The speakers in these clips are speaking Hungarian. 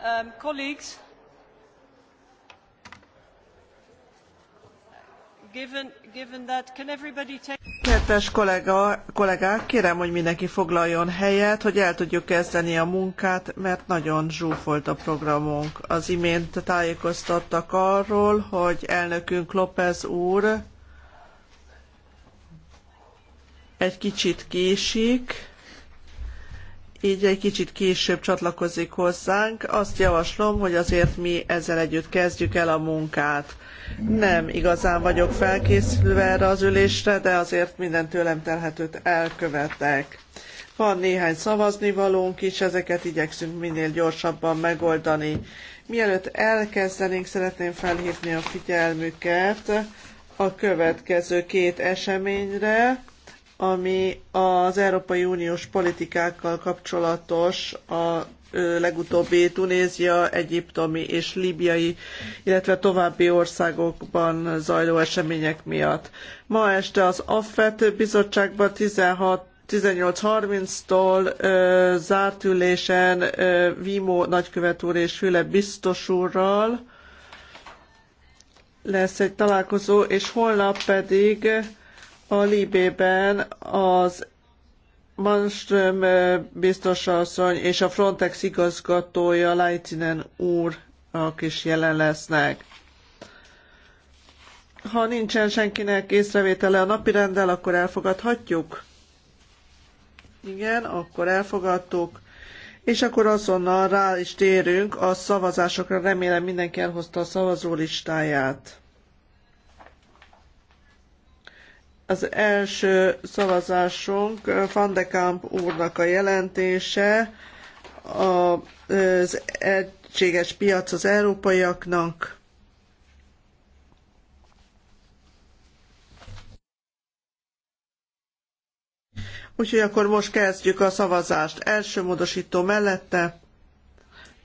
Um, colleagues, given, given that, can everybody take... Kedves kollega, kollégák, kérem, hogy mindenki foglaljon helyet, hogy el tudjuk kezdeni a munkát, mert nagyon zsúfolt a programunk. Az imént tájékoztattak arról, hogy elnökünk López úr egy kicsit késik, így egy kicsit később csatlakozik hozzánk. Azt javaslom, hogy azért mi ezzel együtt kezdjük el a munkát. Nem igazán vagyok felkészülve erre az ülésre, de azért minden tőlem telhetőt elkövetek. Van néhány szavaznivalónk is, ezeket igyekszünk minél gyorsabban megoldani. Mielőtt elkezdenénk, szeretném felhívni a figyelmüket a következő két eseményre ami az Európai Uniós politikákkal kapcsolatos a legutóbbi Tunézia, egyiptomi és libiai, illetve további országokban zajló események miatt. Ma este az AFET bizottságban 16 18.30-tól zárt ülésen ö, nagykövet úr és Füle biztos úrral lesz egy találkozó, és holnap pedig a Libében az Manström biztos asszony és a Frontex igazgatója Leitinen úrnak is jelen lesznek. Ha nincsen senkinek észrevétele a napirenddel, akkor elfogadhatjuk? Igen, akkor elfogadtuk. És akkor azonnal rá is térünk a szavazásokra. Remélem mindenki elhozta a szavazólistáját. Az első szavazásunk Van de úrnak a jelentése, az egységes piac az európaiaknak. Úgyhogy akkor most kezdjük a szavazást. Első módosító mellette,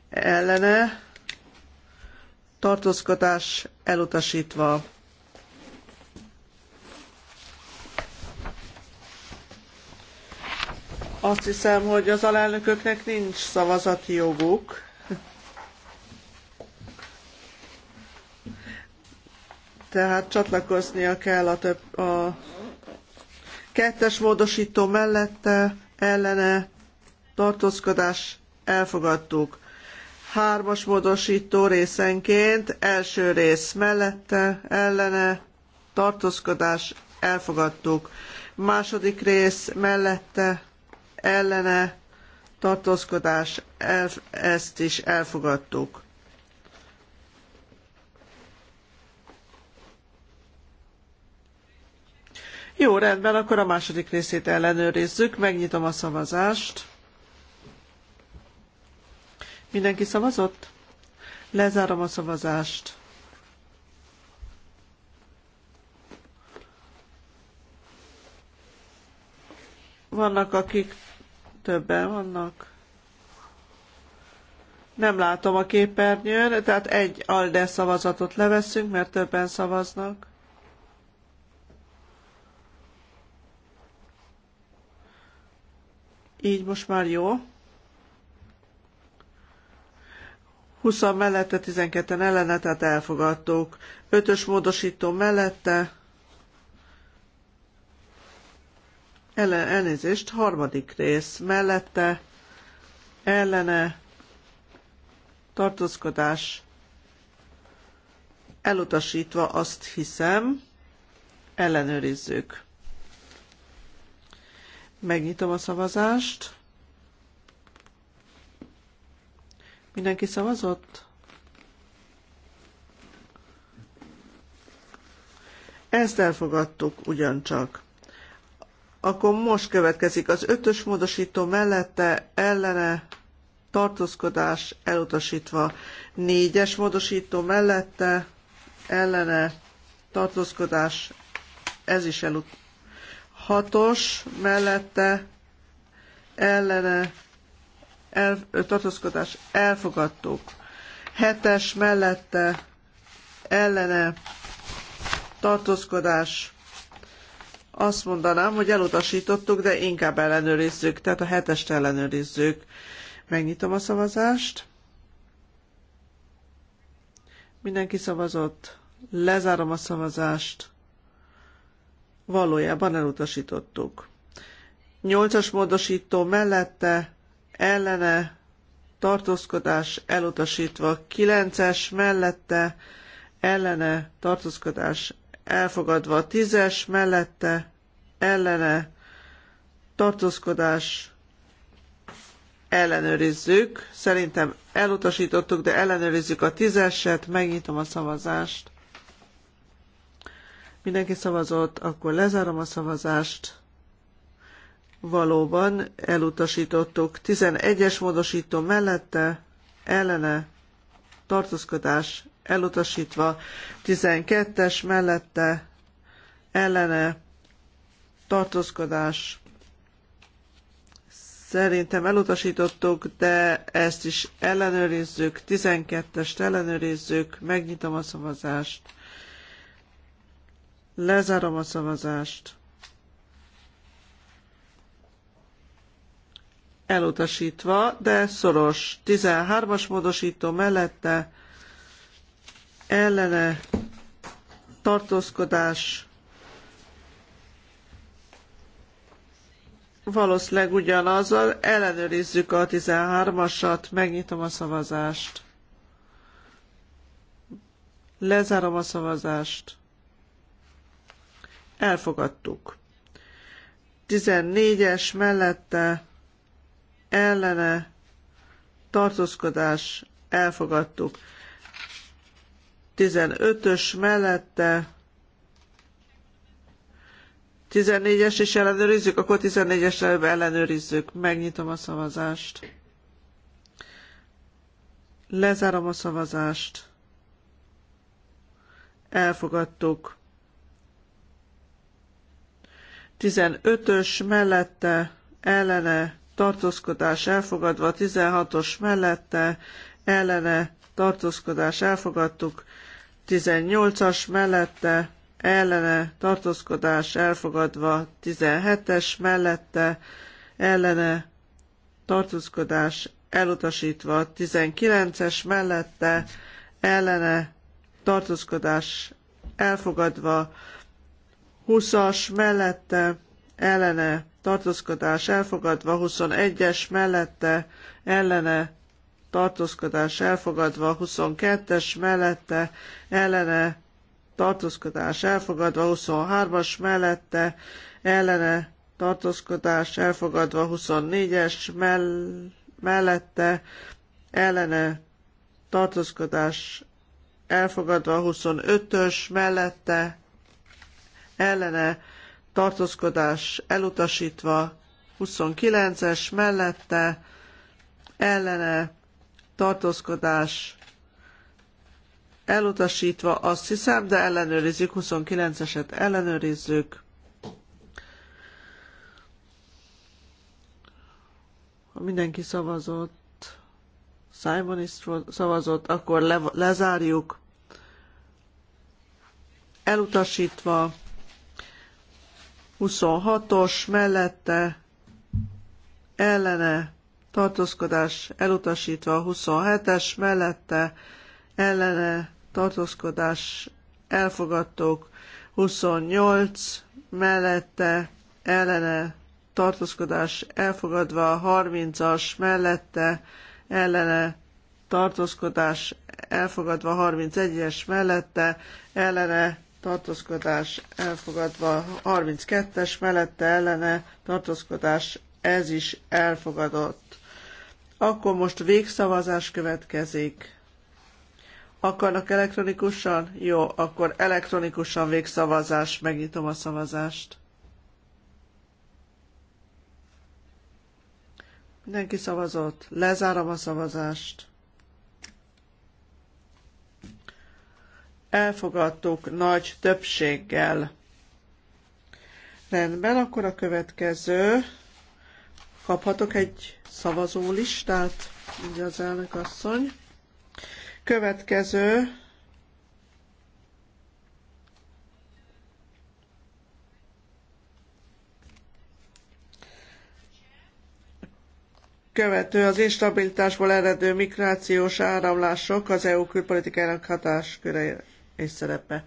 ellene, tartózkodás elutasítva. Azt hiszem, hogy az alelnököknek nincs szavazati joguk. Tehát csatlakoznia kell a, több, a kettes módosító mellette ellene tartózkodás elfogadtuk. Hármas módosító részenként első rész mellette ellene tartózkodás elfogadtuk. Második rész mellette ellene tartózkodás, el, ezt is elfogadtuk. Jó, rendben, akkor a második részét ellenőrizzük, megnyitom a szavazást. Mindenki szavazott? Lezárom a szavazást. Vannak, akik Többen vannak? Nem látom a képernyőn, tehát egy ALDE szavazatot leveszünk, mert többen szavaznak. Így most már jó. 20 mellette, 12-en ellene, tehát elfogadtuk. 5-ös módosító mellette, elnézést, harmadik rész mellette ellene tartózkodás elutasítva azt hiszem, ellenőrizzük. Megnyitom a szavazást. Mindenki szavazott? Ezt elfogadtuk ugyancsak. Akkor most következik az ötös módosító mellette ellene tartózkodás elutasítva. Négyes módosító mellette ellene tartózkodás ez is elutasítva, Hatos mellette ellene el, tartózkodás elfogadtuk. Hetes mellette ellene tartózkodás azt mondanám, hogy elutasítottuk, de inkább ellenőrizzük, tehát a hetest ellenőrizzük. Megnyitom a szavazást. Mindenki szavazott. Lezárom a szavazást. Valójában elutasítottuk. Nyolcas módosító mellette, ellene, tartózkodás elutasítva. Kilences mellette, ellene, tartózkodás elfogadva a tízes, mellette, ellene, tartózkodás, ellenőrizzük. Szerintem elutasítottuk, de ellenőrizzük a tízeset, megnyitom a szavazást. Mindenki szavazott, akkor lezárom a szavazást. Valóban elutasítottuk. 11-es módosító mellette, ellene, tartózkodás elutasítva, 12-es mellette ellene tartózkodás szerintem elutasítottuk, de ezt is ellenőrizzük, 12-est ellenőrizzük, megnyitom a szavazást, lezárom a szavazást, elutasítva, de szoros, 13-as módosító mellette, ellene tartózkodás valószínűleg ugyanazzal ellenőrizzük a 13-asat, megnyitom a szavazást. Lezárom a szavazást. Elfogadtuk. 14-es mellette ellene tartózkodás elfogadtuk. 15-ös mellette 14-es is ellenőrizzük, akkor 14-es ellenőrizzük. Megnyitom a szavazást. Lezárom a szavazást. Elfogadtuk. 15-ös mellette ellene tartózkodás elfogadva, 16-os mellette ellene tartózkodás elfogadtuk, 18-as mellette ellene tartózkodás elfogadva, 17-es mellette ellene tartózkodás elutasítva, 19-es mellette ellene tartózkodás elfogadva, 20-as mellette ellene tartózkodás elfogadva, 21-es mellette ellene tartózkodás elfogadva, 22-es mellette ellene tartózkodás elfogadva, 23-as mellette ellene tartózkodás elfogadva, 24-es mell- mellette ellene tartózkodás elfogadva, 25-ös mellette ellene tartózkodás elutasítva, 29-es mellette ellene tartózkodás elutasítva, azt hiszem, de ellenőrizzük, 29-eset ellenőrizzük. Ha mindenki szavazott, Simon is szavazott, akkor le, lezárjuk. Elutasítva, 26-os mellette, ellene, tartózkodás elutasítva a 27-es, mellette ellene tartózkodás elfogadtuk 28, mellette ellene tartózkodás elfogadva 30-as, mellette ellene tartózkodás elfogadva 31-es, mellette ellene tartózkodás elfogadva 32-es, mellette ellene tartózkodás ez is elfogadott. Akkor most végszavazás következik. Akarnak elektronikusan? Jó, akkor elektronikusan végszavazás. Megnyitom a szavazást. Mindenki szavazott. Lezárom a szavazást. Elfogadtuk nagy többséggel. Rendben, akkor a következő. Kaphatok egy szavazólistát, így az elnök asszony. Következő követő az instabilitásból eredő migrációs áramlások az EU külpolitikának hatásköre és szerepe.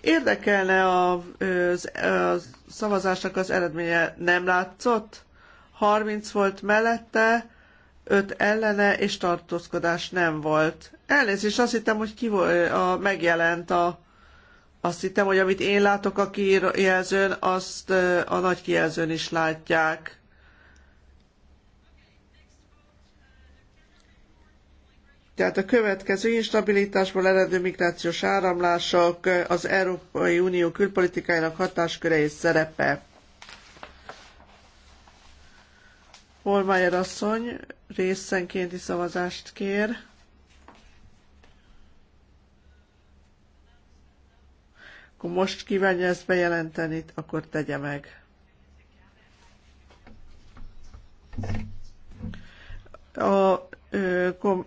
Érdekelne a, az, a szavazásnak az eredménye nem látszott? 30 volt mellette, 5 ellene, és tartózkodás nem volt. Elnézést, azt hittem, hogy ki a, megjelent a... Azt hittem, hogy amit én látok a kijelzőn, azt a nagy kijelzőn is látják. Tehát a következő instabilitásból eredő migrációs áramlások az Európai Unió külpolitikájának hatásköre és szerepe. Olmájer asszony részenkénti szavazást kér. Akkor most kívánja ezt bejelenteni, akkor tegye meg. A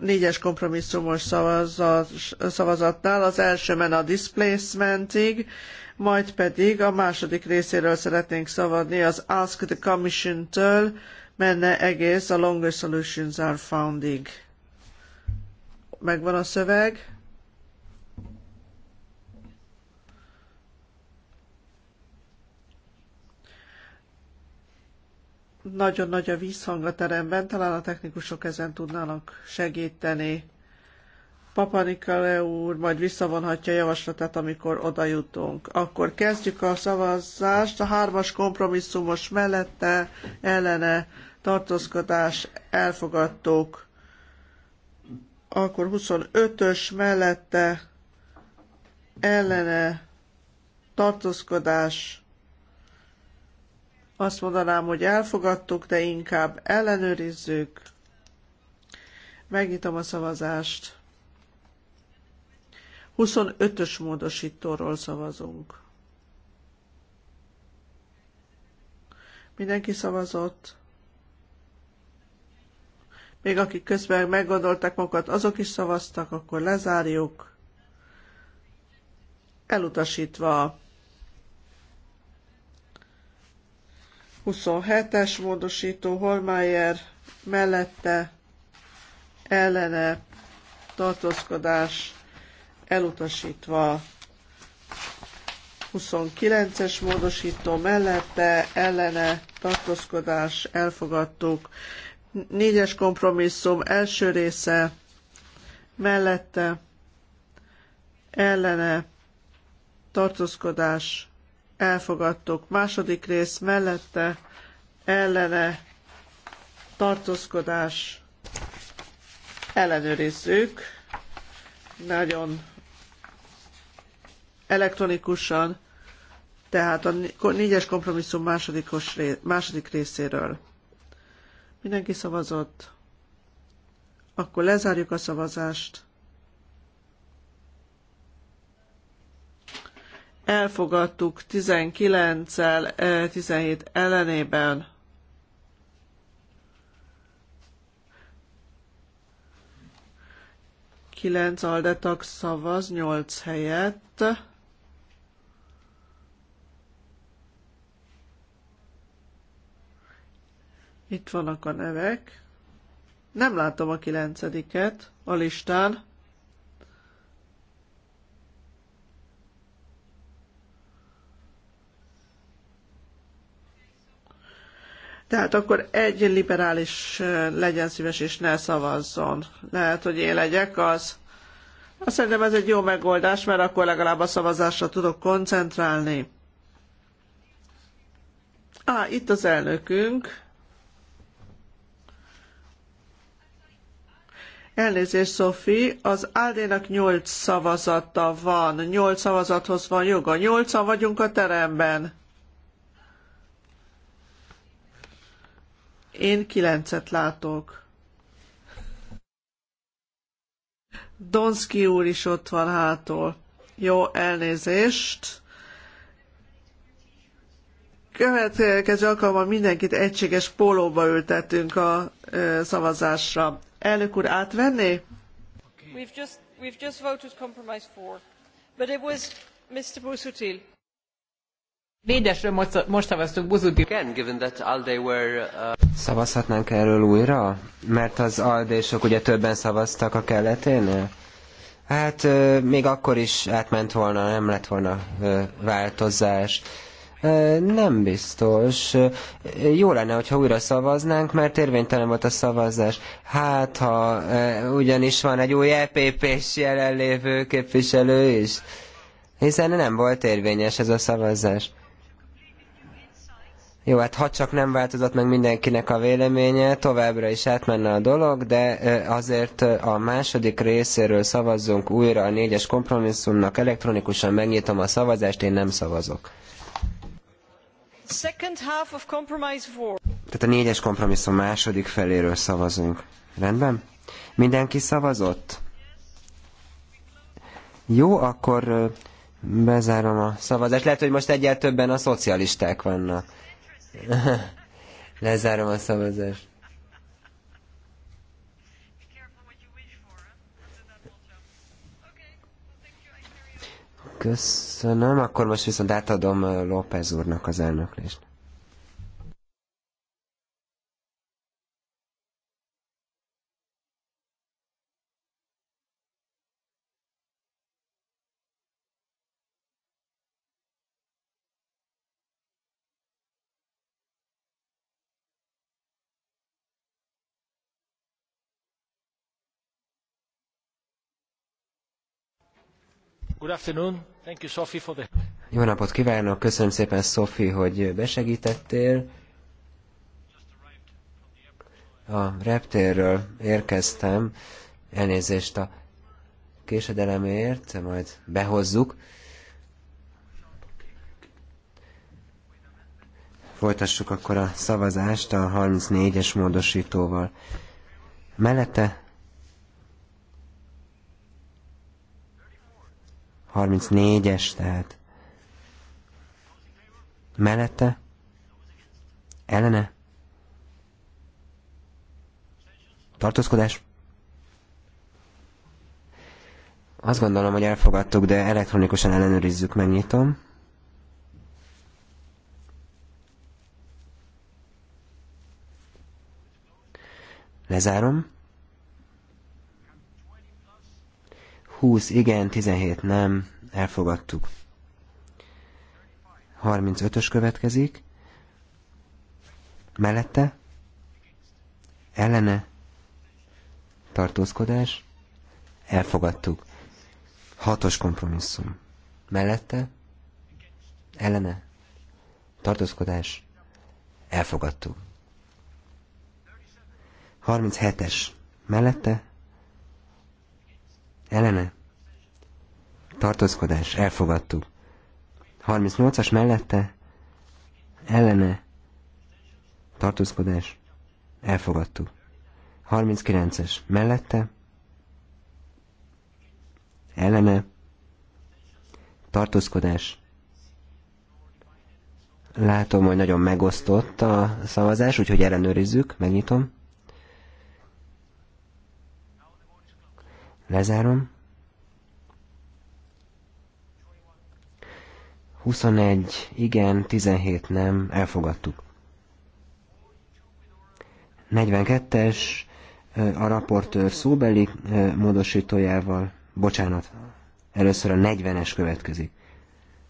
négyes kompromisszumos szavazat, szavazatnál az első men a displacementig, majd pedig a második részéről szeretnénk szavazni az Ask the Commission-től, menne egész a longer solutions are founding. Megvan a szöveg. Nagyon nagy a vízhang a teremben, talán a technikusok ezen tudnának segíteni. Papanikale úr majd visszavonhatja javaslatát, amikor oda jutunk. Akkor kezdjük a szavazást. A hármas kompromisszumos mellette ellene tartózkodás elfogadtuk. Akkor 25-ös mellette ellene tartózkodás. Azt mondanám, hogy elfogadtuk, de inkább ellenőrizzük. Megnyitom a szavazást. 25-ös módosítóról szavazunk. Mindenki szavazott? Még akik közben meggondolták magukat, azok is szavaztak, akkor lezárjuk. Elutasítva 27-es módosító Holmeyer mellette ellene tartózkodás elutasítva. 29-es módosító mellette ellene tartózkodás elfogadtuk. Négyes kompromisszum első része mellette ellene tartózkodás elfogadtuk. Második rész mellette ellene tartózkodás ellenőrizzük. Nagyon elektronikusan, tehát a négyes kompromisszum másodikos, második részéről. Mindenki szavazott. Akkor lezárjuk a szavazást. Elfogadtuk 19-el, 17 ellenében. Kilenc aldetak szavaz, nyolc helyett. Itt vannak a nevek. Nem látom a kilencediket a listán. Tehát akkor egy liberális legyen szíves, és ne szavazzon. Lehet, hogy én legyek az. Azt szerintem ez egy jó megoldás, mert akkor legalább a szavazásra tudok koncentrálni. Á, ah, itt az elnökünk. Elnézést, Szofi, az Áldénak nyolc szavazata van, nyolc szavazathoz van joga, Nyolcan vagyunk a teremben. Én kilencet látok. Donski úr is ott van hátul. Jó, elnézést. Következő alkalommal mindenkit egységes pólóba ültetünk a szavazásra. Elnök úr, átvenné? Négyesről most, szavaztunk Buzutil. Uh, Szavazhatnánk erről újra? Mert az aldésok ugye többen szavaztak a kelleténél? Hát euh, még akkor is átment volna, nem lett volna euh, változás. Nem biztos. Jó lenne, hogyha újra szavaznánk, mert érvénytelen volt a szavazás. Hát, ha ugyanis van egy új EPP-s jelenlévő képviselő is, hiszen nem volt érvényes ez a szavazás. Jó, hát ha csak nem változott meg mindenkinek a véleménye, továbbra is átmenne a dolog, de azért a második részéről szavazzunk újra a négyes kompromisszumnak, elektronikusan megnyitom a szavazást, én nem szavazok. Tehát a négyes kompromisszum második feléről szavazunk. Rendben? Mindenki szavazott? Jó, akkor bezárom a szavazást. Lehet, hogy most egyel többen a szocialisták vannak. Lezárom a szavazást. Köszönöm, akkor most viszont átadom uh, López úrnak az elnöklést. Good afternoon. Thank you, Sophie, for the... Jó napot kívánok, köszönöm szépen, Sophie, hogy besegítettél. A reptérről érkeztem, elnézést a késedelemért, majd behozzuk. Folytassuk akkor a szavazást a 34-es módosítóval. Mellette 34-es, tehát mellette, ellene, tartózkodás. Azt gondolom, hogy elfogadtuk, de elektronikusan ellenőrizzük, megnyitom. Lezárom. 20 igen, 17 nem, elfogadtuk. 35-ös következik. Mellette? Ellene? Tartózkodás? Elfogadtuk. 6-os kompromisszum. Mellette? Ellene? Tartózkodás? Elfogadtuk. 37-es. Mellette? Elene, tartózkodás, elfogadtuk. 38-as mellette, Elene, tartózkodás, elfogadtuk. 39-es mellette, Elene, tartózkodás. Látom, hogy nagyon megosztott a szavazás, úgyhogy ellenőrizzük, megnyitom. Lezárom. 21 igen, 17 nem, elfogadtuk. 42-es a raportőr szóbeli módosítójával, bocsánat, először a 40-es következik.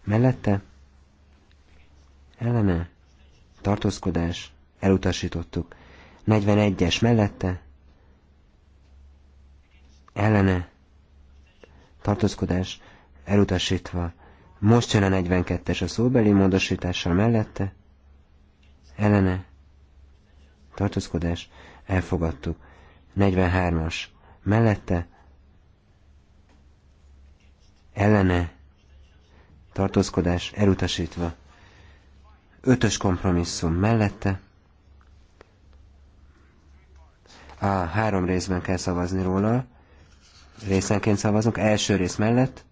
Mellette ellene tartózkodás, elutasítottuk. 41-es mellette ellene tartózkodás elutasítva. Most jön a 42-es a szóbeli módosítással mellette, ellene tartózkodás elfogadtuk. 43-as mellette, ellene tartózkodás elutasítva. Ötös kompromisszum mellette, a három részben kell szavazni róla, részenként szavazunk. Első rész mellett.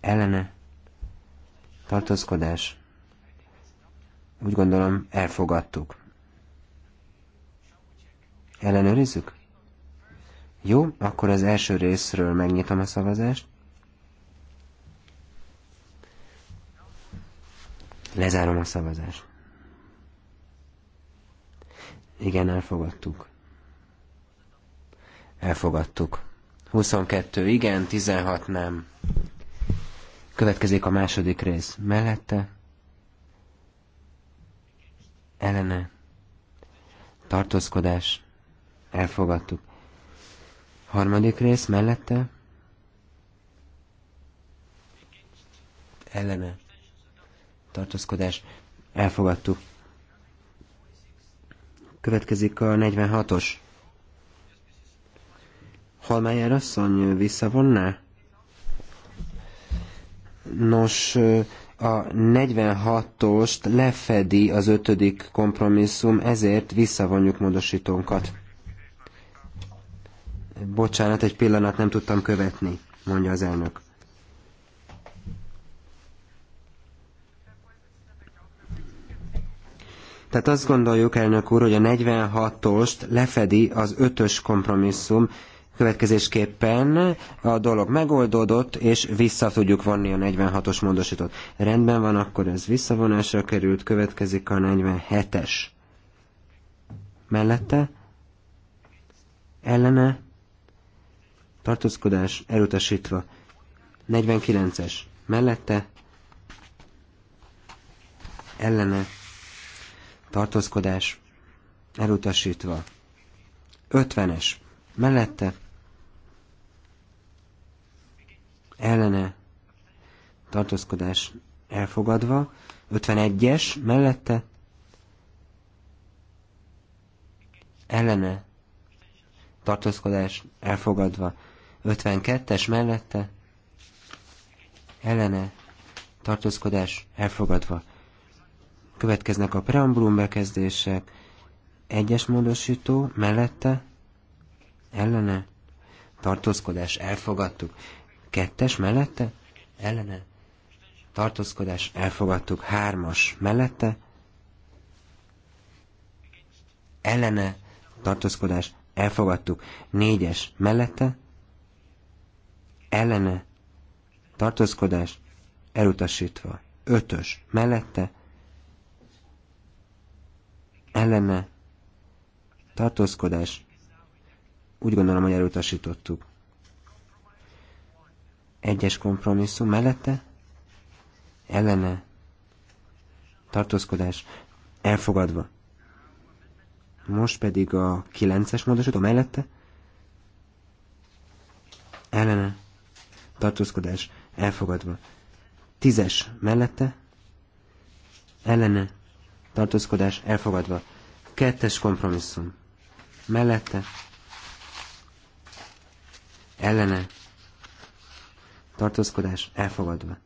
Ellene. Tartózkodás. Úgy gondolom, elfogadtuk. Ellenőrizzük? Jó, akkor az első részről megnyitom a szavazást. Lezárom a szavazást. Igen, elfogadtuk. Elfogadtuk. 22 igen, 16 nem. Következik a második rész. Mellette. Ellene. Tartózkodás. Elfogadtuk. Harmadik rész mellette. Ellene. Tartózkodás. Elfogadtuk. Következik a 46-os Holmeyer asszony visszavonná? Nos, a 46-ost lefedi az ötödik kompromisszum, ezért visszavonjuk módosítónkat. Bocsánat, egy pillanat nem tudtam követni, mondja az elnök. Tehát azt gondoljuk, elnök úr, hogy a 46-ost lefedi az ötös kompromisszum, Következésképpen a dolog megoldódott, és vissza tudjuk vonni a 46-os módosítót. Rendben van, akkor ez visszavonásra került, következik a 47-es. Mellette? Ellene? Tartózkodás elutasítva. 49-es. Mellette? Ellene? Tartózkodás elutasítva. 50-es. Mellette? ellene tartózkodás elfogadva, 51-es mellette ellene tartózkodás elfogadva, 52-es mellette ellene tartózkodás elfogadva. Következnek a preambulum bekezdések, egyes módosító mellette ellene tartózkodás elfogadtuk. Kettes mellette, ellene, tartózkodás, elfogadtuk. Hármas mellette, ellene, tartózkodás, elfogadtuk. Négyes mellette, ellene, tartózkodás, elutasítva. Ötös mellette, ellene, tartózkodás, úgy gondolom, hogy elutasítottuk. Egyes kompromisszum mellette ellene tartózkodás elfogadva. Most pedig a kilences módosító mellette ellene tartózkodás elfogadva. Tízes mellette ellene tartózkodás elfogadva. Kettes kompromisszum mellette ellene tartózkodás elfogadva.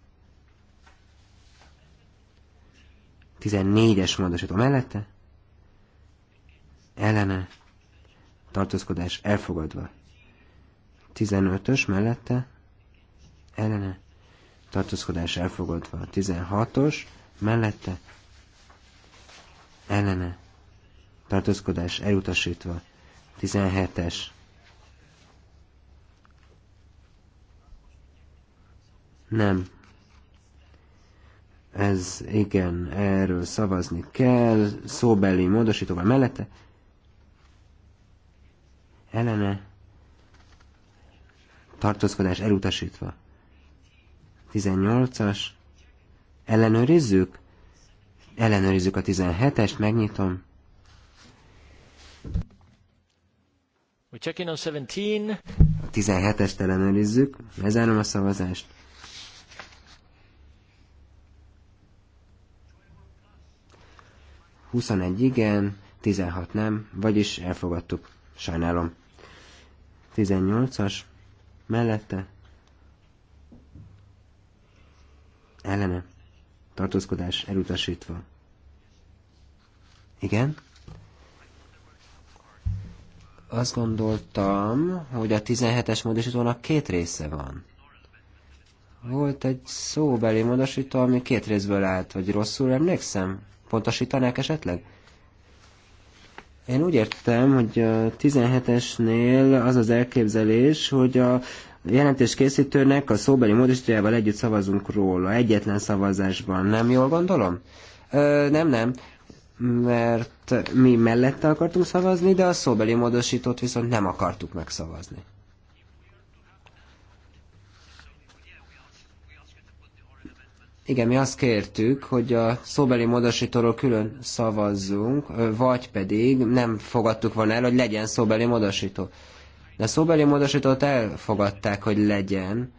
14-es módosító mellette, ellene, tartózkodás elfogadva. 15-ös mellette, ellene, tartózkodás elfogadva. 16-os mellette, ellene, tartózkodás elutasítva. 17-es Nem. Ez igen, erről szavazni kell. Szóbeli módosítóval mellette. Elene. Tartózkodás elutasítva. 18-as. Ellenőrizzük? Ellenőrizzük a 17-est, megnyitom. We're checking on 17. A 17-est ellenőrizzük, lezárom a szavazást. 21 igen, 16 nem, vagyis elfogadtuk. Sajnálom. 18-as, mellette, ellene, tartózkodás elutasítva. Igen? Azt gondoltam, hogy a 17-es módosítónak két része van. Volt egy szóbeli módosító, ami két részből állt, vagy rosszul emlékszem? pontosítanák esetleg? Én úgy értem, hogy a 17-esnél az az elképzelés, hogy a jelentés készítőnek a szóbeli módosítójával együtt szavazunk róla, egyetlen szavazásban. Nem jól gondolom? Ö, nem, nem mert mi mellette akartunk szavazni, de a szóbeli módosítót viszont nem akartuk megszavazni. Igen, mi azt kértük, hogy a szóbeli módosítóról külön szavazzunk, vagy pedig nem fogadtuk volna el, hogy legyen szóbeli módosító. De a szóbeli módosítót elfogadták, hogy legyen.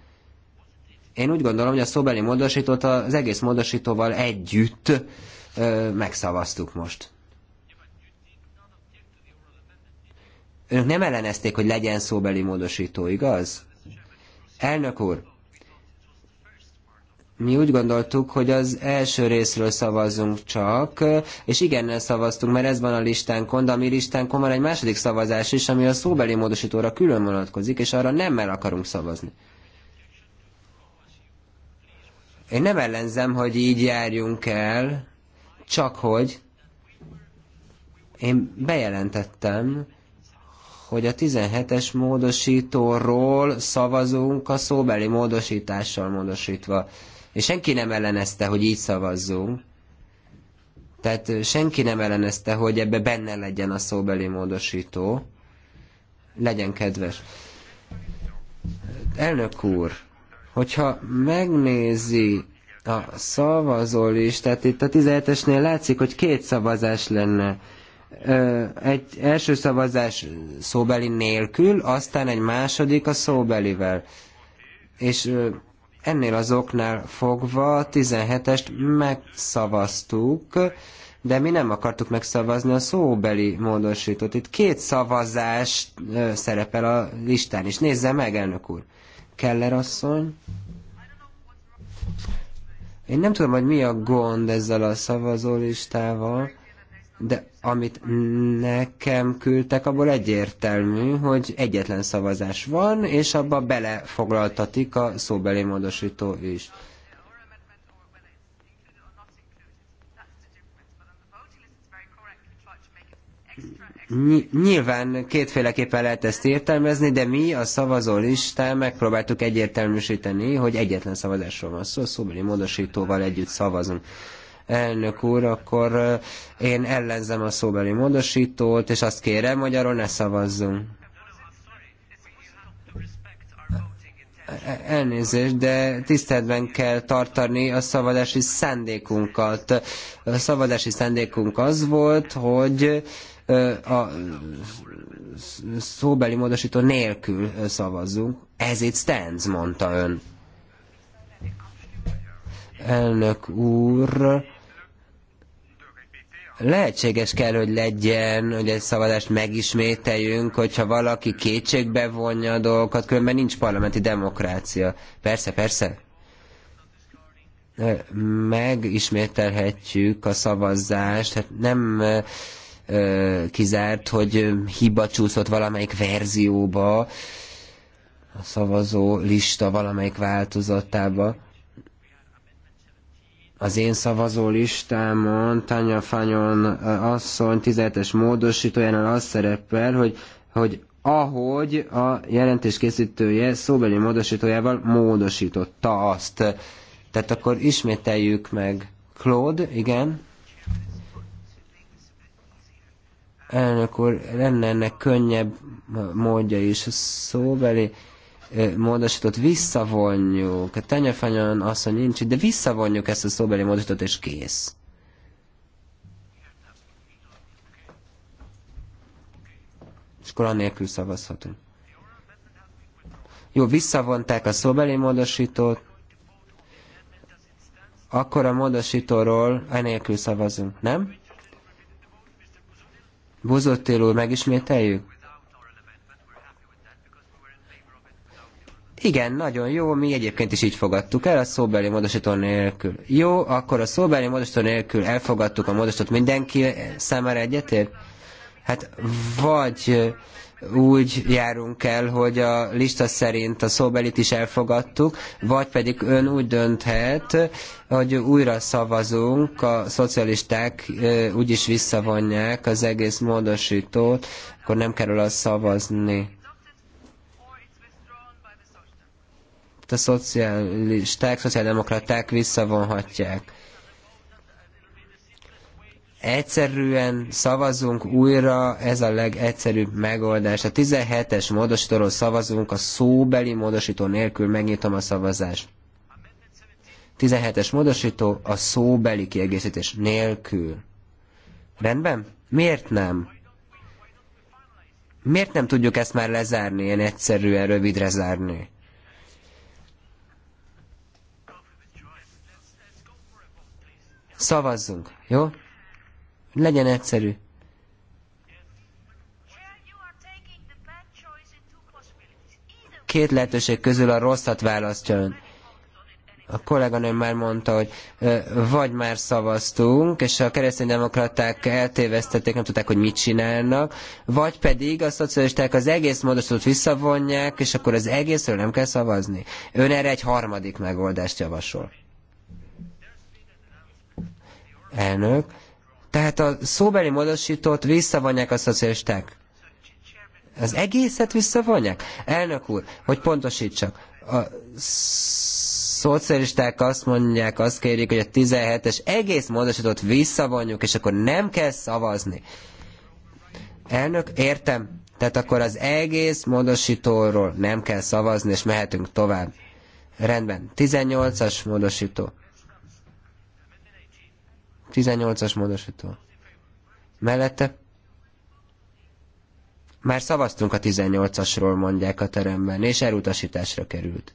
Én úgy gondolom, hogy a szóbeli módosítót az egész módosítóval együtt ö, megszavaztuk most. Önök nem ellenezték, hogy legyen szóbeli módosító, igaz? Elnök úr, mi úgy gondoltuk, hogy az első részről szavazunk csak, és igennel szavaztunk, mert ez van a listánkon, de a mi listánkon van egy második szavazás is, ami a szóbeli módosítóra külön vonatkozik, és arra nem el akarunk szavazni. Én nem ellenzem, hogy így járjunk el, csak hogy én bejelentettem, hogy a 17-es módosítóról szavazunk a szóbeli módosítással módosítva. És senki nem ellenezte, hogy így szavazzunk. Tehát senki nem ellenezte, hogy ebbe benne legyen a szóbeli módosító. Legyen kedves. Elnök úr, hogyha megnézi a szavazó listát, itt a 17-esnél látszik, hogy két szavazás lenne. Egy első szavazás szóbeli nélkül, aztán egy második a szóbelivel. És Ennél az oknál fogva a 17-est megszavaztuk, de mi nem akartuk megszavazni a szóbeli módosítót. Itt két szavazás szerepel a listán is. Nézze meg, elnök úr. Keller asszony. Én nem tudom, hogy mi a gond ezzel a szavazólistával. listával de amit nekem küldtek, abból egyértelmű, hogy egyetlen szavazás van, és abba belefoglaltatik a szóbeli módosító is. Nyilván kétféleképpen lehet ezt értelmezni, de mi a szavazó listán megpróbáltuk egyértelműsíteni, hogy egyetlen szavazásról van szó, szóbeli módosítóval együtt szavazunk elnök úr, akkor én ellenzem a szóbeli módosítót, és azt kérem, hogy arról ne szavazzunk. Elnézést, de tiszteletben kell tartani a szavazási szándékunkat. A szavazási szándékunk az volt, hogy a szóbeli módosító nélkül szavazzunk. Ez itt stands, mondta ön. Elnök úr, lehetséges kell, hogy legyen, hogy egy szavazást megismételjünk, hogyha valaki kétségbe vonja a dolgokat, különben nincs parlamenti demokrácia. Persze, persze. Megismételhetjük a szavazást, hát nem ö, kizárt, hogy hiba csúszott valamelyik verzióba, a szavazó lista valamelyik változatába az én szavazó listámon Tanya Fanyon asszony 17-es módosítójánál az szerepel, hogy, hogy ahogy a jelentés készítője szóbeli módosítójával módosította azt. Tehát akkor ismételjük meg. Claude, igen? Elnök úr, lenne ennek könnyebb módja is. A szóbeli módosított visszavonjuk. A tenyefenyon azt, hogy nincs de visszavonjuk ezt a szóbeli módosított, és kész. És akkor anélkül szavazhatunk. Jó, visszavonták a szóbeli módosítót, akkor a módosítóról enélkül szavazunk, nem? Buzottél úr, megismételjük? Igen, nagyon jó, mi egyébként is így fogadtuk el a szóbeli módosító nélkül. Jó, akkor a szóbeli módosító nélkül elfogadtuk a módosítót mindenki számára egyetért? Hát vagy úgy járunk el, hogy a lista szerint a szóbelit is elfogadtuk, vagy pedig ön úgy dönthet, hogy újra szavazunk, a szocialisták úgyis visszavonják az egész módosítót, akkor nem kell róla szavazni. a szocialisták, szociáldemokraták visszavonhatják. Egyszerűen szavazunk újra, ez a legegyszerűbb megoldás. A 17-es módosítóról szavazunk, a szóbeli módosító nélkül megnyitom a szavazást. 17-es módosító a szóbeli kiegészítés nélkül. Rendben? Miért nem? Miért nem tudjuk ezt már lezárni, ilyen egyszerűen rövidre zárni? Szavazzunk, jó? Legyen egyszerű. Két lehetőség közül a rosszat választja ön. A kolléganőm már mondta, hogy vagy már szavaztunk, és a kereszténydemokraták eltévesztették, nem tudták, hogy mit csinálnak, vagy pedig a szocialisták az egész módosítót visszavonják, és akkor az egészről nem kell szavazni. Ön erre egy harmadik megoldást javasol. Elnök. Tehát a szóbeli módosítót visszavonják a szocialisták. Az egészet visszavonják? Elnök úr, hogy pontosítsak. A szocialisták azt mondják, azt kérik, hogy a 17-es egész módosítót visszavonjuk, és akkor nem kell szavazni. Elnök, értem. Tehát akkor az egész módosítóról nem kell szavazni, és mehetünk tovább. Rendben. 18-as módosító. 18-as módosító. Mellette? Már szavaztunk a 18-asról, mondják a teremben, és elutasításra került.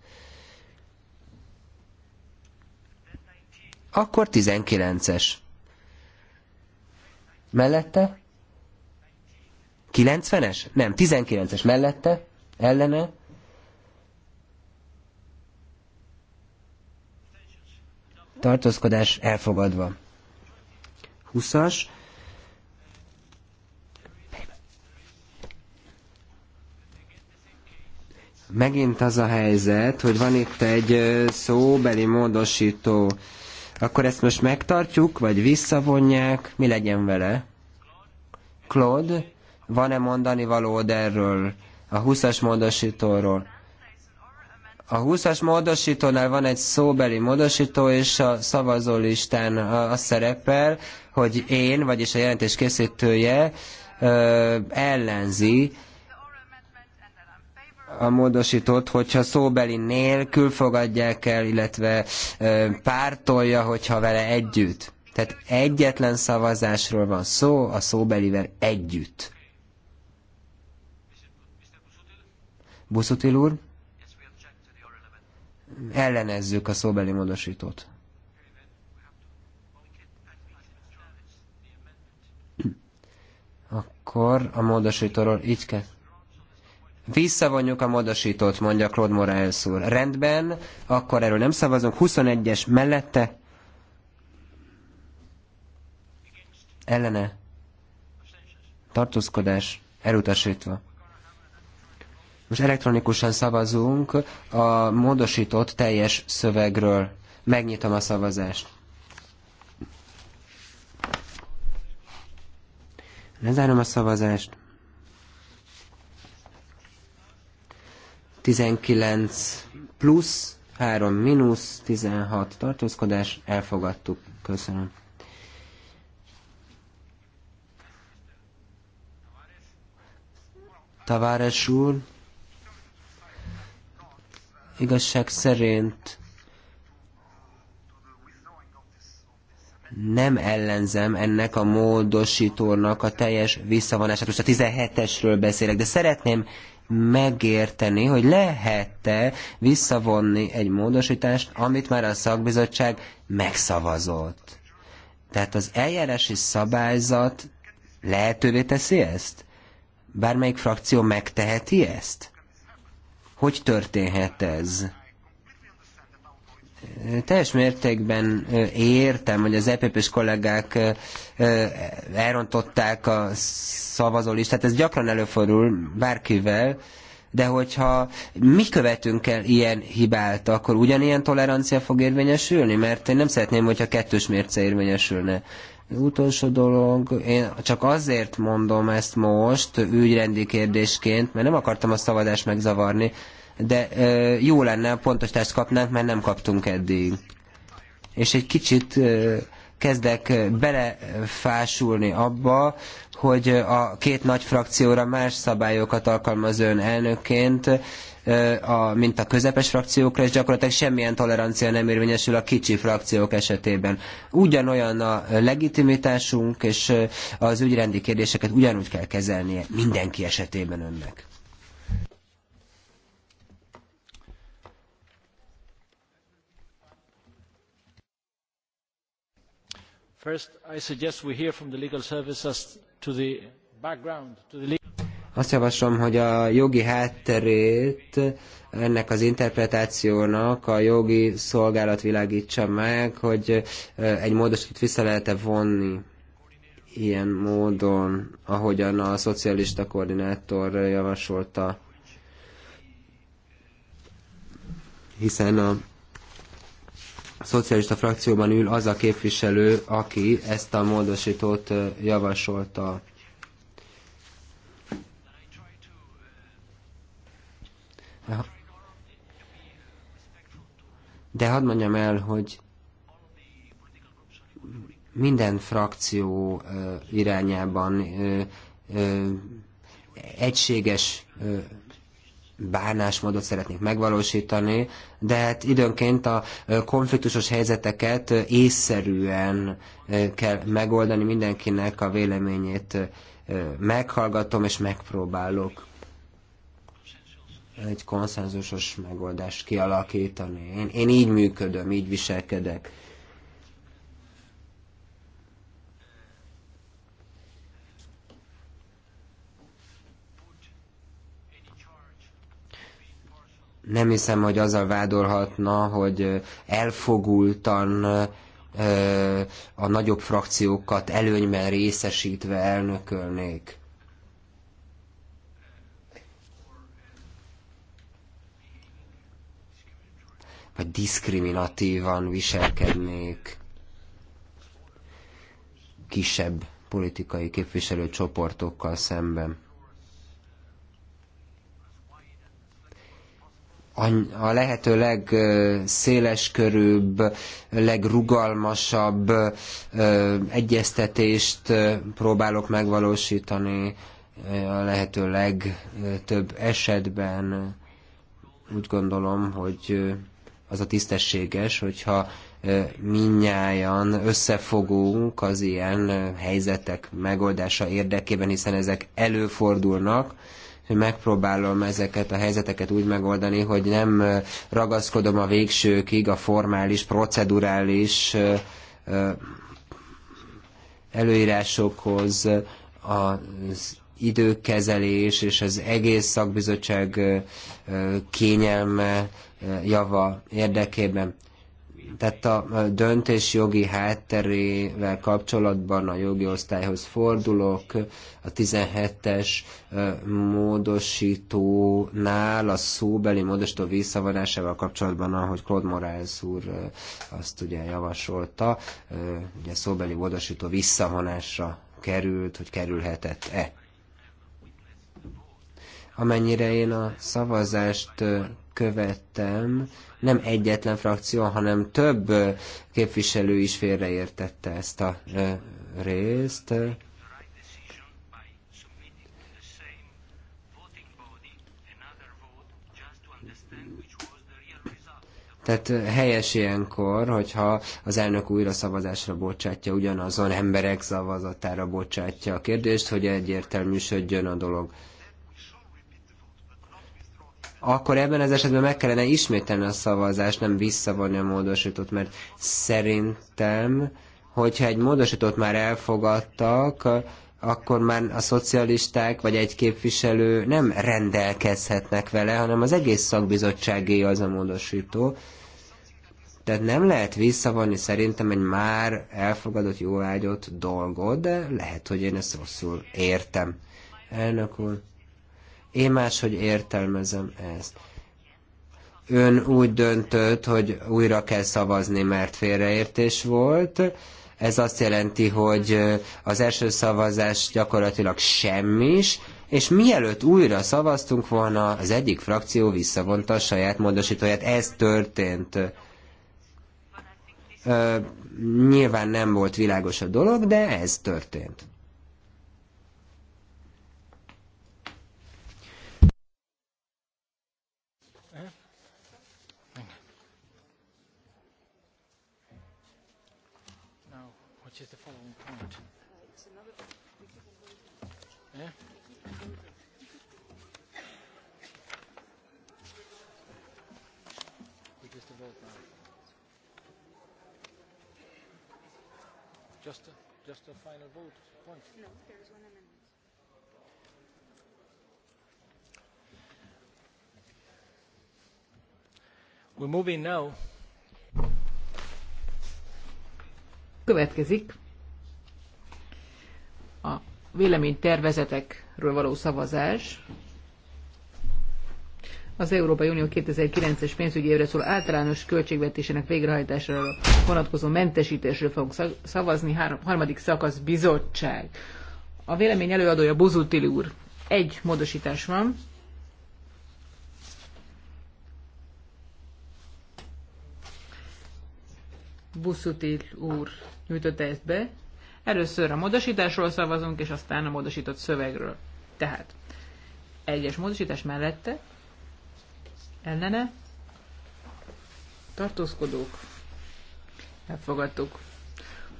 Akkor 19-es. Mellette? 90-es? Nem, 19-es mellette, ellene. Tartózkodás elfogadva. 20-as. Megint az a helyzet, hogy van itt egy szóbeli módosító. Akkor ezt most megtartjuk, vagy visszavonják? Mi legyen vele? Claude, van-e mondani valód erről, a 20-as módosítóról? A 20-as módosítónál van egy szóbeli módosító, és a szavazólistán az szerepel, hogy én, vagyis a jelentés készítője ellenzi a módosítót, hogyha szóbeli nélkül fogadják el, illetve pártolja, hogyha vele együtt. Tehát egyetlen szavazásról van szó a szóbelivel együtt. Buszutil úr? ellenezzük a szóbeli módosítót. Akkor a módosítóról így kell. Visszavonjuk a módosítót, mondja Claude Morales úr. Rendben, akkor erről nem szavazunk. 21-es mellette. Ellene. Tartózkodás elutasítva. Most elektronikusan szavazunk a módosított teljes szövegről. Megnyitom a szavazást. Lezárom a szavazást. 19 plusz, 3 mínusz, 16 tartózkodás, elfogadtuk. Köszönöm. Tavares úr igazság szerint nem ellenzem ennek a módosítónak a teljes visszavonását. Most a 17-esről beszélek, de szeretném megérteni, hogy lehet-e visszavonni egy módosítást, amit már a szakbizottság megszavazott. Tehát az eljárási szabályzat lehetővé teszi ezt? Bármelyik frakció megteheti ezt? Hogy történhet ez? Teljes mértékben értem, hogy az EPP-s kollégák elrontották a szavazólistát, ez gyakran előfordul bárkivel, de hogyha mi követünk el ilyen hibát, akkor ugyanilyen tolerancia fog érvényesülni? Mert én nem szeretném, hogyha kettős mérce érvényesülne utolsó dolog, én csak azért mondom ezt most ügyrendi kérdésként, mert nem akartam a szavadást megzavarni, de ö, jó lenne, pontos test kapnánk, mert nem kaptunk eddig. És egy kicsit ö, kezdek belefásulni abba, hogy a két nagy frakcióra más szabályokat alkalmaz ön elnökként, a, mint a közepes frakciókra, és gyakorlatilag semmilyen tolerancia nem érvényesül a kicsi frakciók esetében. Ugyanolyan a legitimitásunk, és az ügyrendi kérdéseket ugyanúgy kell kezelnie mindenki esetében önnek. First, I suggest we hear from the legal services to the background, to the legal azt javaslom, hogy a jogi hátterét ennek az interpretációnak a jogi szolgálat világítsa meg, hogy egy módosítót vissza lehet-e vonni ilyen módon, ahogyan a szocialista koordinátor javasolta. Hiszen a szocialista frakcióban ül az a képviselő, aki ezt a módosítót javasolta. De hadd mondjam el, hogy minden frakció irányában egységes bánásmódot szeretnék megvalósítani, de hát időnként a konfliktusos helyzeteket észszerűen kell megoldani, mindenkinek a véleményét meghallgatom és megpróbálok egy konszenzusos megoldást kialakítani. Én, én így működöm, így viselkedek. nem hiszem, hogy azzal vádolhatna, hogy elfogultan a nagyobb frakciókat előnyben részesítve elnökölnék. vagy diszkriminatívan viselkednék kisebb politikai képviselőcsoportokkal szemben. a lehető körülbb, legrugalmasabb egyeztetést próbálok megvalósítani a lehető legtöbb esetben. Úgy gondolom, hogy az a tisztességes, hogyha minnyáján összefogunk az ilyen helyzetek megoldása érdekében, hiszen ezek előfordulnak, hogy megpróbálom ezeket a helyzeteket úgy megoldani, hogy nem ragaszkodom a végsőkig a formális, procedurális előírásokhoz, az időkezelés és az egész szakbizottság kényelme java érdekében. Tehát a döntés jogi hátterével kapcsolatban a jogi osztályhoz fordulok, a 17-es módosítónál a szóbeli módosító visszavonásával kapcsolatban, ahogy Claude Morales úr azt ugye javasolta, ugye a szóbeli módosító visszavonásra került, hogy kerülhetett-e. Amennyire én a szavazást követtem, nem egyetlen frakció, hanem több képviselő is félreértette ezt a részt. Tehát helyes ilyenkor, hogyha az elnök újra szavazásra bocsátja, ugyanazon emberek szavazatára bocsátja a kérdést, hogy egyértelműsödjön a dolog akkor ebben az esetben meg kellene ismételni a szavazást, nem visszavonni a módosítót, mert szerintem, hogyha egy módosítót már elfogadtak, akkor már a szocialisták vagy egy képviselő nem rendelkezhetnek vele, hanem az egész szakbizottságé az a módosító. Tehát nem lehet visszavonni szerintem egy már elfogadott jóvágyott dolgot, de lehet, hogy én ezt rosszul értem. Elnök úr, én máshogy értelmezem ezt. Ön úgy döntött, hogy újra kell szavazni, mert félreértés volt. Ez azt jelenti, hogy az első szavazás gyakorlatilag semmis, és mielőtt újra szavaztunk volna, az egyik frakció visszavonta a saját módosítóját. Ez történt. Ö, nyilván nem volt világos a dolog, de ez történt. point? No, there is one amendment. We're moving now. Következik a véleménytervezetekről való szavazás az Európai Unió 2009-es pénzügyi évre szóló általános költségvetésének végrehajtására vonatkozó mentesítésről fogunk szavazni. Három, harmadik szakasz bizottság. A vélemény előadója Bozutili úr. Egy módosítás van. Buszutil úr nyújtotta ezt be. Először a módosításról szavazunk, és aztán a módosított szövegről. Tehát egyes módosítás mellette ellene tartózkodók elfogadtuk.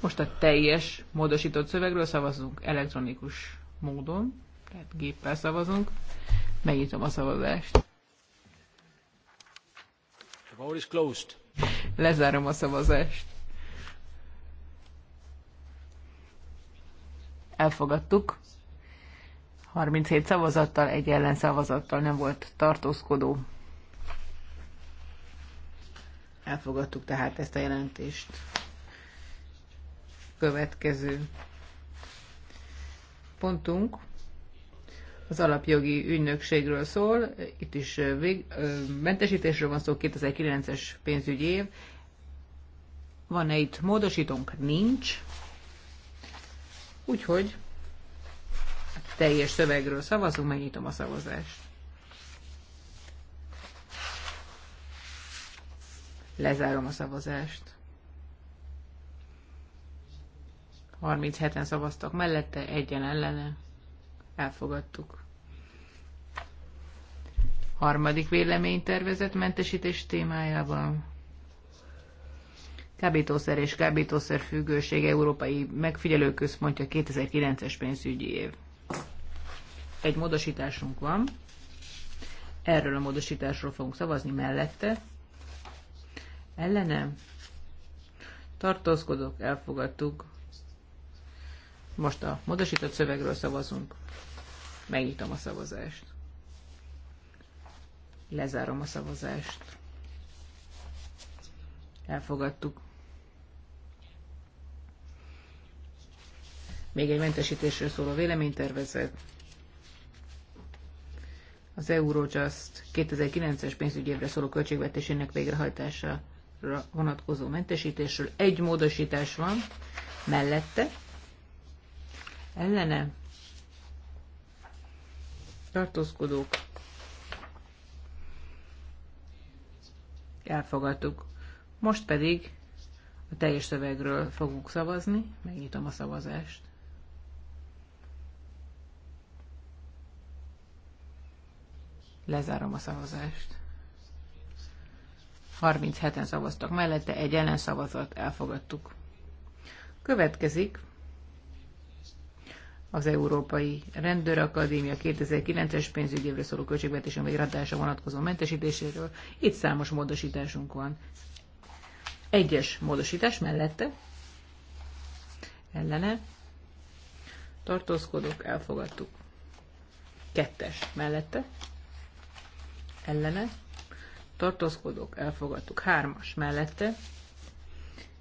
Most a teljes módosított szövegről szavazunk elektronikus módon, tehát géppel szavazunk. Megnyitom a szavazást. The vote is closed. Lezárom a szavazást. Elfogadtuk. 37 szavazattal, egy ellen szavazattal nem volt tartózkodó. Elfogadtuk tehát ezt a jelentést. Következő pontunk az alapjogi ügynökségről szól, itt is vég, ö, mentesítésről van szó, 2009-es pénzügyi év. Van-e itt módosítónk? Nincs. Úgyhogy teljes szövegről szavazunk, megnyitom a szavazást. Lezárom a szavazást. 37-en szavaztak mellette, egyen ellene. Elfogadtuk. Harmadik véleménytervezet mentesítés témájában. Kábítószer és kábítószer függőség Európai Megfigyelőközpontja 2009-es pénzügyi év. Egy módosításunk van. Erről a módosításról fogunk szavazni mellette ellenem tartózkodok, elfogadtuk. Most a módosított szövegről szavazunk. Megnyitom a szavazást. Lezárom a szavazást. Elfogadtuk. Még egy mentesítésről szóló véleménytervezet. Az Eurojust 2009-es pénzügyévre szóló költségvetésének végrehajtása vonatkozó mentesítésről egy módosítás van mellette, ellene tartózkodók elfogadtuk. Most pedig a teljes szövegről fogunk szavazni, megnyitom a szavazást. Lezárom a szavazást. 37-en szavaztak mellette, egy szavazat elfogadtuk. Következik az Európai Rendőrakadémia 2009-es pénzügyévre szóló költségvetés, amely radása vonatkozó mentesítéséről. Itt számos módosításunk van. Egyes módosítás mellette ellene tartózkodok, elfogadtuk. Kettes mellette ellene tartózkodók, elfogadtuk. Hármas mellette,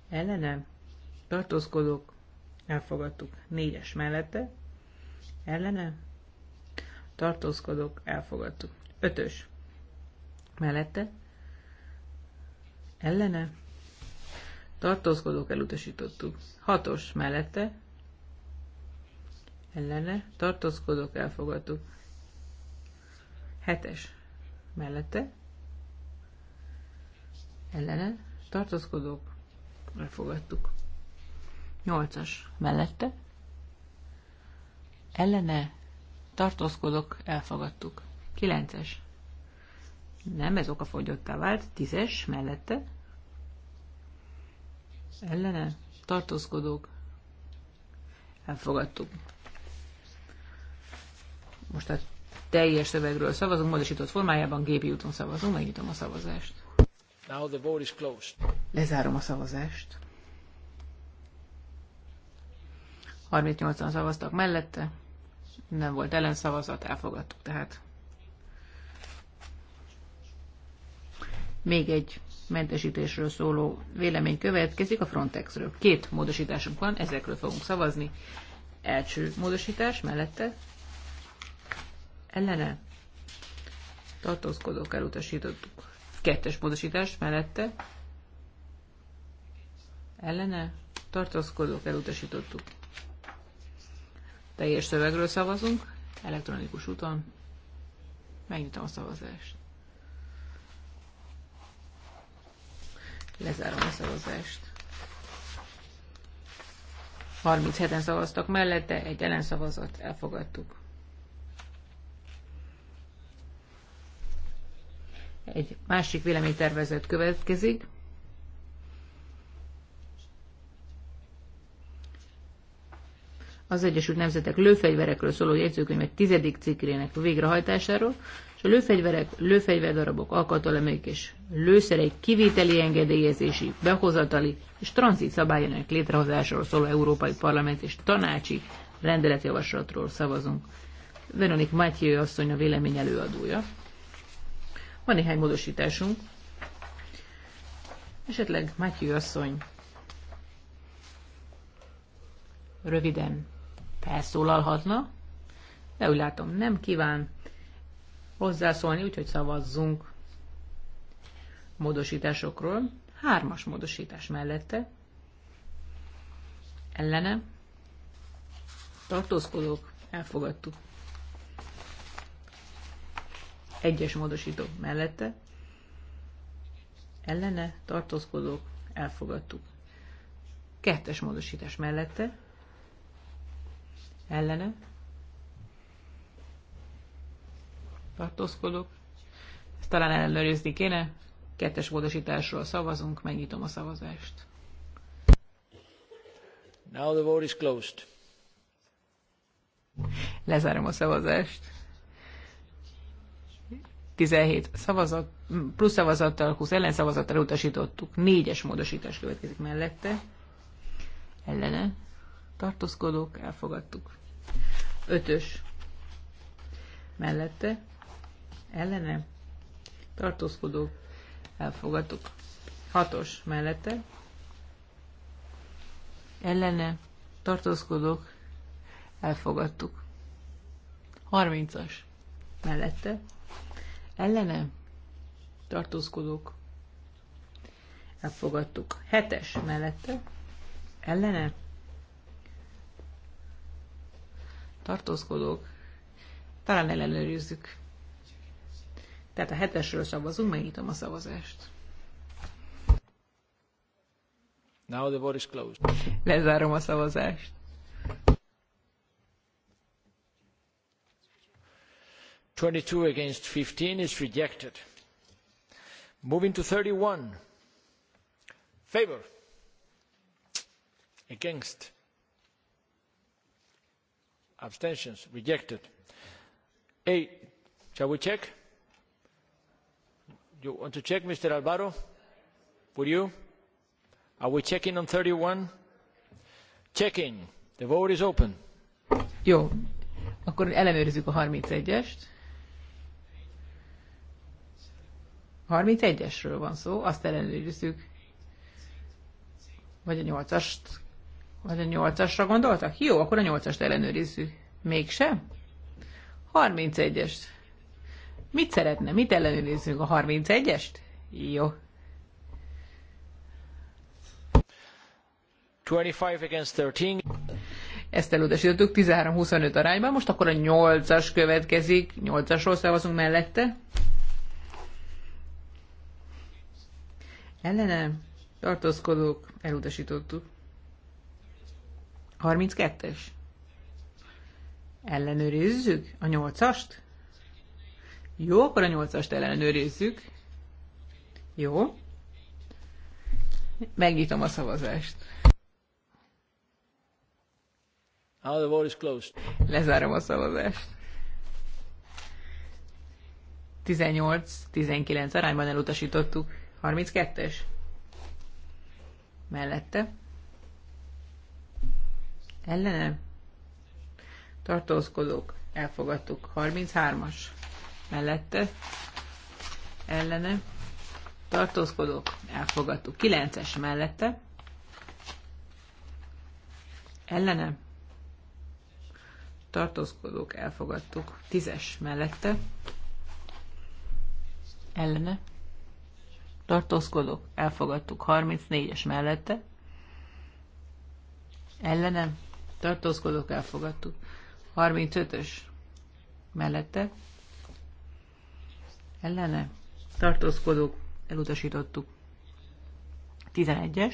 ellene, tartózkodók, elfogadtuk. Négyes mellette, ellene, tartózkodók, elfogadtuk. Ötös mellette, ellene, tartózkodók, elutasítottuk. Hatos mellette, ellene, tartózkodók, elfogadtuk. Hetes mellette, ellene tartózkodók elfogadtuk. nyolcas, mellette ellene tartózkodók elfogadtuk. kilences. nem, ez okafogyottá vált. Tízes mellette ellene tartózkodók elfogadtuk. Most a teljes szövegről szavazunk, módosított formájában gépi úton szavazunk, megnyitom a szavazást. Now the vote is closed. Lezárom a szavazást. 38-an szavaztak mellette, nem volt ellenszavazat, elfogadtuk tehát. Még egy mentesítésről szóló vélemény következik a Frontexről. Két módosításunk van, ezekről fogunk szavazni. Első módosítás mellette ellene tartózkodók elutasítottuk. Kettes módosítást mellette ellene tartózkodók elutasítottuk. Teljes szövegről szavazunk, elektronikus úton. Megnyitom a szavazást. Lezárom a szavazást. 37-en szavaztak mellette, egy ellenszavazat elfogadtuk. Egy másik véleménytervezet következik. az Egyesült Nemzetek lőfegyverekről szóló jegyzőkönyve tizedik cikkének végrehajtásáról, és a lőfegyverek, lőfegyverdarabok, alkatalemek és lőszerek kivételi engedélyezési, behozatali és tranzit szabályának létrehozásáról szóló Európai Parlament és tanácsi rendeletjavaslatról szavazunk. Veronik Mátyi asszony a vélemény előadója. Van néhány módosításunk. Esetleg Matthew asszony röviden felszólalhatna, de úgy látom nem kíván hozzászólni, úgyhogy szavazzunk módosításokról. Hármas módosítás mellette. Ellene. Tartózkodók. Elfogadtuk. Egyes módosító mellette. Ellene tartózkodók elfogadtuk. Kettes módosítás mellette. Ellene tartózkodók. Ezt talán ellenőrizni kéne. Kettes módosításról szavazunk, megnyitom a szavazást. Now the vote is closed. Lezárom a szavazást. 17 szavazat, plusz szavazattal, 20 ellenszavazattal utasítottuk. Négyes módosítás következik mellette. Ellene tartózkodók, elfogadtuk. Ötös mellette. Ellene tartózkodók, elfogadtuk. Hatos mellette. Ellene tartózkodók, elfogadtuk. Harmincas mellette ellene tartózkodók elfogadtuk. Hetes mellette ellene tartózkodók talán ellenőrizzük. Tehát a hetesről szavazunk, megnyitom a szavazást. Now the vote is closed. Lezárom a szavazást. twenty two against fifteen is rejected. moving to thirty one favour against abstentions rejected eight shall we check you want to check mr alvaro would you are we checking on thirty one checking the vote is open jó akkor ellenőrizzük a 31-est 31-esről van szó, azt ellenőrizzük. Vagy a 8-ast, vagy a 8-asra gondoltak? Jó, akkor a 8-ast ellenőrizzük. Mégse? 31-est. Mit szeretne? Mit ellenőrizzünk? A 31-est? Jó. 25 against 13. Ezt elutasítottuk 13-25 arányban, most akkor a 8-as következik, 8-asról szavazunk mellette. ellene tartózkodók elutasítottuk. 32-es. Ellenőrizzük a 8-ast? Jó, akkor a 8-ast ellenőrizzük. Jó. Megnyitom a szavazást. the vote is closed. Lezárom a szavazást. 18-19 arányban elutasítottuk. 32-es. Mellette. Ellene. Tartózkodók. Elfogadtuk. 33-as. Mellette. Ellene. Tartózkodók. Elfogadtuk. 9-es mellette. Ellene. Tartózkodók. Elfogadtuk. 10-es mellette. Ellene tartózkodok, elfogadtuk 34-es mellette, ellenem, tartózkodok, elfogadtuk 35-ös mellette, ellene, tartózkodók, elutasítottuk 11-es,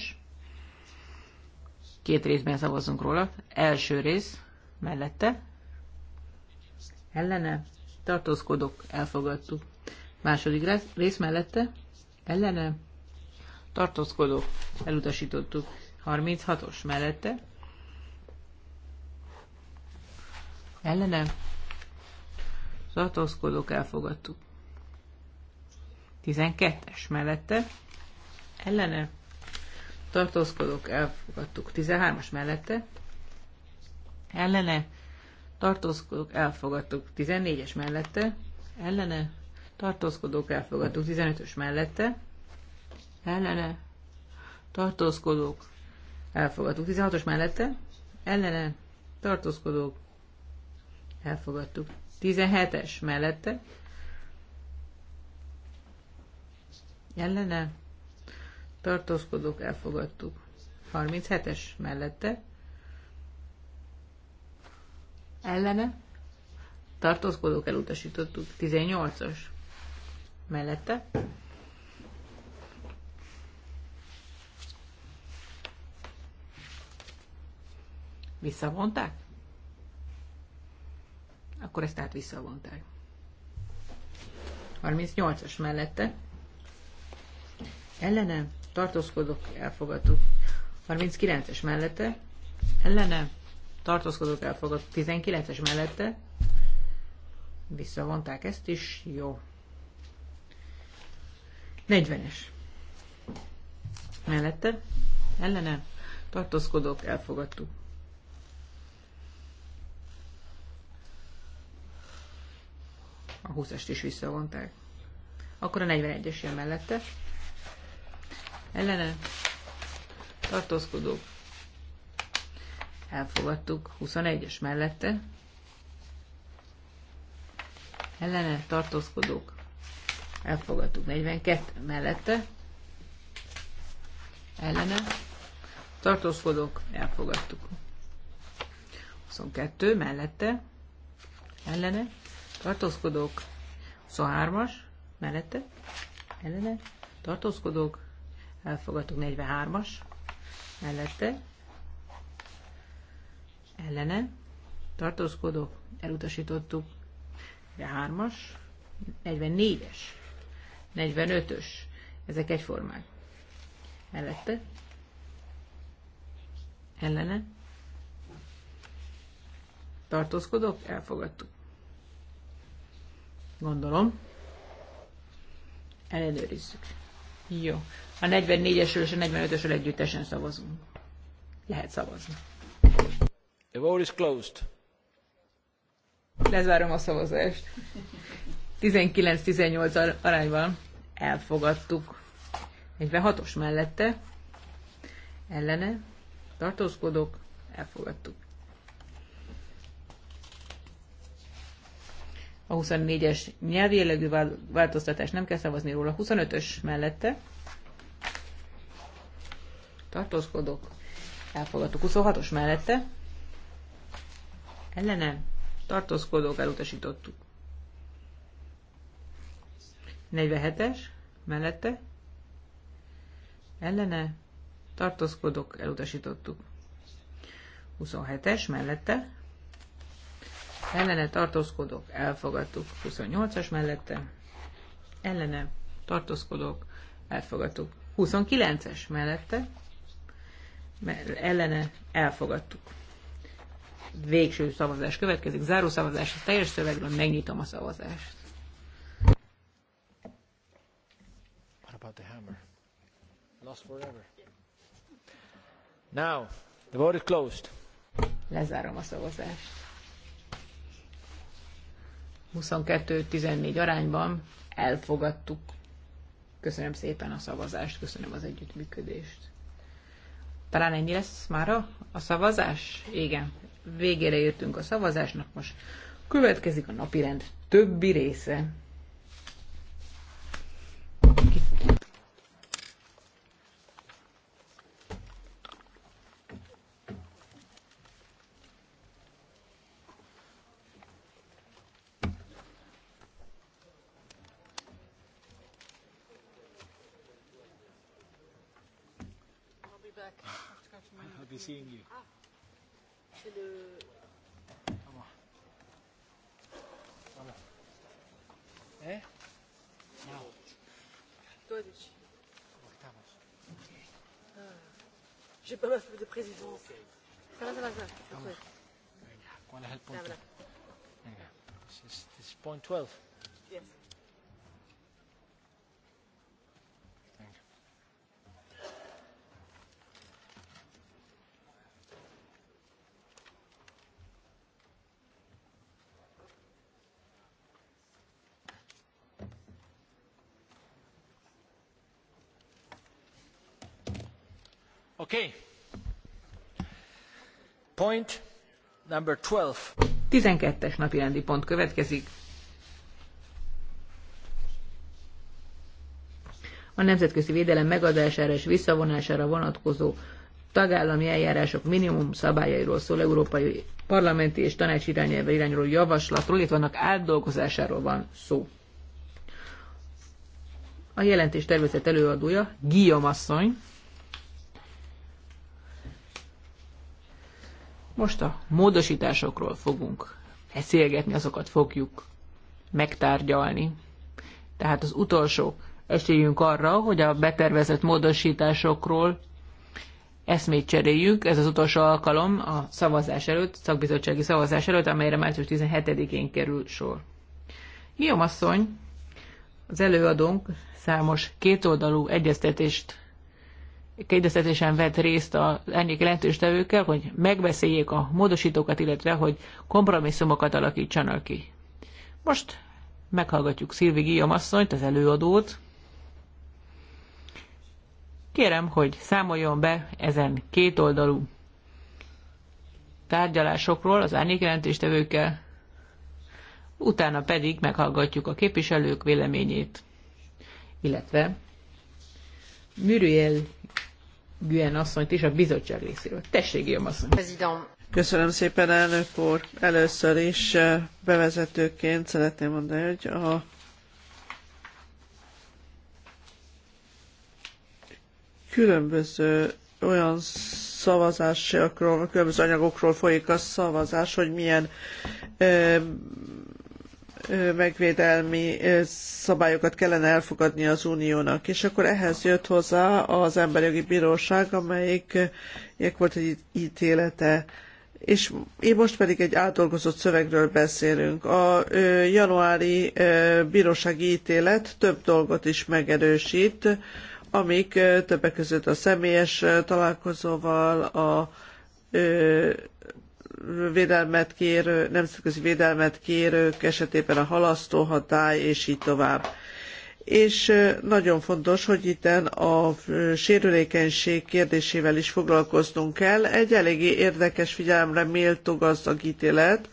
két részben szavazunk róla, első rész mellette, ellene, tartózkodók, elfogadtuk. Második rész mellette, ellene tartózkodó elutasítottuk 36-os mellette ellene tartózkodók elfogadtuk 12-es mellette ellene tartózkodók elfogadtuk 13-as mellette ellene tartózkodók elfogadtuk 14-es mellette ellene tartózkodók elfogadtuk 15-ös mellette, ellene, tartózkodók elfogadtuk 16-os mellette, ellene, tartózkodók elfogadtuk 17-es mellette, ellene, tartózkodók elfogadtuk 37-es mellette, ellene, tartózkodók elutasítottuk 18-as mellette. Visszavonták? Akkor ezt át visszavonták. 38-as mellette. Ellene tartózkodok, elfogadtuk. 39-es mellette. Ellene tartózkodok, elfogadtuk. 19-es mellette. Visszavonták ezt is. Jó. 40-es. Mellette? Ellene? Tartózkodók, elfogadtuk. A 20-est is visszavonták. Akkor a 41-es jön mellette. Ellene? Tartózkodók. Elfogadtuk. 21-es mellette. Ellene? Tartózkodók elfogadtuk 42 mellette, ellene, tartózkodók, elfogadtuk. 22 mellette, ellene, tartózkodók, 23-as, mellette, ellene, tartózkodók, elfogadtuk 43-as, mellette, ellene, tartózkodók, elutasítottuk, 43-as, 44-es, 45-ös. Ezek egyformák. Mellette. Ellene. Tartózkodok? Elfogadtuk. Gondolom. Ellenőrizzük. Jó. A 44-esről és a 45-ösről együttesen szavazunk. Lehet szavazni. The vote is closed. Lezárom a szavazást. 19-18 arányban elfogadtuk. 46-os mellette ellene tartózkodok, elfogadtuk. A 24-es nyelvjellegű változtatás nem kell szavazni róla. 25-ös mellette tartózkodok, elfogadtuk. 26-os mellette ellene tartózkodók elutasítottuk. 47-es, mellette, ellene, tartózkodok, elutasítottuk. 27-es, mellette, ellene, tartózkodok, elfogadtuk. 28-as, mellette, ellene, tartózkodok, elfogadtuk. 29-es, mellette, ellene, elfogadtuk. Végső szavazás következik, záró szavazás, a teljes szövegről megnyitom a szavazást. How about the hammer? Lost forever. Now, the vote is closed. Lezárom a szavazást. 22-14 arányban elfogadtuk. Köszönöm szépen a szavazást, köszönöm az együttműködést. Talán ennyi lesz már a szavazás? Igen, végére értünk a szavazásnak, most következik a napirend többi része. Eh? Ah. No. 12. J'ai pas ma feuille de présidence. Ça va, ça va, ça va. Venga, ¿cuál es el punto? Venga, es, es point 12. point, number 12. 12-es napirendi pont következik. A nemzetközi védelem megadására és visszavonására vonatkozó tagállami eljárások minimum szabályairól szól európai parlamenti és tanács irányelve irányuló javaslatról, illetve annak átdolgozásáról van szó. A jelentés tervezett előadója Guillaume asszony, Most a módosításokról fogunk beszélgetni, azokat fogjuk megtárgyalni. Tehát az utolsó esélyünk arra, hogy a betervezett módosításokról eszmét cseréljük. Ez az utolsó alkalom a szavazás előtt, szakbizottsági szavazás előtt, amelyre március 17-én kerül sor. Guillaume asszony, az előadónk számos kétoldalú egyeztetést kérdeztetésen vett részt a jelentős tevőkkel, hogy megbeszéljék a módosítókat, illetve hogy kompromisszumokat alakítsanak ki. Most meghallgatjuk Szilvi Guillaume asszonyt, az előadót. Kérem, hogy számoljon be ezen kétoldalú tárgyalásokról az jelentéstevőkkel, utána pedig meghallgatjuk a képviselők véleményét, illetve Muriel Güen asszonyt is a bizottság részéről. Tessék, Guyen asszony! Köszönöm szépen, elnök úr! Először is eh, bevezetőként szeretném mondani, hogy a különböző olyan szavazásokról, különböző anyagokról folyik a szavazás, hogy milyen eh, megvédelmi szabályokat kellene elfogadni az uniónak. És akkor ehhez jött hozzá az Emberjogi Bíróság, amelyik volt egy ítélete. És én most pedig egy átdolgozott szövegről beszélünk. A januári bírósági ítélet több dolgot is megerősít, amik többek között a személyes találkozóval, a védelmet kérő, nemzetközi védelmet kérők esetében a halasztó hatály, és így tovább. És nagyon fontos, hogy itten a sérülékenység kérdésével is foglalkoznunk kell. Egy eléggé érdekes figyelemre méltó gazdag ítélet,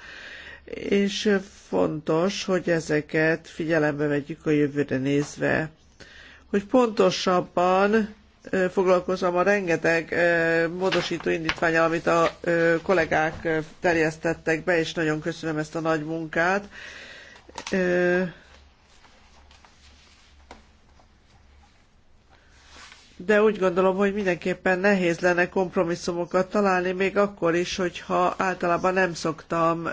és fontos, hogy ezeket figyelembe vegyük a jövőre nézve. Hogy pontosabban foglalkozom a rengeteg módosító indítványal, amit a kollégák terjesztettek be, és nagyon köszönöm ezt a nagy munkát. de úgy gondolom, hogy mindenképpen nehéz lenne kompromisszumokat találni, még akkor is, hogyha általában nem szoktam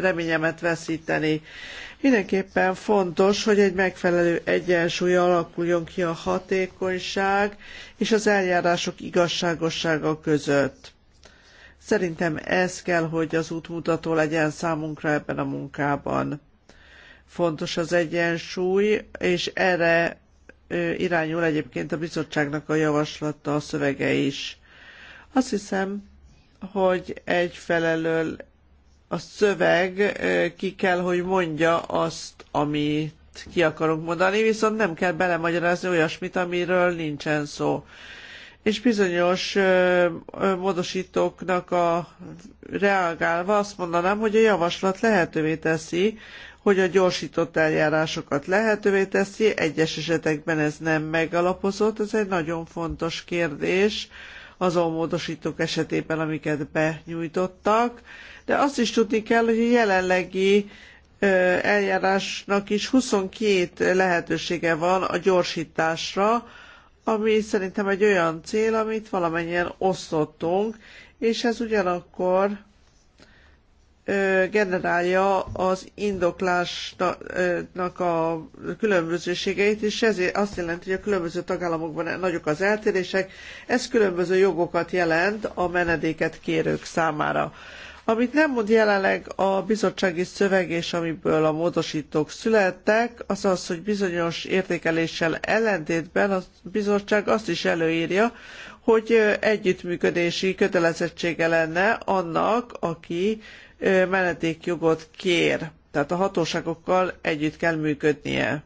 reményemet veszíteni. Mindenképpen fontos, hogy egy megfelelő egyensúly alakuljon ki a hatékonyság és az eljárások igazságossága között. Szerintem ez kell, hogy az útmutató legyen számunkra ebben a munkában. Fontos az egyensúly, és erre irányul egyébként a bizottságnak a javaslata, a szövege is. Azt hiszem, hogy egyfelől a szöveg ki kell, hogy mondja azt, amit ki akarunk mondani, viszont nem kell belemagyarázni olyasmit, amiről nincsen szó. És bizonyos módosítóknak a reagálva azt mondanám, hogy a javaslat lehetővé teszi, hogy a gyorsított eljárásokat lehetővé teszi, egyes esetekben ez nem megalapozott, ez egy nagyon fontos kérdés azon módosítók esetében, amiket benyújtottak, de azt is tudni kell, hogy a jelenlegi eljárásnak is 22 lehetősége van a gyorsításra, ami szerintem egy olyan cél, amit valamennyien osztottunk, és ez ugyanakkor generálja az indoklásnak a különbözőségeit, és ez azt jelenti, hogy a különböző tagállamokban nagyok az eltérések, ez különböző jogokat jelent a menedéket kérők számára. Amit nem mond jelenleg a bizottsági szöveg és amiből a módosítók születtek, az az, hogy bizonyos értékeléssel ellentétben a bizottság azt is előírja, hogy együttműködési kötelezettsége lenne annak, aki menedékjogot kér. Tehát a hatóságokkal együtt kell működnie.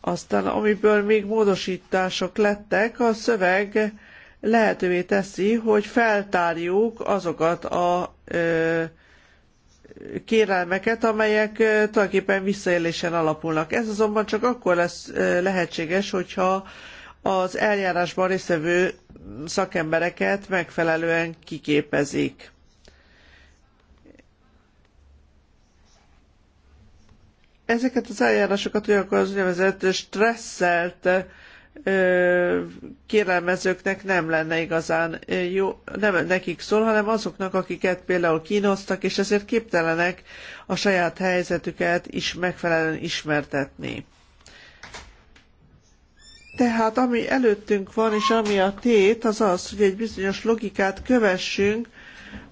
Aztán amiből még módosítások lettek, a szöveg lehetővé teszi, hogy feltárjuk azokat a ö, kérelmeket, amelyek tulajdonképpen visszaélésen alapulnak. Ez azonban csak akkor lesz lehetséges, hogyha az eljárásban résztvevő szakembereket megfelelően kiképezik. Ezeket az eljárásokat olyankor az úgynevezett stresszelt kérelmezőknek nem lenne igazán jó, nem nekik szól, hanem azoknak, akiket például kínoztak, és ezért képtelenek a saját helyzetüket is megfelelően ismertetni. Tehát ami előttünk van, és ami a tét, az az, hogy egy bizonyos logikát kövessünk,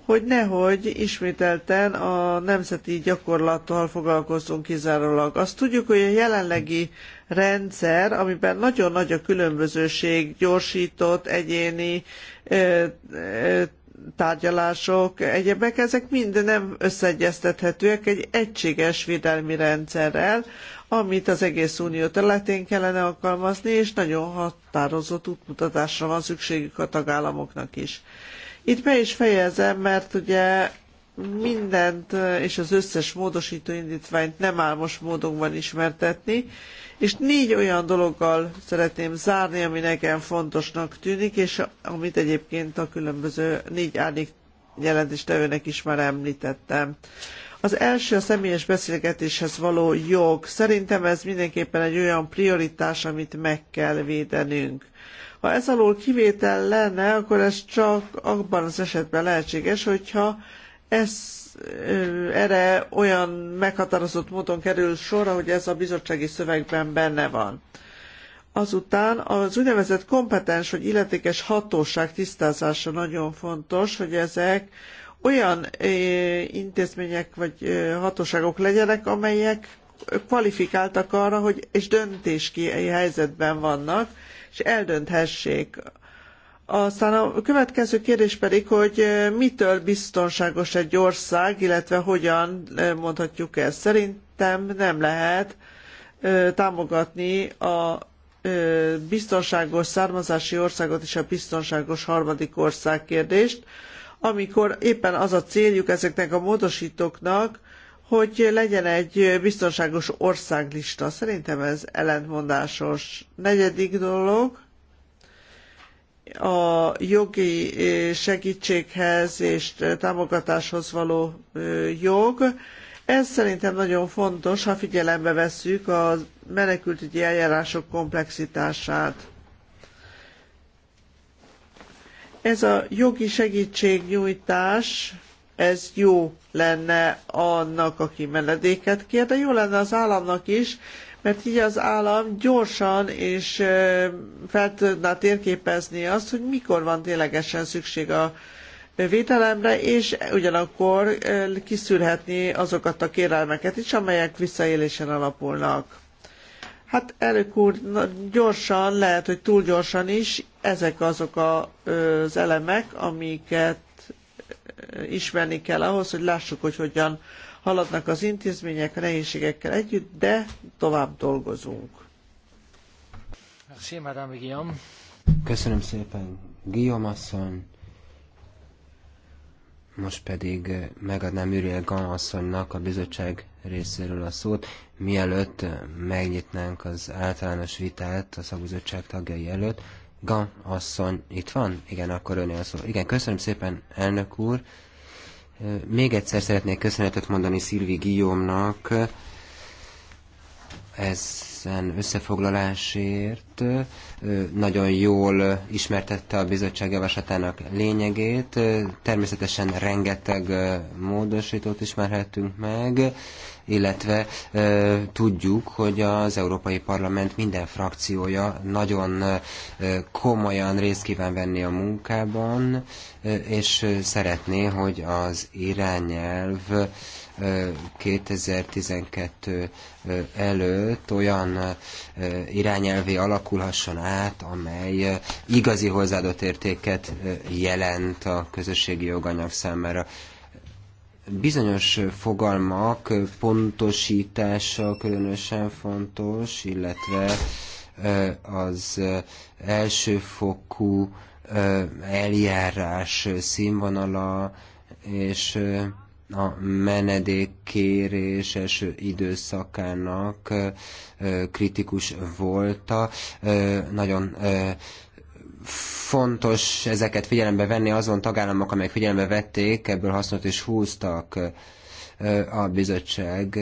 hogy nehogy ismételten a nemzeti gyakorlattal foglalkozzunk kizárólag. Azt tudjuk, hogy a jelenlegi rendszer, amiben nagyon nagy a különbözőség, gyorsított, egyéni ö, ö, tárgyalások, egyebek, ezek mind nem összeegyeztethetőek egy egységes védelmi rendszerrel, amit az egész unió területén kellene alkalmazni, és nagyon határozott útmutatásra van szükségük a tagállamoknak is. Itt be is fejezem, mert ugye mindent és az összes módosító indítványt nem áll most módonban ismertetni, és négy olyan dologgal szeretném zárni, ami nekem fontosnak tűnik, és amit egyébként a különböző négy árnyék jelentéstevőnek is már említettem. Az első a személyes beszélgetéshez való jog. Szerintem ez mindenképpen egy olyan prioritás, amit meg kell védenünk. Ha ez alól kivétel lenne, akkor ez csak abban az esetben lehetséges, hogyha ezt erre olyan meghatározott módon kerül sor, ahogy ez a bizottsági szövegben benne van. Azután az úgynevezett kompetens vagy illetékes hatóság tisztázása nagyon fontos, hogy ezek olyan intézmények vagy hatóságok legyenek, amelyek kvalifikáltak arra, hogy és döntéski helyzetben vannak, és eldönthessék aztán a következő kérdés pedig, hogy mitől biztonságos egy ország, illetve hogyan mondhatjuk ezt. Szerintem nem lehet támogatni a biztonságos származási országot és a biztonságos harmadik ország kérdést, amikor éppen az a céljuk ezeknek a módosítóknak, hogy legyen egy biztonságos országlista. Szerintem ez ellentmondásos. Negyedik dolog, a jogi segítséghez és támogatáshoz való jog. Ez szerintem nagyon fontos, ha figyelembe vesszük a menekültügyi eljárások komplexitását. Ez a jogi segítségnyújtás, ez jó lenne annak, aki menedéket kér, de jó lenne az államnak is, mert így az állam gyorsan és fel tudná térképezni azt, hogy mikor van ténylegesen szükség a védelemre, és ugyanakkor kiszűrhetni azokat a kérelmeket is, amelyek visszaélésen alapulnak. Hát elnök úr, gyorsan, lehet, hogy túl gyorsan is, ezek azok a, az elemek, amiket ismerni kell ahhoz, hogy lássuk, hogy hogyan haladnak az intézmények, a nehézségekkel együtt, de tovább dolgozunk. Köszönöm szépen, Guillaume asszony. Most pedig eh, megadnám Uriel Gan asszonynak a bizottság részéről a szót, mielőtt eh, megnyitnánk az általános vitát a szakbizottság tagjai előtt. Gan asszony itt van? Igen, akkor önél szó. Igen, köszönöm szépen, elnök úr. Még egyszer szeretnék köszönetet mondani Szilvi Guillaume-nak ezen összefoglalásért. Nagyon jól ismertette a bizottság javaslatának lényegét. Természetesen rengeteg módosítót ismerhettünk meg illetve tudjuk, hogy az Európai Parlament minden frakciója nagyon komolyan részt kíván venni a munkában, és szeretné, hogy az irányelv 2012 előtt olyan irányelvé alakulhasson át, amely igazi hozzáadott értéket jelent a közösségi joganyag számára bizonyos fogalmak pontosítása különösen fontos, illetve az elsőfokú eljárás színvonala és a menedékkérés első időszakának kritikus volta. Nagyon Fontos ezeket figyelembe venni azon tagállamok, amelyek figyelembe vették, ebből hasznot is húztak a bizottság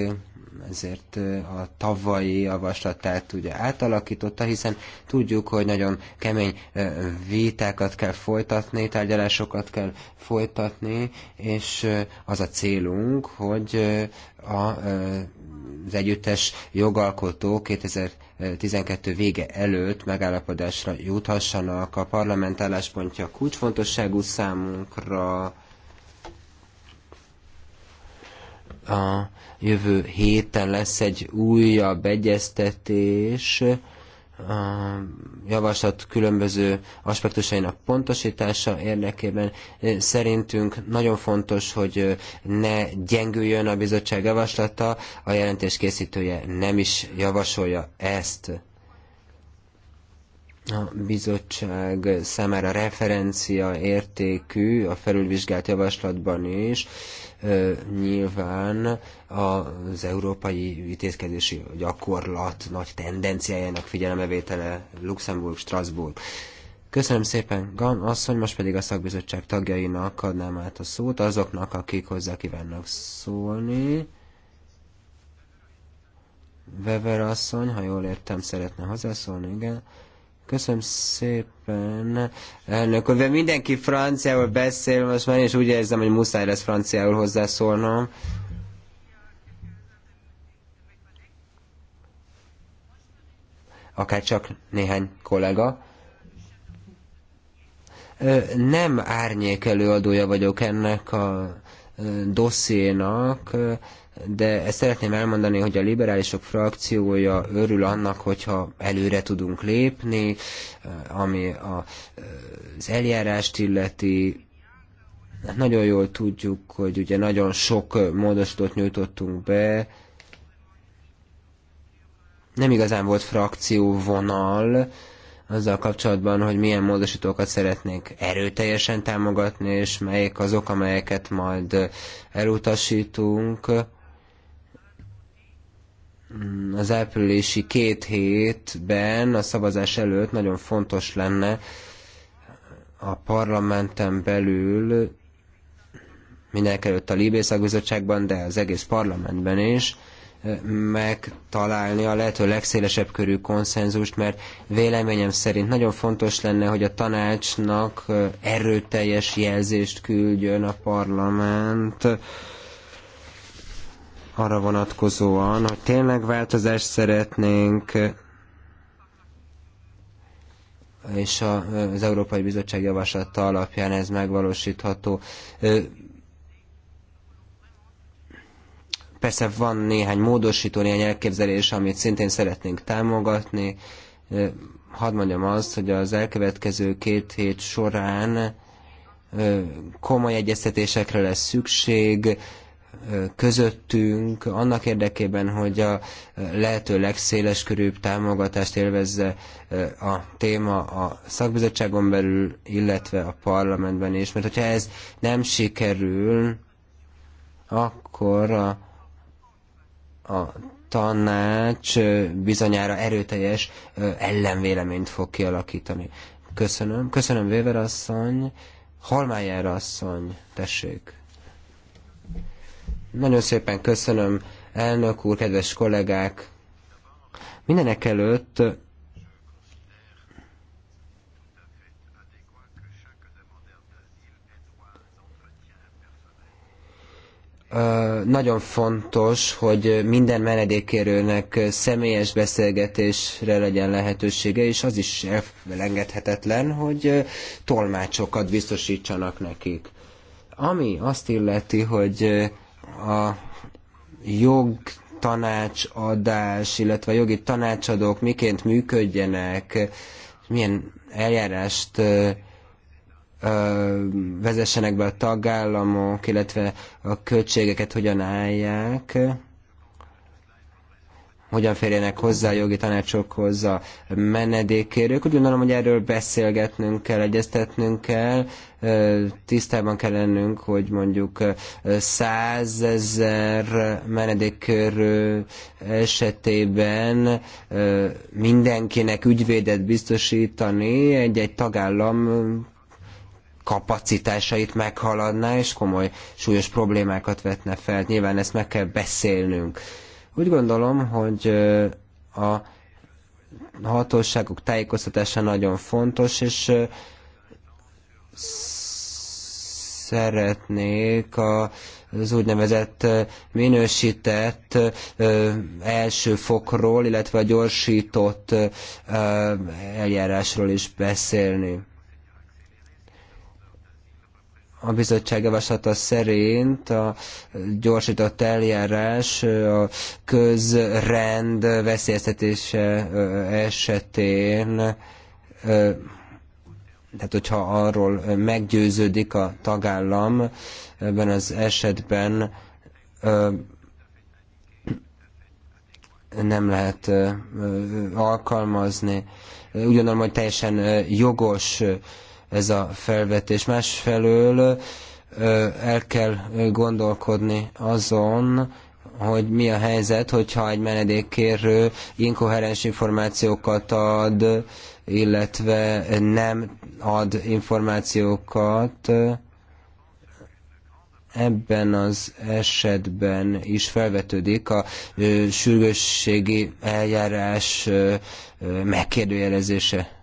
ezért a tavalyi javaslatát ugye átalakította, hiszen tudjuk, hogy nagyon kemény vitákat kell folytatni, tárgyalásokat kell folytatni, és az a célunk, hogy a, az együttes jogalkotó 2000 12 vége előtt megállapodásra juthassanak. A parlament álláspontja kulcsfontosságú számunkra, a jövő héten lesz egy újabb egyeztetés javaslat különböző aspektusainak pontosítása érdekében. Szerintünk nagyon fontos, hogy ne gyengüljön a bizottság javaslata, a jelentés készítője nem is javasolja ezt. A bizottság számára referencia értékű a felülvizsgált javaslatban is nyilván az európai vitézkedési gyakorlat nagy tendenciájának figyelemevétele Luxemburg, Strasbourg. Köszönöm szépen, Gan asszony, most pedig a szakbizottság tagjainak adnám át a szót, azoknak, akik hozzá kívánnak szólni. Wever asszony, ha jól értem, szeretne hozzászólni, igen. Köszönöm szépen, elnök úr. De mindenki franciául beszél, most már én is úgy érzem, hogy muszáj lesz franciául hozzászólnom. Akár csak néhány kollega nem árnyék előadója vagyok ennek a dossziénak, de ezt szeretném elmondani, hogy a liberálisok frakciója örül annak, hogyha előre tudunk lépni, ami a, az eljárást illeti, hát nagyon jól tudjuk, hogy ugye nagyon sok módosítót nyújtottunk be, nem igazán volt frakcióvonal azzal kapcsolatban, hogy milyen módosítókat szeretnék erőteljesen támogatni, és melyik azok, amelyeket majd elutasítunk. Mm, az áprilisi két hétben a szavazás előtt nagyon fontos lenne a parlamenten belül, mindenek előtt a Libészakbizottságban, de az egész parlamentben is, megtalálni a lehető legszélesebb körű konszenzust, mert véleményem szerint nagyon fontos lenne, hogy a tanácsnak erőteljes jelzést küldjön a parlament, arra vonatkozóan, hogy tényleg változást szeretnénk, és az Európai Bizottság javaslata alapján ez megvalósítható. Persze van néhány módosító, néhány elképzelés, amit szintén szeretnénk támogatni. Hadd mondjam azt, hogy az elkövetkező két hét során komoly egyeztetésekre lesz szükség, közöttünk annak érdekében, hogy a lehető körűbb támogatást élvezze a téma a szakbizottságon belül, illetve a parlamentben is. Mert hogyha ez nem sikerül, akkor a, a tanács bizonyára erőteljes ellenvéleményt fog kialakítani. Köszönöm. Köszönöm, Véver asszony. Halmájára asszony, tessék. Nagyon szépen köszönöm, elnök úr, kedves kollégák! Mindenek előtt nagyon fontos, hogy minden menedékérőnek személyes beszélgetésre legyen lehetősége, és az is elengedhetetlen, hogy tolmácsokat biztosítsanak nekik. Ami azt illeti, hogy a jog tanácsadás, illetve a jogi tanácsadók miként működjenek, milyen eljárást vezessenek be a tagállamok, illetve a költségeket hogyan állják hogyan férjenek hozzá a jogi tanácsokhoz a menedékkérők. Úgy gondolom, hogy erről beszélgetnünk kell, egyeztetnünk kell, tisztában kell lennünk, hogy mondjuk százezer menedékkörő esetében mindenkinek ügyvédet biztosítani egy-egy tagállam kapacitásait meghaladná, és komoly, súlyos problémákat vetne fel. Nyilván ezt meg kell beszélnünk. Úgy gondolom, hogy a hatóságok tájékoztatása nagyon fontos, és szeretnék a, az úgynevezett minősített első fokról, illetve a gyorsított eljárásról is beszélni a bizottság javaslata szerint a gyorsított eljárás a közrend veszélyeztetése esetén tehát hogyha arról meggyőződik a tagállam, ebben az esetben nem lehet alkalmazni. Ugyanarra, hogy teljesen jogos ez a felvetés. Másfelől el kell gondolkodni azon, hogy mi a helyzet, hogyha egy menedékkérő inkoherens információkat ad, illetve nem ad információkat, ebben az esetben is felvetődik a sürgősségi eljárás megkérdőjelezése.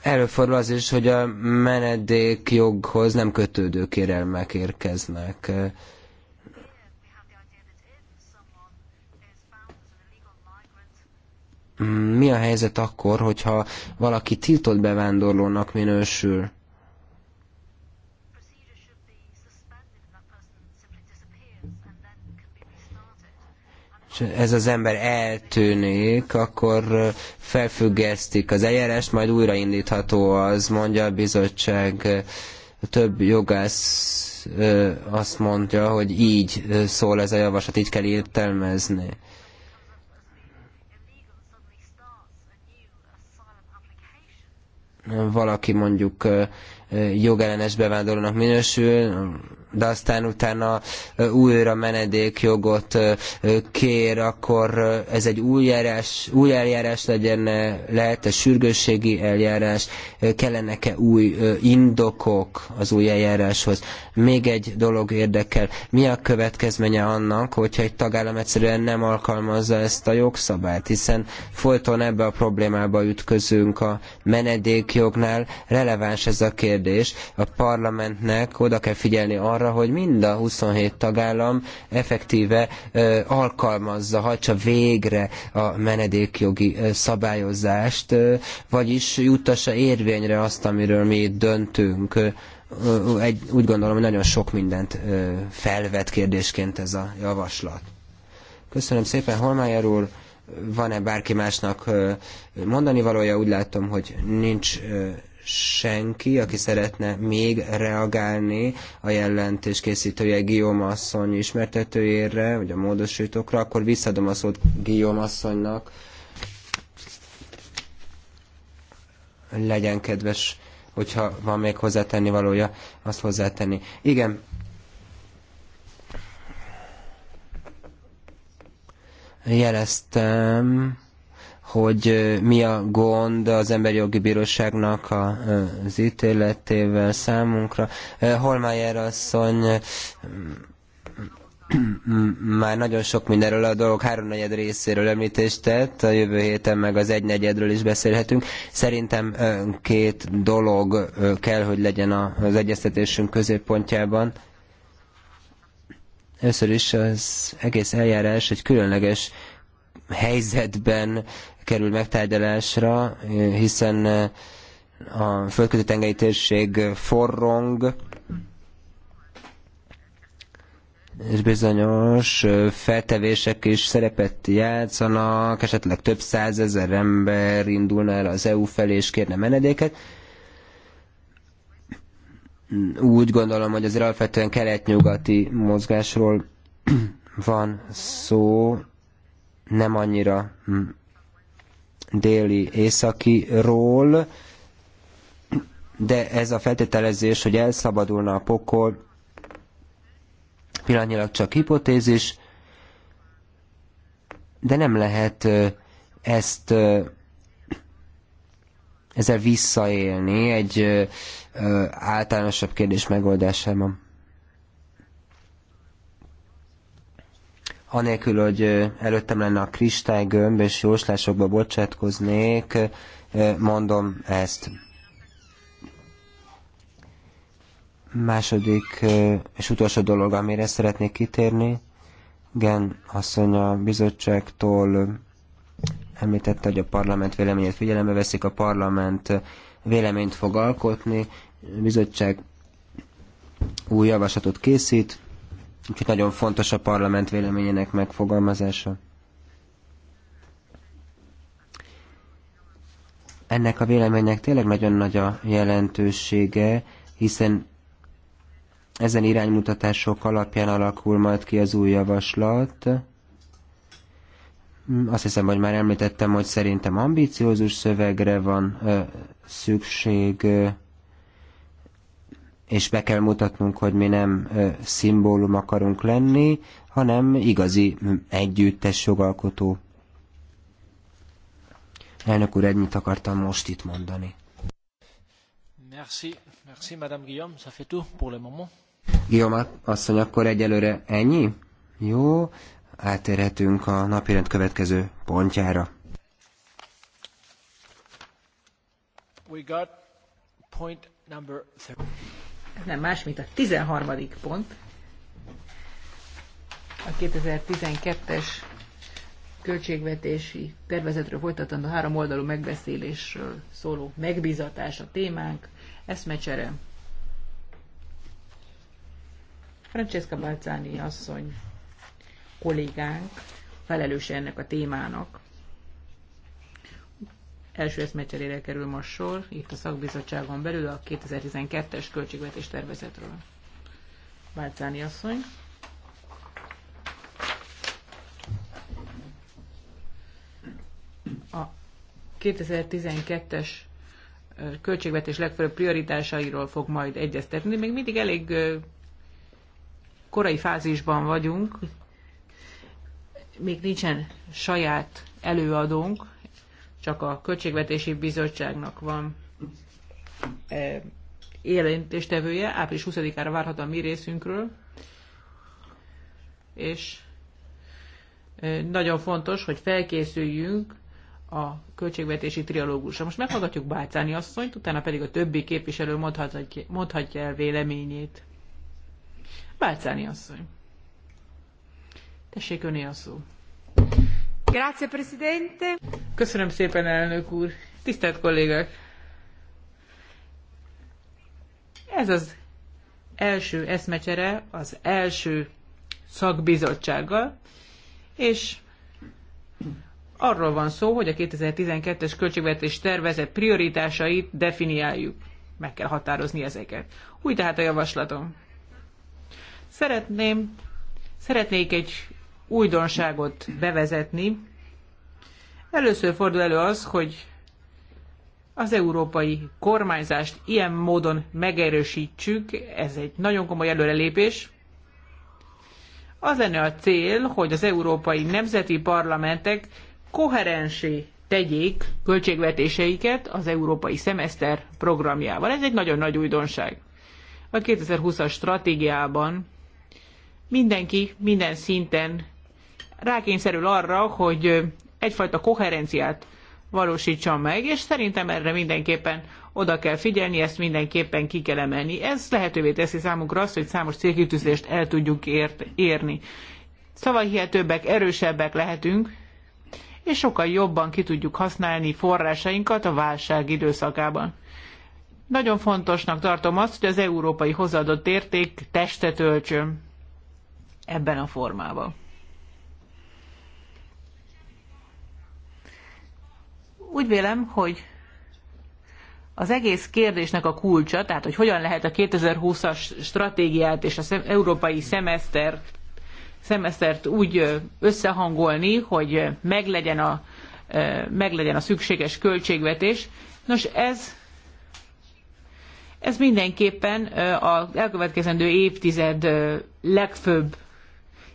Előfordul az is, hogy a menedékjoghoz nem kötődő kérelmek érkeznek. Mi a helyzet akkor, hogyha valaki tiltott bevándorlónak minősül? ez az ember eltűnik, akkor felfüggesztik az eljárást, majd újraindítható az, mondja a bizottság. Több jogász azt mondja, hogy így szól ez a javaslat, így kell értelmezni. Valaki mondjuk jogellenes bevándorlónak minősül, de aztán utána újra menedékjogot kér, akkor ez egy új, eljárás, új eljárás legyen, lehet-e sürgősségi eljárás, kellenek-e új indokok az új eljáráshoz. Még egy dolog érdekel, mi a következménye annak, hogyha egy tagállam egyszerűen nem alkalmazza ezt a jogszabályt, hiszen folyton ebbe a problémába ütközünk a menedékjognál, releváns ez a kérdés, a parlamentnek oda kell figyelni arra, arra, hogy mind a 27 tagállam effektíve alkalmazza, hajtsa végre a menedékjogi szabályozást, vagyis juttassa érvényre azt, amiről mi itt döntünk. Egy, úgy gondolom, hogy nagyon sok mindent felvet kérdésként ez a javaslat. Köszönöm szépen, Holmájer úr! Van-e bárki másnak mondani valója? Úgy látom, hogy nincs senki, aki szeretne még reagálni a jelentés készítője Guillaume asszony ismertetőjére, vagy a módosítókra, akkor visszadom a szót Guillaume asszonynak. Legyen kedves, hogyha van még hozzátenni valója, azt hozzátenni. Igen, jeleztem, hogy mi a gond az emberi jogi bíróságnak az ítéletével számunkra. Holmájer asszony mm, már nagyon sok mindenről a dolog háromnegyed részéről említést tett, a jövő héten meg az egynegyedről is beszélhetünk. Szerintem két dolog kell, hogy legyen az egyeztetésünk középpontjában. Először is az egész eljárás egy különleges helyzetben kerül megtárgyalásra, hiszen eh, a földközi tengeri térség forrong, és bizonyos eh, feltevések is szerepet játszanak, esetleg több százezer ember indulna el az EU felé és kérne menedéket. Úgy gondolom, hogy azért alapvetően kelet-nyugati mozgásról van szó, nem annyira mm, déli ról, de ez a feltételezés, hogy elszabadulna a pokol, pillanatnyilag csak hipotézis, de nem lehet ezt ezzel visszaélni egy általánosabb kérdés megoldásában. anélkül, hogy előttem lenne a kristálygömb, és jóslásokba bocsátkoznék, mondom ezt. Második és utolsó dolog, amire szeretnék kitérni, Gen asszony a bizottságtól említette, hogy a parlament véleményét figyelembe veszik, a parlament véleményt fog alkotni, a bizottság új javaslatot készít, Úgyhogy nagyon fontos a parlament véleményének megfogalmazása. Ennek a véleménynek tényleg nagyon nagy a jelentősége, hiszen ezen iránymutatások alapján alakul majd ki az új javaslat. Azt hiszem, hogy már említettem, hogy szerintem ambiciózus szövegre van ö, szükség. Ö, és be kell mutatnunk, hogy mi nem szimbólum akarunk lenni, hanem igazi együttes jogalkotó. Elnök úr, ennyit akartam most itt mondani. Merci, merci Madame Guillaume, ça fait tout pour le moment. Guillaume asszony, akkor egyelőre ennyi? Jó, átérhetünk a napirend következő pontjára. We got point number three ez nem más, mint a 13. pont, a 2012-es költségvetési tervezetről folytatandó három oldalú megbeszélésről szóló megbízatás a témánk, eszmecsere. Francesca Balcáni asszony kollégánk felelőse ennek a témának. Első eszmecserére kerül most sor, itt a szakbizottságon belül a 2012-es költségvetés tervezetről. Bárcáni asszony. A 2012-es költségvetés legfőbb prioritásairól fog majd egyeztetni. Még mindig elég korai fázisban vagyunk, még nincsen saját előadónk, csak a Költségvetési Bizottságnak van jelentéstevője, április 20-ára várhat a mi részünkről, és nagyon fontos, hogy felkészüljünk a költségvetési trialógusra. Most meghallgatjuk Bálcáni asszonyt, utána pedig a többi képviselő mondhatja, mondhatja el véleményét. Bálcáni asszony. Tessék öné a szó. Grazie, Presidente. Köszönöm szépen, elnök úr. Tisztelt kollégák! Ez az első eszmecsere az első szakbizottsággal, és arról van szó, hogy a 2012-es költségvetés tervezett prioritásait definiáljuk. Meg kell határozni ezeket. Új tehát a javaslatom. Szeretném, szeretnék egy újdonságot bevezetni. Először fordul elő az, hogy az európai kormányzást ilyen módon megerősítsük, ez egy nagyon komoly előrelépés. Az lenne a cél, hogy az európai nemzeti parlamentek koherensé tegyék költségvetéseiket az európai szemeszter programjával. Ez egy nagyon nagy újdonság. A 2020-as stratégiában mindenki minden szinten rákényszerül arra, hogy egyfajta koherenciát valósítson meg, és szerintem erre mindenképpen oda kell figyelni, ezt mindenképpen ki kell emelni. Ez lehetővé teszi számunkra azt, hogy számos célkitűzést el tudjuk ért, érni. Szavahihetőbbek, erősebbek lehetünk, és sokkal jobban ki tudjuk használni forrásainkat a válság időszakában. Nagyon fontosnak tartom azt, hogy az európai hozzáadott érték testet öltsön ebben a formában. Úgy vélem, hogy az egész kérdésnek a kulcsa, tehát hogy hogyan lehet a 2020-as stratégiát és az európai szemesztert, szemesztert úgy összehangolni, hogy meglegyen a, meglegyen a szükséges költségvetés. Nos, ez, ez mindenképpen az elkövetkezendő évtized legfőbb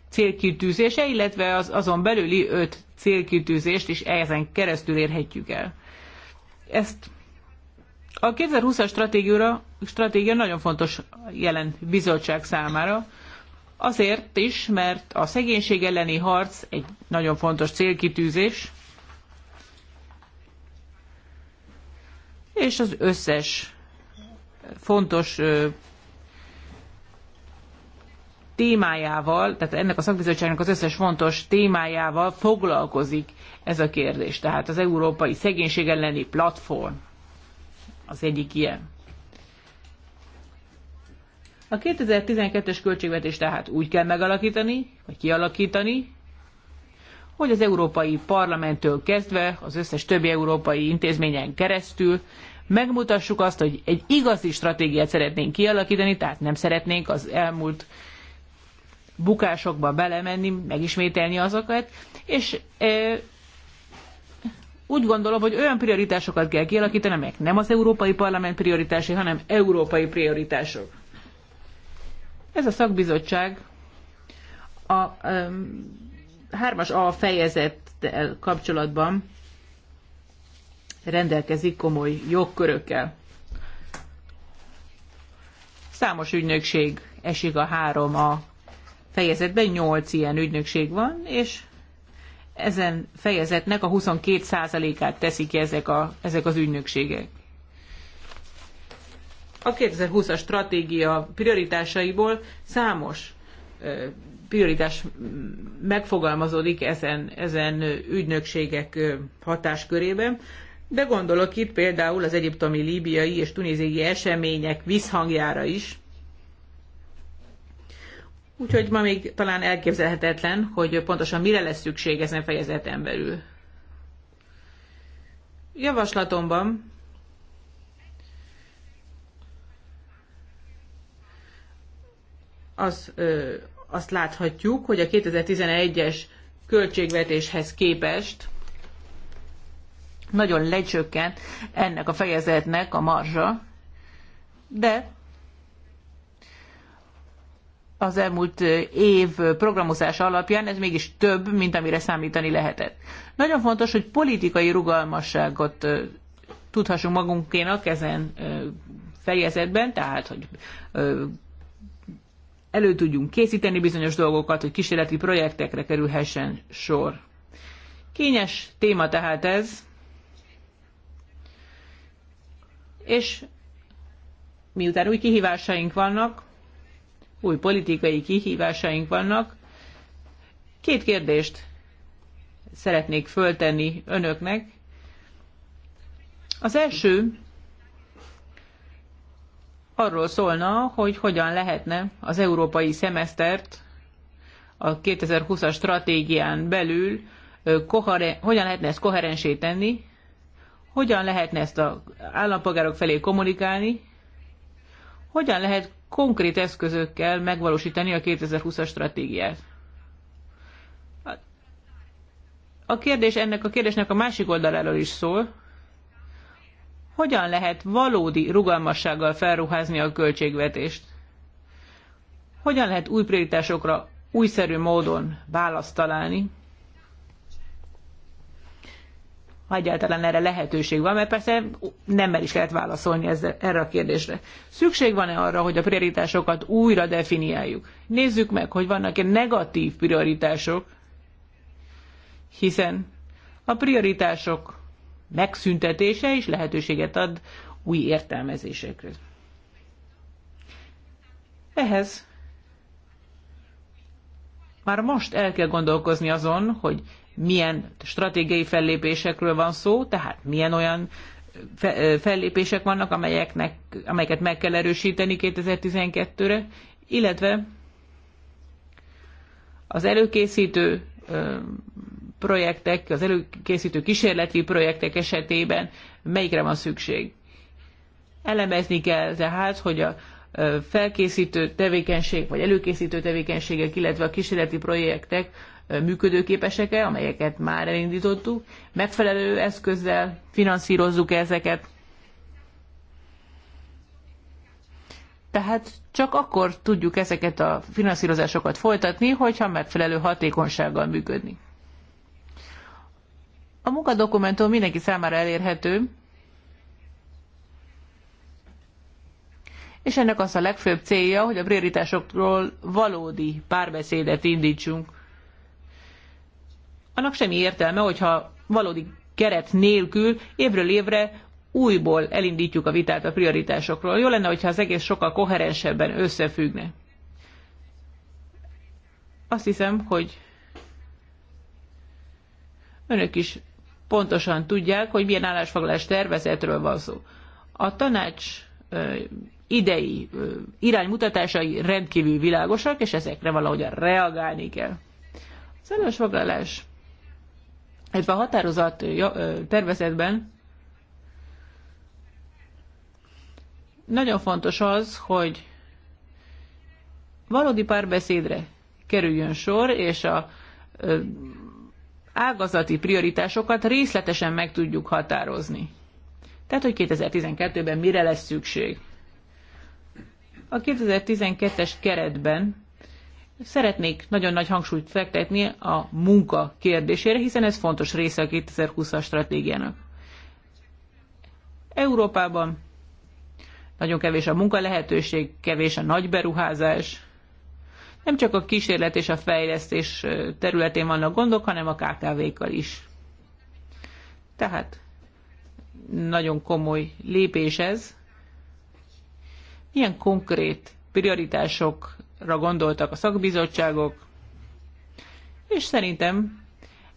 célkitűzése, illetve az, azon belüli öt célkitűzést, és ezen keresztül érhetjük el. Ezt a 2020-as stratégia, stratégia nagyon fontos jelen bizottság számára, azért is, mert a szegénység elleni harc egy nagyon fontos célkitűzés, és az összes fontos témájával, tehát ennek a szakbizottságnak az összes fontos témájával foglalkozik ez a kérdés. Tehát az európai szegénység elleni platform az egyik ilyen. A 2012-es költségvetés, tehát úgy kell megalakítani, vagy kialakítani, hogy az Európai Parlamenttől kezdve, az összes többi európai intézményen keresztül megmutassuk azt, hogy egy igazi stratégiát szeretnénk kialakítani, tehát nem szeretnénk az elmúlt bukásokba belemenni, megismételni azokat, és e, úgy gondolom, hogy olyan prioritásokat kell kialakítani, amelyek nem az Európai Parlament prioritásai, hanem európai prioritások. Ez a szakbizottság a hármas A fejezettel kapcsolatban rendelkezik komoly jogkörökkel. Számos ügynökség esik a három a fejezetben 8 ilyen ügynökség van, és ezen fejezetnek a 22%-át teszik ezek, a, ezek az ügynökségek. A 2020-as stratégia prioritásaiból számos prioritás megfogalmazódik ezen, ezen ügynökségek hatáskörében, de gondolok itt például az egyiptomi, líbiai és tunéziai események visszhangjára is, Úgyhogy ma még talán elképzelhetetlen, hogy pontosan mire lesz szükség ezen fejezeten belül. Javaslatomban az, ö, azt láthatjuk, hogy a 2011-es költségvetéshez képest nagyon lecsökkent ennek a fejezetnek a marzsa, de az elmúlt év programozása alapján ez mégis több, mint amire számítani lehetett. Nagyon fontos, hogy politikai rugalmasságot tudhassunk magunkénak ezen fejezetben, tehát, hogy elő tudjunk készíteni bizonyos dolgokat, hogy kísérleti projektekre kerülhessen sor. Kényes téma tehát ez, és miután új kihívásaink vannak, új politikai kihívásaink vannak. Két kérdést szeretnék föltenni önöknek. Az első arról szólna, hogy hogyan lehetne az európai szemesztert a 2020-as stratégián belül hogyan lehetne ezt koherensé tenni, hogyan lehetne ezt az állampolgárok felé kommunikálni, hogyan lehet konkrét eszközökkel megvalósítani a 2020-as stratégiát. A kérdés ennek a kérdésnek a másik oldaláról is szól, hogyan lehet valódi rugalmassággal felruházni a költségvetést? Hogyan lehet új prioritásokra újszerű módon választ találni? ha egyáltalán erre lehetőség van, mert persze nemmel is lehet válaszolni ezzel, erre a kérdésre. Szükség van-e arra, hogy a prioritásokat újra definiáljuk? Nézzük meg, hogy vannak-e negatív prioritások, hiszen a prioritások megszüntetése is lehetőséget ad új értelmezésekre. Ehhez már most el kell gondolkozni azon, hogy milyen stratégiai fellépésekről van szó, tehát milyen olyan fellépések vannak, amelyeknek, amelyeket meg kell erősíteni 2012-re, illetve az előkészítő projektek, az előkészítő kísérleti projektek esetében melyikre van szükség. Elemezni kell tehát, hogy a felkészítő tevékenység, vagy előkészítő tevékenységek, illetve a kísérleti projektek működőképesek-e, amelyeket már elindítottuk, megfelelő eszközzel finanszírozzuk -e ezeket. Tehát csak akkor tudjuk ezeket a finanszírozásokat folytatni, hogyha megfelelő hatékonysággal működni. A munkadokumentum mindenki számára elérhető, és ennek az a legfőbb célja, hogy a prioritásokról valódi párbeszédet indítsunk annak semmi értelme, hogyha valódi keret nélkül évről évre újból elindítjuk a vitát a prioritásokról. Jó lenne, hogyha az egész sokkal koherensebben összefüggne. Azt hiszem, hogy önök is pontosan tudják, hogy milyen állásfoglalás tervezetről van szó. A tanács idei iránymutatásai rendkívül világosak, és ezekre valahogy reagálni kell. Az állásfoglalás illetve a határozat tervezetben nagyon fontos az, hogy valódi párbeszédre kerüljön sor, és a ágazati prioritásokat részletesen meg tudjuk határozni. Tehát, hogy 2012-ben mire lesz szükség. A 2012-es keretben Szeretnék nagyon nagy hangsúlyt fektetni a munka kérdésére, hiszen ez fontos része a 2020-as stratégiának. Európában nagyon kevés a munka lehetőség, kevés a nagy beruházás. Nem csak a kísérlet és a fejlesztés területén vannak gondok, hanem a KKV-kkal is. Tehát nagyon komoly lépés ez. Milyen konkrét prioritások gondoltak a szakbizottságok, és szerintem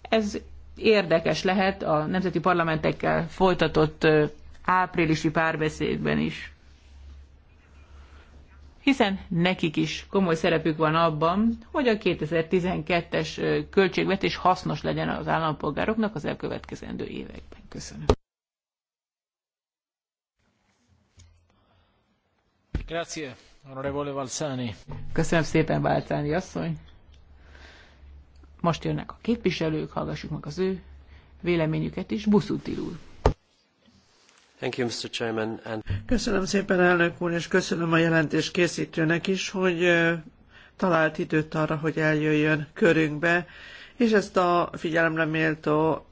ez érdekes lehet a nemzeti parlamentekkel folytatott áprilisi párbeszédben is. Hiszen nekik is komoly szerepük van abban, hogy a 2012-es költségvetés hasznos legyen az állampolgároknak az elkövetkezendő években. Köszönöm. Grazie. Honorevole Köszönöm szépen, Valszáni asszony. Most jönnek a képviselők, hallgassuk meg az ő véleményüket is. Buszutil úr. Köszönöm szépen, elnök úr, és köszönöm a jelentés készítőnek is, hogy talált időt arra, hogy eljöjjön körünkbe, és ezt a figyelemre méltó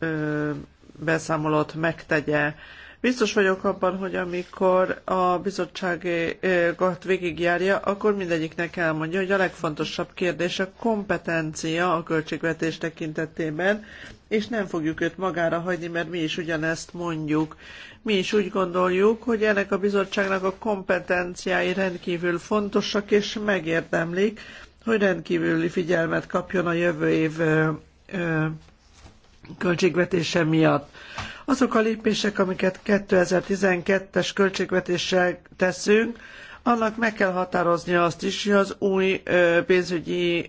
beszámolót megtegye. Biztos vagyok abban, hogy amikor a bizottságot végigjárja, akkor mindegyiknek elmondja, hogy a legfontosabb kérdés a kompetencia a költségvetés tekintetében, és nem fogjuk őt magára hagyni, mert mi is ugyanezt mondjuk. Mi is úgy gondoljuk, hogy ennek a bizottságnak a kompetenciái rendkívül fontosak, és megérdemlik, hogy rendkívüli figyelmet kapjon a jövő év költségvetése miatt. Azok a lépések, amiket 2012-es költségvetéssel teszünk, annak meg kell határoznia azt is, hogy az új pénzügyi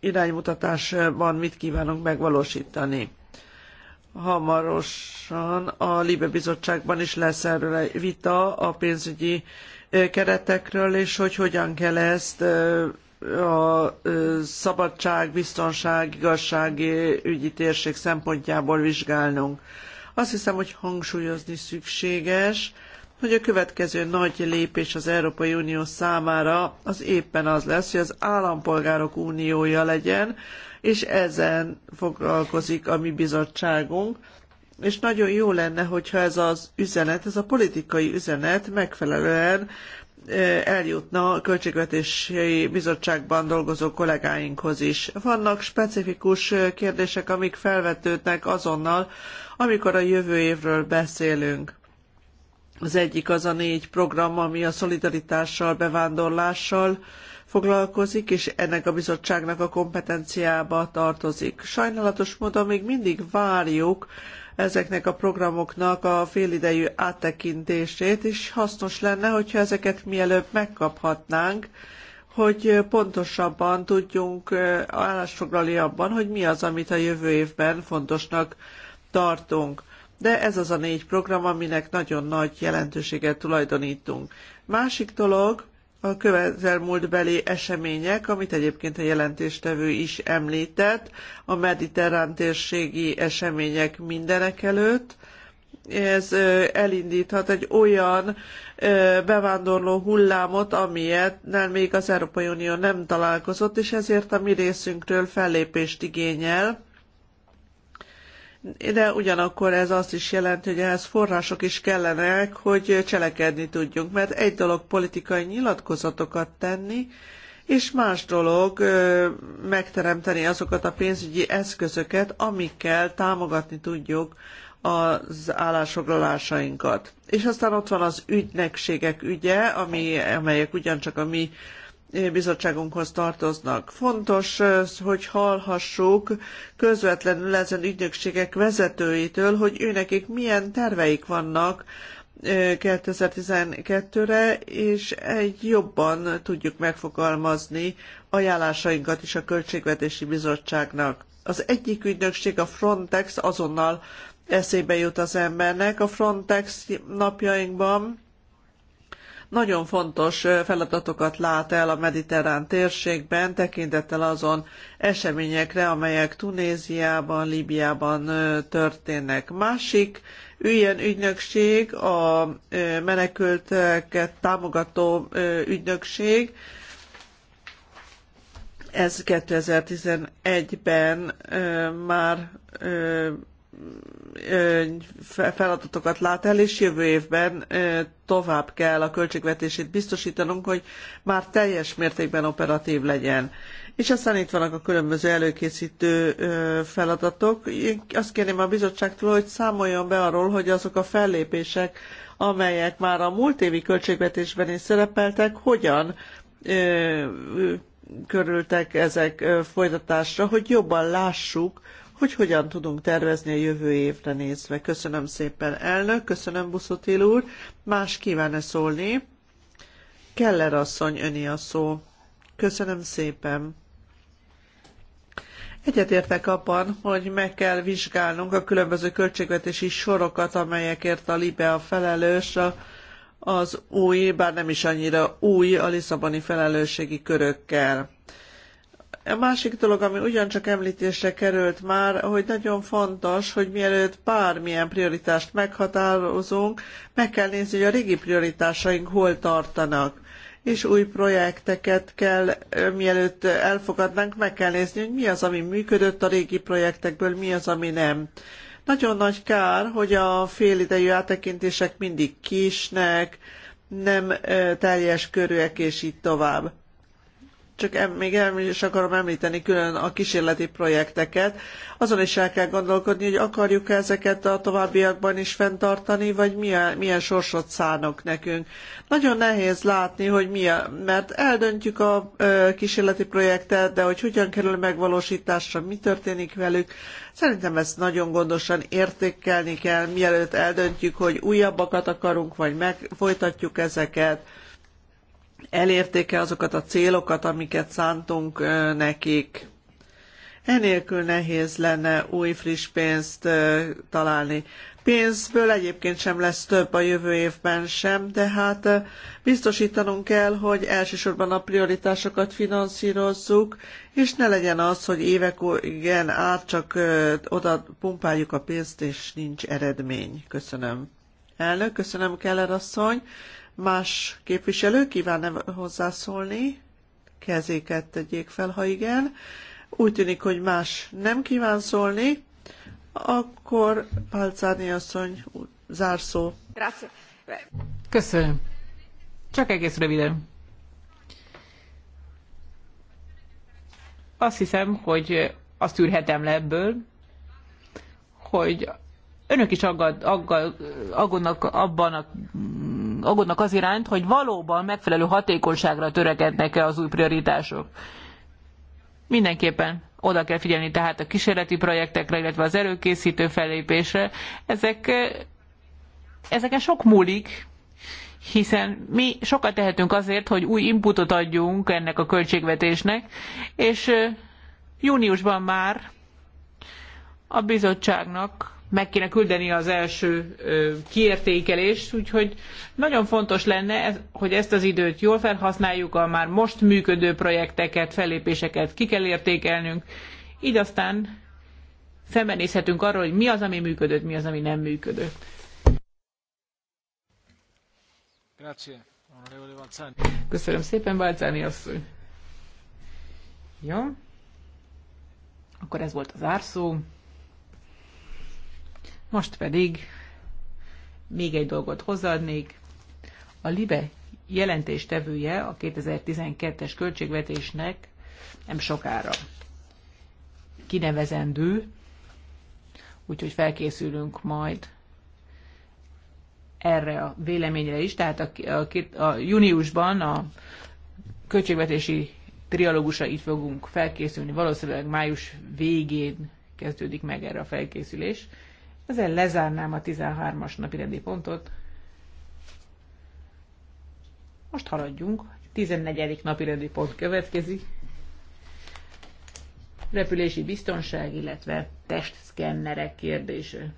iránymutatásban mit kívánunk megvalósítani. Hamarosan a Libe Bizottságban is lesz erről egy vita a pénzügyi keretekről, és hogy hogyan kell ezt a szabadság, biztonság, igazsági ügyi térség szempontjából vizsgálnunk. Azt hiszem, hogy hangsúlyozni szükséges, hogy a következő nagy lépés az Európai Unió számára az éppen az lesz, hogy az állampolgárok uniója legyen, és ezen foglalkozik a mi bizottságunk, és nagyon jó lenne, hogyha ez az üzenet, ez a politikai üzenet megfelelően eljutna a Költségvetési Bizottságban dolgozó kollégáinkhoz is. Vannak specifikus kérdések, amik felvetődnek azonnal, amikor a jövő évről beszélünk. Az egyik az a négy program, ami a szolidaritással, bevándorlással foglalkozik, és ennek a bizottságnak a kompetenciába tartozik. Sajnálatos módon még mindig várjuk ezeknek a programoknak a félidejű áttekintését, és hasznos lenne, hogyha ezeket mielőbb megkaphatnánk, hogy pontosabban tudjunk állásfoglalni abban, hogy mi az, amit a jövő évben fontosnak tartunk. De ez az a négy program, aminek nagyon nagy jelentőséget tulajdonítunk. Másik dolog, a közelmúltbeli események, amit egyébként a jelentéstevő is említett, a mediterrán térségi események mindenekelőtt ez elindíthat egy olyan bevándorló hullámot, amilyennel még az Európai Unió nem találkozott, és ezért a mi részünkről fellépést igényel de ugyanakkor ez azt is jelenti, hogy ehhez források is kellenek, hogy cselekedni tudjunk, mert egy dolog politikai nyilatkozatokat tenni, és más dolog megteremteni azokat a pénzügyi eszközöket, amikkel támogatni tudjuk az állásfoglalásainkat. És aztán ott van az ügynökségek ügye, ami, amelyek ugyancsak a mi bizottságunkhoz tartoznak. Fontos, hogy hallhassuk közvetlenül ezen ügynökségek vezetőitől, hogy őnekik milyen terveik vannak 2012-re, és egy jobban tudjuk megfogalmazni ajánlásainkat is a Költségvetési Bizottságnak. Az egyik ügynökség, a Frontex azonnal eszébe jut az embernek. A Frontex napjainkban nagyon fontos feladatokat lát el a mediterrán térségben, tekintettel azon eseményekre, amelyek Tunéziában, Líbiában történnek. Másik ilyen ügynökség a menekülteket támogató ügynökség, ez 2011-ben már feladatokat lát el, és jövő évben tovább kell a költségvetését biztosítanunk, hogy már teljes mértékben operatív legyen. És aztán itt vannak a különböző előkészítő feladatok. Én azt kérném a bizottságtól, hogy számoljon be arról, hogy azok a fellépések, amelyek már a múlt évi költségvetésben is szerepeltek, hogyan körültek ezek folytatásra, hogy jobban lássuk, hogy hogyan tudunk tervezni a jövő évre nézve. Köszönöm szépen, elnök, köszönöm Buszotil úr. Más kívánne szólni? Keller asszony, öni a szó. Köszönöm szépen. Egyetértek abban, hogy meg kell vizsgálnunk a különböző költségvetési sorokat, amelyekért a LIBE a felelős, a az új, bár nem is annyira új, a Lisszaboni felelősségi körökkel. A másik dolog, ami ugyancsak említésre került már, hogy nagyon fontos, hogy mielőtt bármilyen prioritást meghatározunk, meg kell nézni, hogy a régi prioritásaink hol tartanak és új projekteket kell, mielőtt elfogadnánk, meg kell nézni, hogy mi az, ami működött a régi projektekből, mi az, ami nem. Nagyon nagy kár, hogy a félidejű áttekintések mindig kisnek, nem teljes körűek, és így tovább csak em, még em is akarom említeni külön a kísérleti projekteket. Azon is el kell gondolkodni, hogy akarjuk -e ezeket a továbbiakban is fenntartani, vagy milyen, milyen sorsot szánok nekünk. Nagyon nehéz látni, hogy mi, mert eldöntjük a ö, kísérleti projektet, de hogy hogyan kerül megvalósításra, mi történik velük, Szerintem ezt nagyon gondosan értékelni kell, mielőtt eldöntjük, hogy újabbakat akarunk, vagy megfolytatjuk folytatjuk ezeket elérték-e azokat a célokat, amiket szántunk nekik. Enélkül nehéz lenne új friss pénzt találni. Pénzből egyébként sem lesz több a jövő évben sem, tehát biztosítanunk kell, hogy elsősorban a prioritásokat finanszírozzuk, és ne legyen az, hogy évek igen át csak oda pumpáljuk a pénzt, és nincs eredmény. Köszönöm. Elnök, köszönöm Keller asszony. Más képviselő kíván -e hozzászólni? Kezéket tegyék fel, ha igen. Úgy tűnik, hogy más nem kíván szólni. Akkor Pálcáni asszony zárszó. Köszönöm. Csak egész röviden. Azt hiszem, hogy azt tűrhetem le ebből, hogy önök is aggad, aggad, aggódnak abban a aggódnak az irányt, hogy valóban megfelelő hatékonyságra törekednek-e az új prioritások. Mindenképpen oda kell figyelni tehát a kísérleti projektekre, illetve az előkészítő fellépésre. Ezek, eh, ezeken sok múlik, hiszen mi sokat tehetünk azért, hogy új inputot adjunk ennek a költségvetésnek, és eh, júniusban már a bizottságnak meg kéne küldeni az első kiértékelést, úgyhogy nagyon fontos lenne, hogy ezt az időt jól felhasználjuk, a már most működő projekteket, fellépéseket ki kell értékelnünk, így aztán szembenézhetünk arról, hogy mi az, ami működött, mi az, ami nem működött. Köszönöm szépen, Balcáni asszony. Jó. Akkor ez volt az árszó. Most pedig még egy dolgot hozzáadnék. A LIBE jelentéstevője a 2012-es költségvetésnek nem sokára kinevezendő, úgyhogy felkészülünk majd erre a véleményre is. Tehát a, a, a júniusban a költségvetési trialógusra itt fogunk felkészülni. Valószínűleg május végén kezdődik meg erre a felkészülés. Ezzel lezárnám a 13-as napi rendi pontot. Most haladjunk. 14. napi rendi pont következik. Repülési biztonság, illetve testszkennerek kérdése.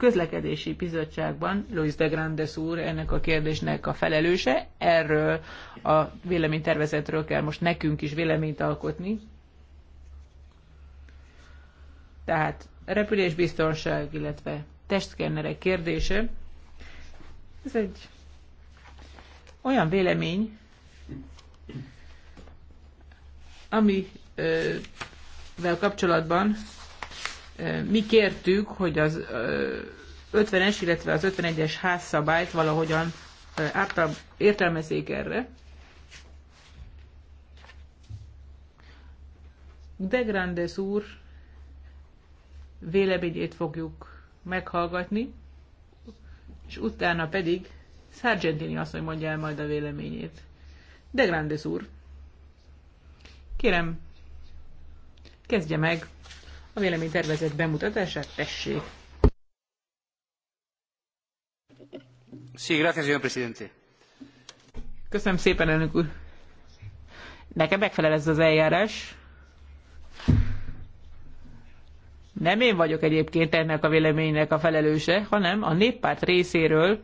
közlekedési bizottságban Luis de Grandes úr ennek a kérdésnek a felelőse. Erről a véleménytervezetről kell most nekünk is véleményt alkotni. Tehát repülésbiztonság, illetve testszkennerek kérdése. Ez egy olyan vélemény, amivel kapcsolatban mi kértük, hogy az 50-es, illetve az 51-es házszabályt valahogyan értelmezzék erre. De Grandes úr véleményét fogjuk meghallgatni, és utána pedig Sargentini asszony mondja el majd a véleményét. De Grandes úr, kérem, kezdje meg a véleménytervezet bemutatását. Tessék! Sí, gracias, señor presidente. Köszönöm szépen, elnök úr. Nekem megfelel ez az eljárás. Nem én vagyok egyébként ennek a véleménynek a felelőse, hanem a néppárt részéről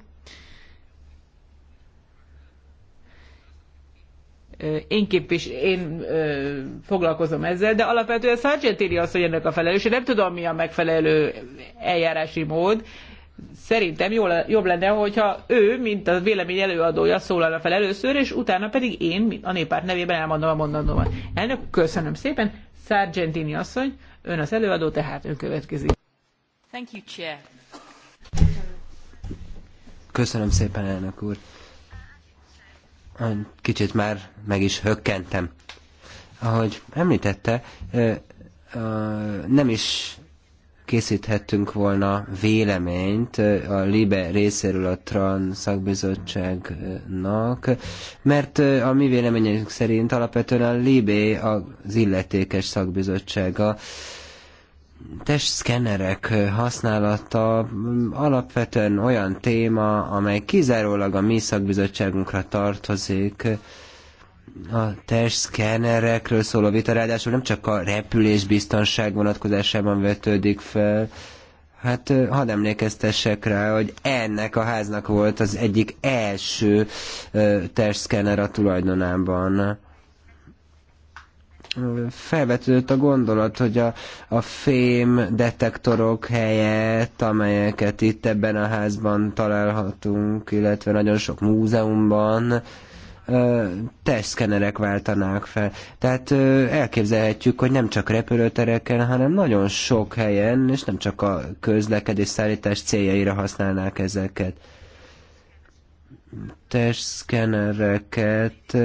én, is, én ö, foglalkozom ezzel, de alapvetően Sargentini azt hogy ennek a felelős. nem tudom, mi a megfelelő eljárási mód. Szerintem jól, jobb lenne, hogyha ő, mint a vélemény előadója szólalna fel először, és utána pedig én a néppárt nevében elmondom a mondandómat. Elnök, köszönöm szépen. Sargentini asszony, ön az előadó, tehát ön következik. Thank you, Chair. Köszönöm szépen, elnök úr. Kicsit már meg is hökkentem. Ahogy említette, nem is készíthettünk volna véleményt a LIBE részéről a TRAN szakbizottságnak, mert a mi véleményünk szerint alapvetően a LIBE az illetékes szakbizottsága, testszkenerek használata alapvetően olyan téma, amely kizárólag a mi szakbizottságunkra tartozik. A testszkenerekről szóló vita ráadásul nem csak a repülés biztonság vonatkozásában vetődik fel, Hát hadd emlékeztessek rá, hogy ennek a háznak volt az egyik első testszkenner a tulajdonában felvetődött a gondolat, hogy a, a fém detektorok helyett, amelyeket itt ebben a házban találhatunk, illetve nagyon sok múzeumban, testszkenerek váltanák fel. Tehát elképzelhetjük, hogy nem csak repülőtereken, hanem nagyon sok helyen, és nem csak a közlekedés szállítás céljaira használnák ezeket. Testszkenereket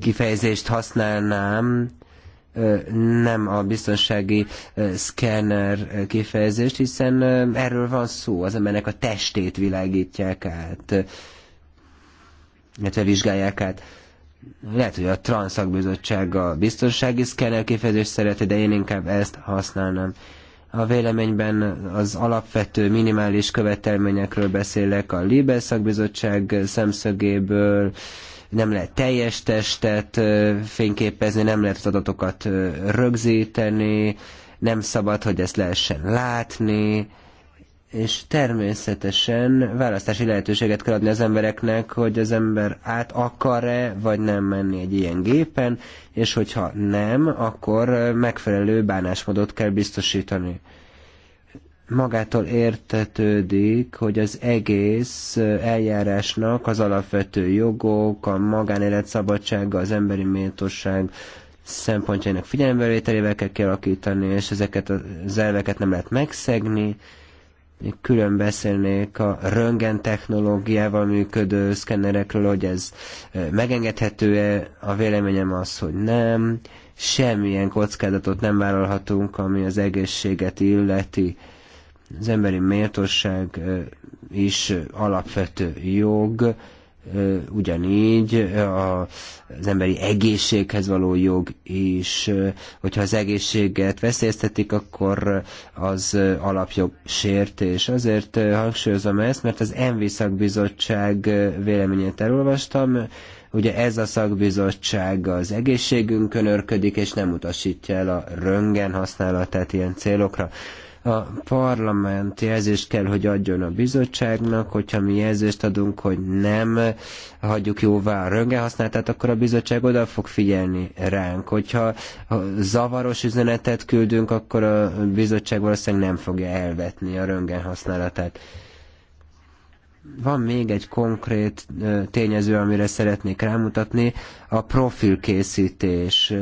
kifejezést használnám, nem a biztonsági szkenner kifejezést, hiszen erről van szó, az embernek a testét világítják át, illetve vizsgálják át. Lehet, hogy a Transzakbizottság a biztonsági szkenner kifejezést szereti, de én inkább ezt használnám. A véleményben az alapvető minimális követelményekről beszélek, a Libel szakbizottság szemszögéből, nem lehet teljes testet fényképezni, nem lehet az adatokat rögzíteni, nem szabad, hogy ezt lehessen látni, és természetesen választási lehetőséget kell adni az embereknek, hogy az ember át akar-e, vagy nem menni egy ilyen gépen, és hogyha nem, akkor megfelelő bánásmódot kell biztosítani magától értetődik, hogy az egész eh, eljárásnak az alapvető jogok, a magánélet szabadsága, az emberi méltóság szempontjainak figyelembevételével kell kialakítani, és ezeket az elveket nem lehet megszegni. Én külön beszélnék a röntgen technológiával működő szkennerekről, hogy ez eh, megengedhető-e, a véleményem az, hogy nem. Semmilyen kockázatot nem vállalhatunk, ami az egészséget illeti az emberi méltóság is alapvető jog, ugyanígy az emberi egészséghez való jog is, hogyha az egészséget veszélyeztetik, akkor az alapjog sértés. Azért hangsúlyozom ezt, mert az ENVI szakbizottság véleményét elolvastam, ugye ez a szakbizottság az egészségünkön örködik, és nem utasítja el a röngen használatát ilyen célokra. A parlament jelzést kell, hogy adjon a bizottságnak, hogyha mi jelzést adunk, hogy nem hagyjuk jóvá a röngehasználatát, akkor a bizottság oda fog figyelni ránk. Hogyha zavaros üzenetet küldünk, akkor a bizottság valószínűleg nem fogja elvetni a röngehasználatát. van még egy konkrét tényező, amire szeretnék rámutatni, a profilkészítés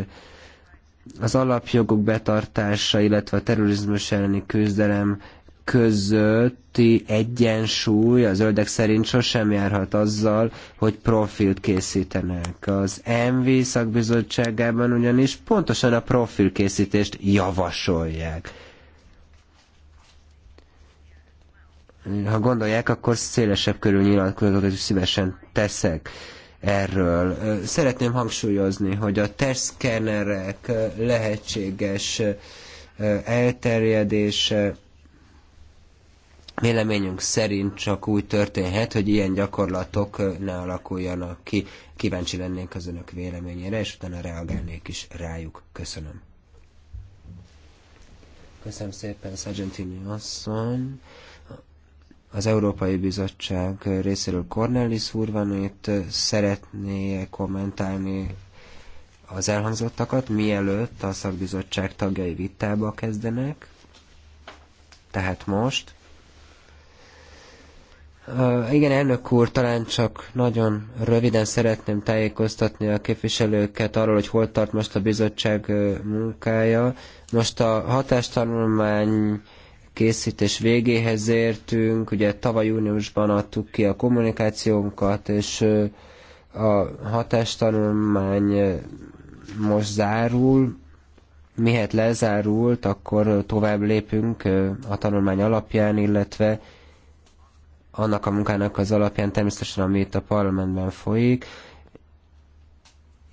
az alapjogok betartása, illetve a terrorizmus elleni küzdelem közötti egyensúly az zöldek szerint sosem járhat azzal, hogy profilt készítenek. Az MV szakbizottságában ugyanis pontosan a profilkészítést javasolják. Ha gondolják, akkor szélesebb körül nyilatkozatot is szívesen teszek erről. Szeretném hangsúlyozni, hogy a testszkennerek lehetséges elterjedése véleményünk szerint csak úgy történhet, hogy ilyen gyakorlatok ne alakuljanak ki. Kíváncsi lennénk az önök véleményére, és utána reagálnék is rájuk. Köszönöm. Köszönöm szépen, Sargentini asszony az Európai Bizottság részéről Cornelis úr van itt, szeretné kommentálni az elhangzottakat, mielőtt a szakbizottság tagjai vitába kezdenek, tehát most. Uh, igen, elnök úr, talán csak nagyon röviden szeretném tájékoztatni a képviselőket arról, hogy hol tart most a bizottság munkája. Most a hatástanulmány készítés végéhez értünk, ugye tavaly júniusban adtuk ki a kommunikációnkat, és a hatástanulmány most zárul, mihet lezárult, akkor tovább lépünk a tanulmány alapján, illetve annak a munkának az alapján természetesen, ami itt a parlamentben folyik,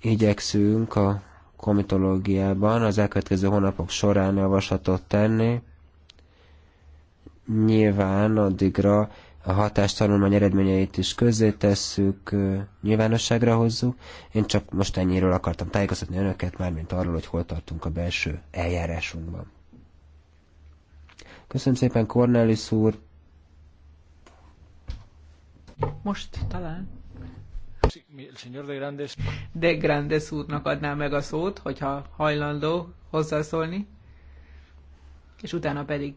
igyekszünk a komitológiában az elkövetkező hónapok során javaslatot tenni, Nyilván addigra a hatástanulmány eredményeit is tesszük, nyilvánosságra hozzuk. Én csak most ennyiről akartam tájékoztatni önöket, mármint arról, hogy hol tartunk a belső eljárásunkban. Köszönöm szépen, Cornelis úr! Most talán. De Grandes úrnak adná meg a szót, hogyha hajlandó hozzászólni, és utána pedig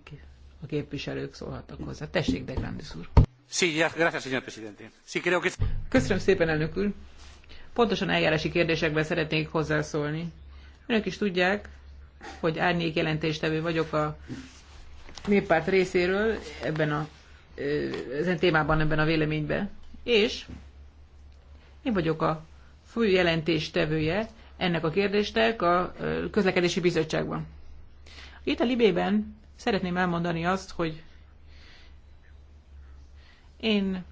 a képviselők szólhatnak hozzá. Tessék, de Grandis úr. Köszönöm szépen, elnök úr. Pontosan eljárási kérdésekben szeretnék hozzászólni. Önök is tudják, hogy árnyék jelentéstevő vagyok a néppárt részéről ebben a, ezen témában, ebben a véleményben. És én vagyok a fő jelentéstevője ennek a kérdésnek a közlekedési bizottságban. Itt a Libében Szeretném elmondani azt, hogy én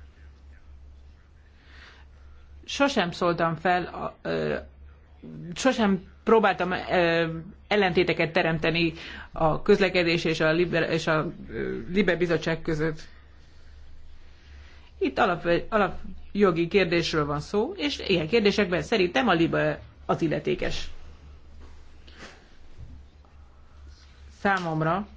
sosem szóltam fel, sosem próbáltam ellentéteket teremteni a közlekedés és a Liber, és a Liber Bizottság között. Itt alap, alap jogi kérdésről van szó, és ilyen kérdésekben szerintem a libe az illetékes. Számomra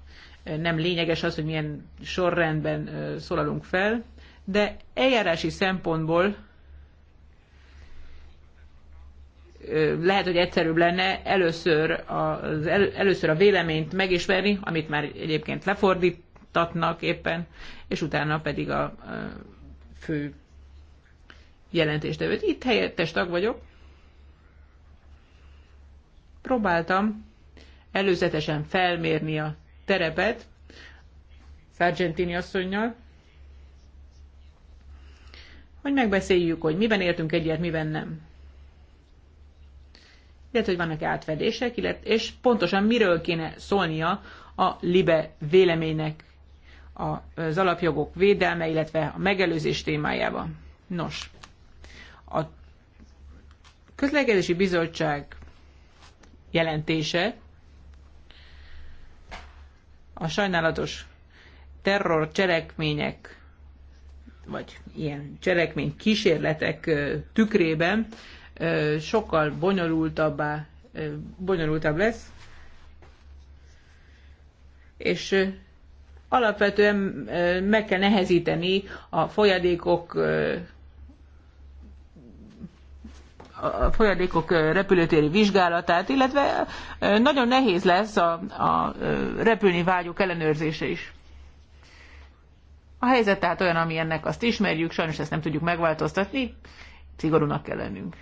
nem lényeges az, hogy milyen sorrendben szólalunk fel, de eljárási szempontból lehet, hogy egyszerűbb lenne először, az, el, először a véleményt megismerni, amit már egyébként lefordítatnak éppen, és utána pedig a, a fő jelentéstevőt. Itt helyettes tag vagyok. Próbáltam előzetesen felmérni a terepet Sargentini asszonynal, hogy megbeszéljük, hogy miben értünk egyet, miben nem. Illetve, hogy vannak -e átfedések, illetve, és pontosan miről kéne szólnia a LIBE véleménynek az alapjogok védelme, illetve a megelőzés témájában. Nos, a közlekedési bizottság jelentése a sajnálatos terror cselekmények, vagy ilyen cselekmény kísérletek tükrében sokkal bonyolultabbá, bonyolultabb lesz, és alapvetően meg kell nehezíteni a folyadékok a folyadékok repülőtéri vizsgálatát, illetve nagyon nehéz lesz a, a repülni vágyók ellenőrzése is. A helyzet tehát olyan, ami ennek azt ismerjük, sajnos ezt nem tudjuk megváltoztatni, szigorúnak kell lennünk.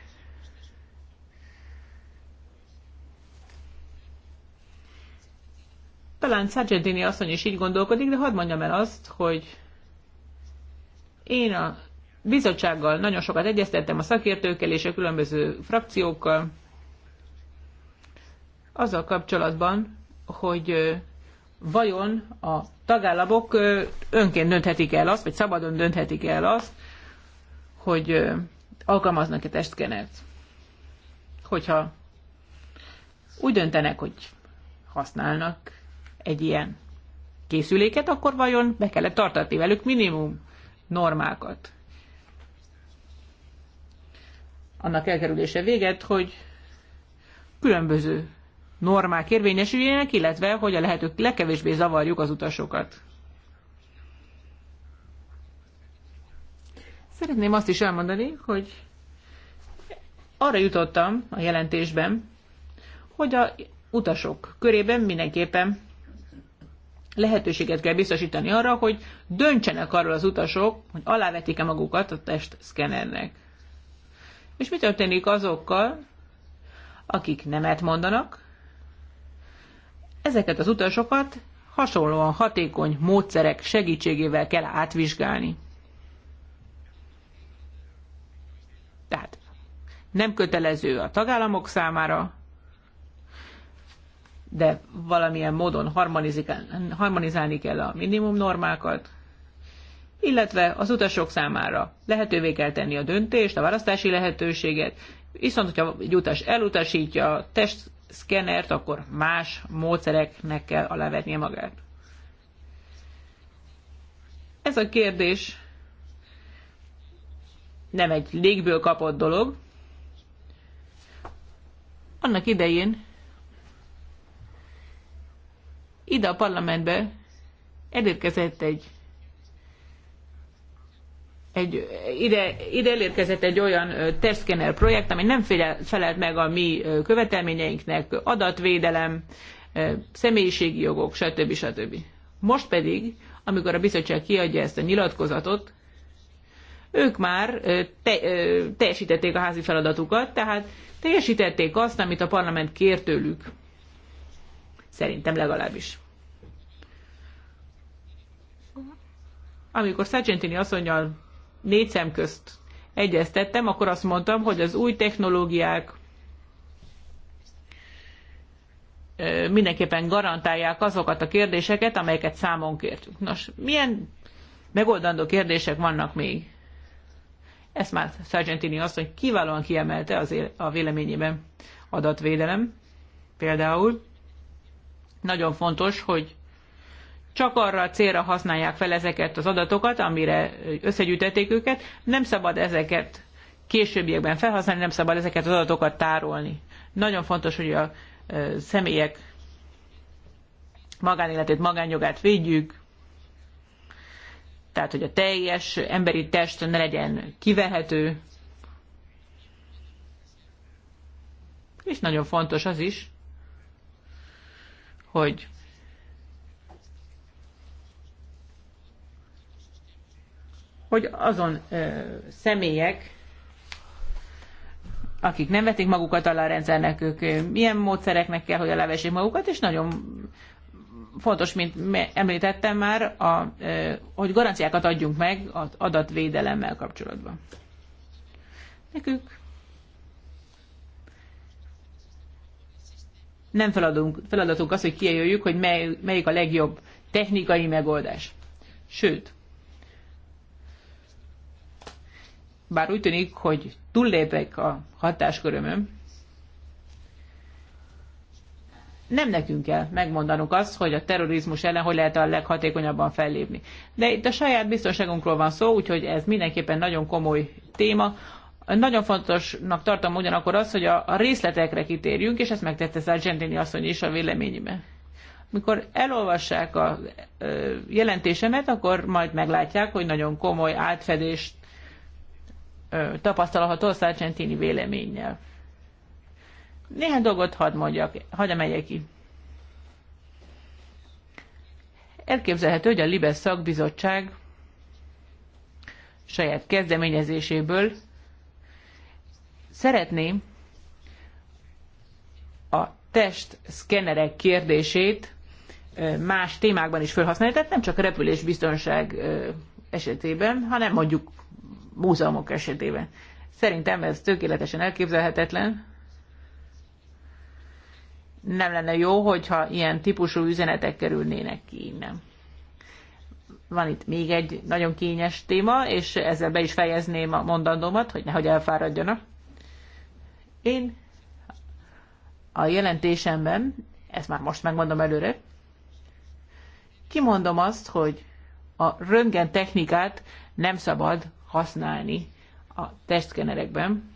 Talán Sargentini asszony is így gondolkodik, de hadd mondjam el azt, hogy én a bizottsággal nagyon sokat egyeztettem a szakértőkkel és a különböző frakciókkal, azzal kapcsolatban, hogy vajon a tagállamok önként dönthetik el azt, vagy szabadon dönthetik el azt, hogy alkalmaznak-e testkenert. Hogyha úgy döntenek, hogy használnak egy ilyen készüléket, akkor vajon be kellett tartatni velük minimum normákat annak elkerülése véget, hogy különböző normák érvényesüljenek, illetve hogy a lehető legkevésbé zavarjuk az utasokat. Szeretném azt is elmondani, hogy arra jutottam a jelentésben, hogy a utasok körében mindenképpen lehetőséget kell biztosítani arra, hogy döntsenek arról az utasok, hogy alávetik-e magukat a test testszkennernek. És mi történik azokkal, akik nemet mondanak? Ezeket az utasokat hasonlóan hatékony módszerek segítségével kell átvizsgálni. Tehát nem kötelező a tagállamok számára, de valamilyen módon harmonizálni kell a minimum normákat, illetve az utasok számára. Lehetővé kell tenni a döntést, a választási lehetőséget, viszont hogyha egy utas elutasítja a testszkennert, akkor más módszereknek kell alávetnie magát. Ez a kérdés nem egy légből kapott dolog. Annak idején ide a parlamentbe elérkezett egy egy, ide, ide elérkezett egy olyan testszkenner projekt, ami nem felelt meg a mi követelményeinknek, adatvédelem, személyiségi jogok, stb. stb. Most pedig, amikor a bizottság kiadja ezt a nyilatkozatot, ők már te, teljesítették a házi feladatukat, tehát teljesítették azt, amit a parlament kér tőlük. Szerintem legalábbis. Amikor Sargentini asszonynal négy szem közt egyeztettem, akkor azt mondtam, hogy az új technológiák mindenképpen garantálják azokat a kérdéseket, amelyeket számon kértünk. Nos, milyen megoldandó kérdések vannak még? Ezt már Sargentini hogy kiválóan kiemelte az a véleményében adatvédelem például. Nagyon fontos, hogy csak arra a célra használják fel ezeket az adatokat, amire összegyűjtették őket, nem szabad ezeket későbbiekben felhasználni, nem szabad ezeket az adatokat tárolni. Nagyon fontos, hogy a személyek magánéletét, magánjogát védjük, tehát, hogy a teljes emberi test ne legyen kivehető, és nagyon fontos az is, hogy hogy azon ö, személyek, akik nem vetik magukat alá a rendszernek, ők milyen módszereknek kell, hogy alávessék magukat, és nagyon fontos, mint említettem már, a, hogy garanciákat adjunk meg az adatvédelemmel kapcsolatban. Nekünk nem feladunk, feladatunk az, hogy kijöjjük, hogy mely, melyik a legjobb technikai megoldás. Sőt, bár úgy tűnik, hogy túllépek a hatáskörömön, nem nekünk kell megmondanunk azt, hogy a terrorizmus ellen hogy lehet a leghatékonyabban fellépni. De itt a saját biztonságunkról van szó, úgyhogy ez mindenképpen nagyon komoly téma. Nagyon fontosnak tartom ugyanakkor azt, hogy a részletekre kitérjünk, és ezt megtette Sargentini asszony is a véleményében. Mikor elolvassák a jelentésemet, akkor majd meglátják, hogy nagyon komoly átfedést tapasztalható a Sargentini véleménnyel. Néhány dolgot hadd mondjak, hadd emeljek ki. Elképzelhető, hogy a Libes szakbizottság saját kezdeményezéséből szeretné a test szkenerek kérdését más témákban is felhasználni, tehát nem csak repülésbiztonság esetében, hanem mondjuk múzeumok esetében. Szerintem ez tökéletesen elképzelhetetlen. Nem lenne jó, hogyha ilyen típusú üzenetek kerülnének ki innen. Van itt még egy nagyon kényes téma, és ezzel be is fejezném a mondandómat, hogy nehogy elfáradjanak. Én a jelentésemben, ezt már most megmondom előre, kimondom azt, hogy a röntgen technikát nem szabad használni a testkenerekben.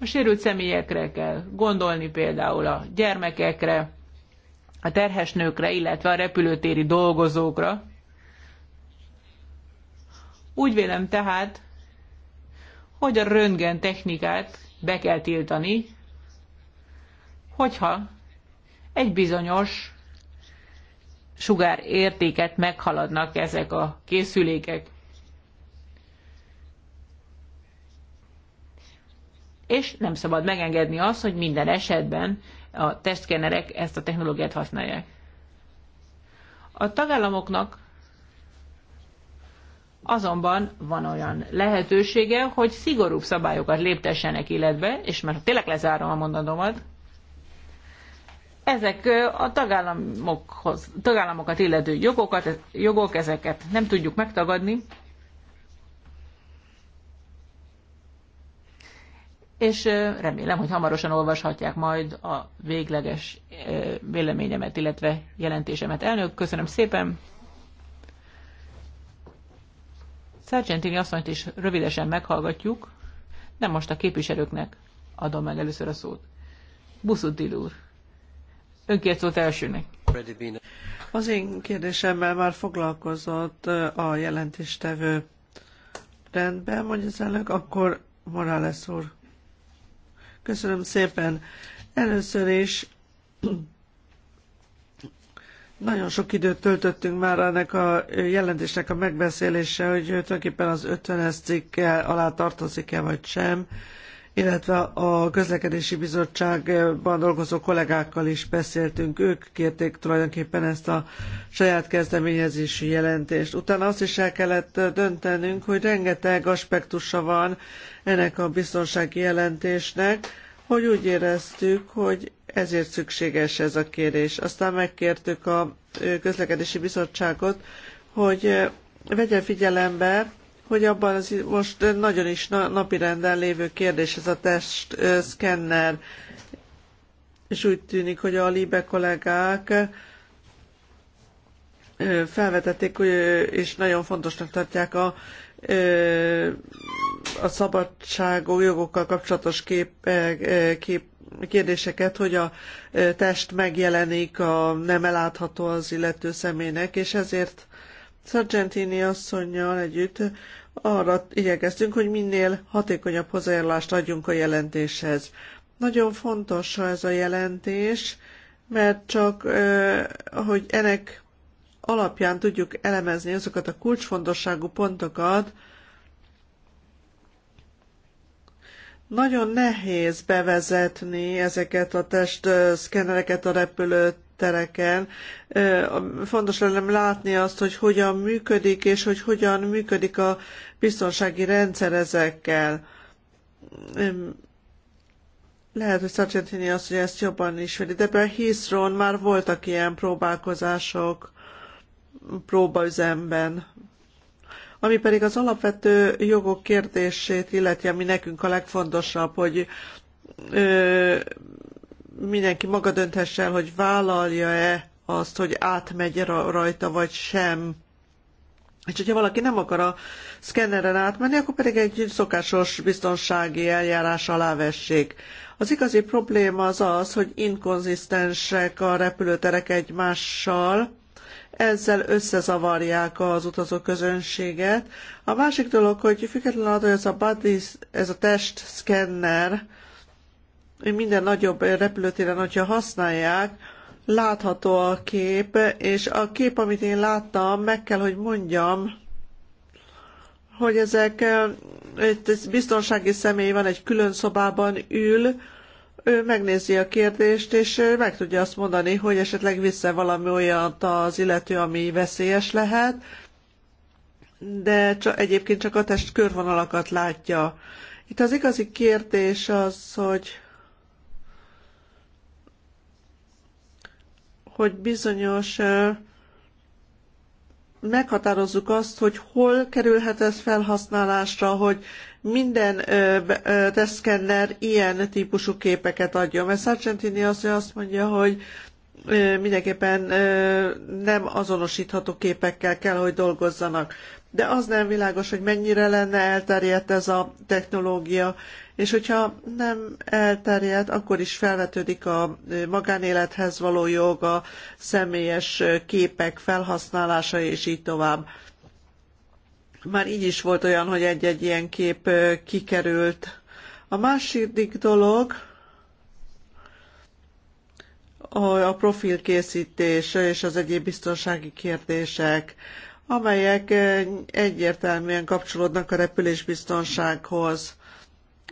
A sérült személyekre kell gondolni, például a gyermekekre, a terhes nőkre, illetve a repülőtéri dolgozókra. Úgy vélem tehát, hogy a röntgen technikát be kell tiltani, hogyha egy bizonyos sugár értéket meghaladnak ezek a készülékek. és nem szabad megengedni azt, hogy minden esetben a testszkennerek ezt a technológiát használják. A tagállamoknak azonban van olyan lehetősége, hogy szigorúbb szabályokat léptessenek életbe, és mert tényleg lezárom a mondanomat, ezek a tagállamokhoz, tagállamokat illető jogokat, jogok, ezeket nem tudjuk megtagadni, és remélem, hogy hamarosan olvashatják majd a végleges véleményemet, illetve jelentésemet. Elnök, köszönöm szépen! Sargentini asszonyt is rövidesen meghallgatjuk, de most a képviselőknek adom meg először a szót. Buszuddil úr, ön kért szót elsőnek. Az én kérdésemmel már foglalkozott a jelentéstevő. Rendben, mondja az elnök, akkor Morales úr. Köszönöm szépen. Először is nagyon sok időt töltöttünk már ennek a jelentésnek a megbeszélése, hogy tulajdonképpen az 50-es cikk alá tartozik-e vagy sem illetve a közlekedési bizottságban dolgozó kollégákkal is beszéltünk. Ők kérték tulajdonképpen ezt a saját kezdeményezésű jelentést. Utána azt is el kellett döntenünk, hogy rengeteg aspektusa van ennek a biztonsági jelentésnek, hogy úgy éreztük, hogy ezért szükséges ez a kérés. Aztán megkértük a közlekedési bizottságot, hogy vegye figyelembe, hogy abban az most nagyon is napirenden lévő kérdés ez a test szkenner, és úgy tűnik, hogy a Libe kollégák felvetették, és nagyon fontosnak tartják a, a szabadságú jogokkal kapcsolatos kép, kép, kérdéseket, hogy a test megjelenik, a nem elátható az illető személynek, és ezért Sargentini asszonynal együtt arra igyekeztünk, hogy minél hatékonyabb hozzájárulást adjunk a jelentéshez. Nagyon fontos ez a jelentés, mert csak, hogy ennek alapján tudjuk elemezni azokat a kulcsfontosságú pontokat, nagyon nehéz bevezetni ezeket a testszkennereket a repülőt tereken. Fontos lenne látni azt, hogy hogyan működik, és hogy hogyan működik a biztonsági rendszer ezekkel. Lehet, hogy Sargentini azt, hogy ezt jobban ismeri, de például Heathrow-n már voltak ilyen próbálkozások próbaüzemben. Ami pedig az alapvető jogok kérdését illeti, ami nekünk a legfontosabb, hogy mindenki maga dönthesse el, hogy vállalja-e azt, hogy átmegy rajta, vagy sem. És hogyha valaki nem akar a szkenneren átmenni, akkor pedig egy szokásos biztonsági eljárás alá vessék. Az igazi probléma az az, hogy inkonzisztensek a repülőterek egymással, ezzel összezavarják az utazó közönséget. A másik dolog, hogy függetlenül attól, hogy ez a body, ez a testszkenner, minden nagyobb repülőtéren, hogyha használják, látható a kép, és a kép, amit én láttam, meg kell, hogy mondjam, hogy ezek, egy biztonsági személy van, egy külön szobában ül, ő megnézi a kérdést, és meg tudja azt mondani, hogy esetleg vissza valami olyat az illető, ami veszélyes lehet, de csak, egyébként csak a test körvonalakat látja. Itt az igazi kérdés az, hogy hogy bizonyos meghatározzuk azt, hogy hol kerülhet ez felhasználásra, hogy minden teszkenner ilyen típusú képeket adjon. Mert Sargentini azt mondja, hogy mindenképpen nem azonosítható képekkel kell, hogy dolgozzanak. De az nem világos, hogy mennyire lenne elterjedt ez a technológia, és hogyha nem elterjedt, akkor is felvetődik a magánélethez való jog, a személyes képek felhasználása, és így tovább. Már így is volt olyan, hogy egy-egy ilyen kép kikerült. A második dolog, a profilkészítés és az egyéb biztonsági kérdések, amelyek egyértelműen kapcsolódnak a repülésbiztonsághoz.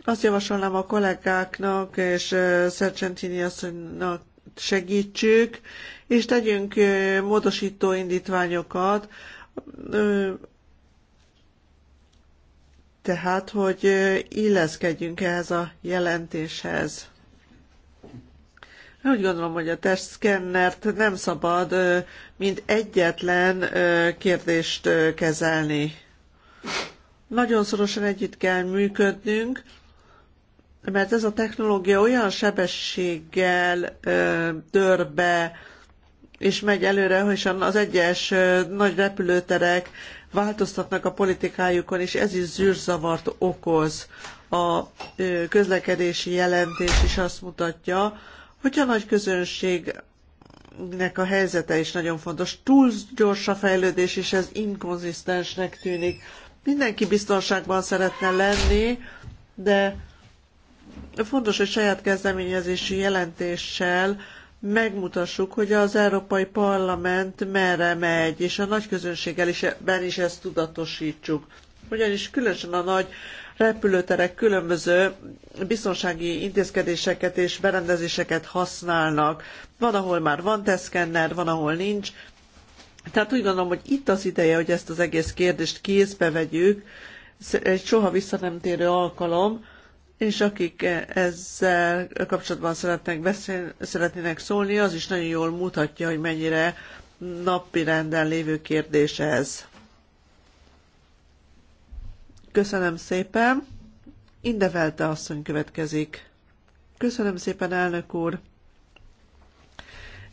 Azt javasolnám a kollégáknak és Szercsentini asszonynak segítsük, és tegyünk módosító indítványokat, tehát, hogy illeszkedjünk ehhez a jelentéshez. Úgy gondolom, hogy a testszkennert nem szabad, mint egyetlen kérdést kezelni. Nagyon szorosan együtt kell működnünk, mert ez a technológia olyan sebességgel ö, dör be, és megy előre, hogy az egyes nagy repülőterek változtatnak a politikájukon, és ez is zűrzavart okoz. A közlekedési jelentés is azt mutatja, hogy a nagy közönségnek a helyzete is nagyon fontos. Túl gyors a fejlődés, és ez inkonzisztensnek tűnik. Mindenki biztonságban szeretne lenni, de Fontos, hogy saját kezdeményezési jelentéssel megmutassuk, hogy az Európai Parlament merre megy, és a nagy közönséggel is, ben is ezt tudatosítsuk. Ugyanis különösen a nagy repülőterek különböző biztonsági intézkedéseket és berendezéseket használnak. Van, ahol már van teszkenner, van, ahol nincs. Tehát úgy gondolom, hogy itt az ideje, hogy ezt az egész kérdést kézbe vegyük. Egy soha vissza nem térő alkalom, és akik ezzel kapcsolatban szeretnek beszél, szeretnének szólni, az is nagyon jól mutatja, hogy mennyire napi renden lévő kérdés ez. Köszönöm szépen. Indevelte asszony következik. Köszönöm szépen, elnök úr.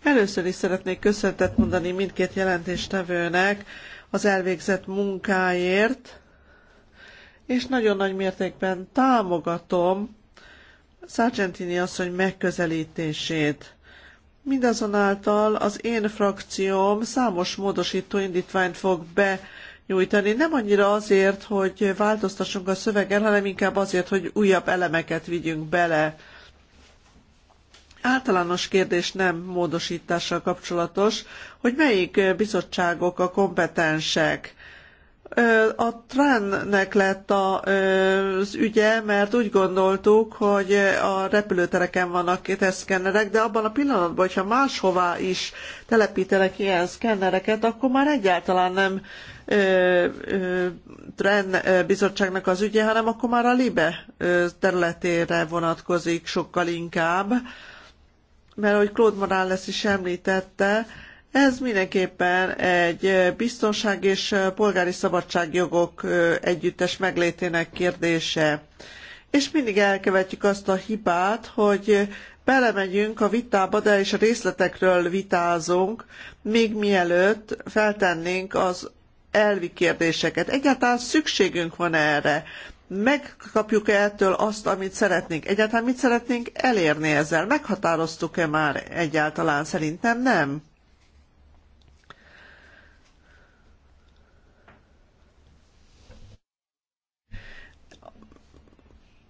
Először is szeretnék köszöntet mondani mindkét jelentéstevőnek az elvégzett munkáért és nagyon nagy mértékben támogatom Sargentini asszony megközelítését. Mindazonáltal az én frakcióm számos módosító indítványt fog Nyújtani. nem annyira azért, hogy változtassunk a szövegen, hanem inkább azért, hogy újabb elemeket vigyünk bele. Általános kérdés nem módosítással kapcsolatos, hogy melyik bizottságok a kompetensek a Trannek lett az ügye, mert úgy gondoltuk, hogy a repülőtereken vannak két szkennerek, de abban a pillanatban, hogyha máshová is telepítenek ilyen szkennereket, akkor már egyáltalán nem Tren bizottságnak az ügye, hanem akkor már a LIBE területére vonatkozik sokkal inkább. Mert ahogy Claude Morales is említette, ez mindenképpen egy biztonság és polgári szabadságjogok együttes meglétének kérdése. És mindig elkövetjük azt a hibát, hogy belemegyünk a vitába, de és a részletekről vitázunk, még mielőtt feltennénk az elvi kérdéseket. Egyáltalán szükségünk van erre megkapjuk-e ettől azt, amit szeretnénk? Egyáltalán mit szeretnénk elérni ezzel? Meghatároztuk-e már egyáltalán? Szerintem nem.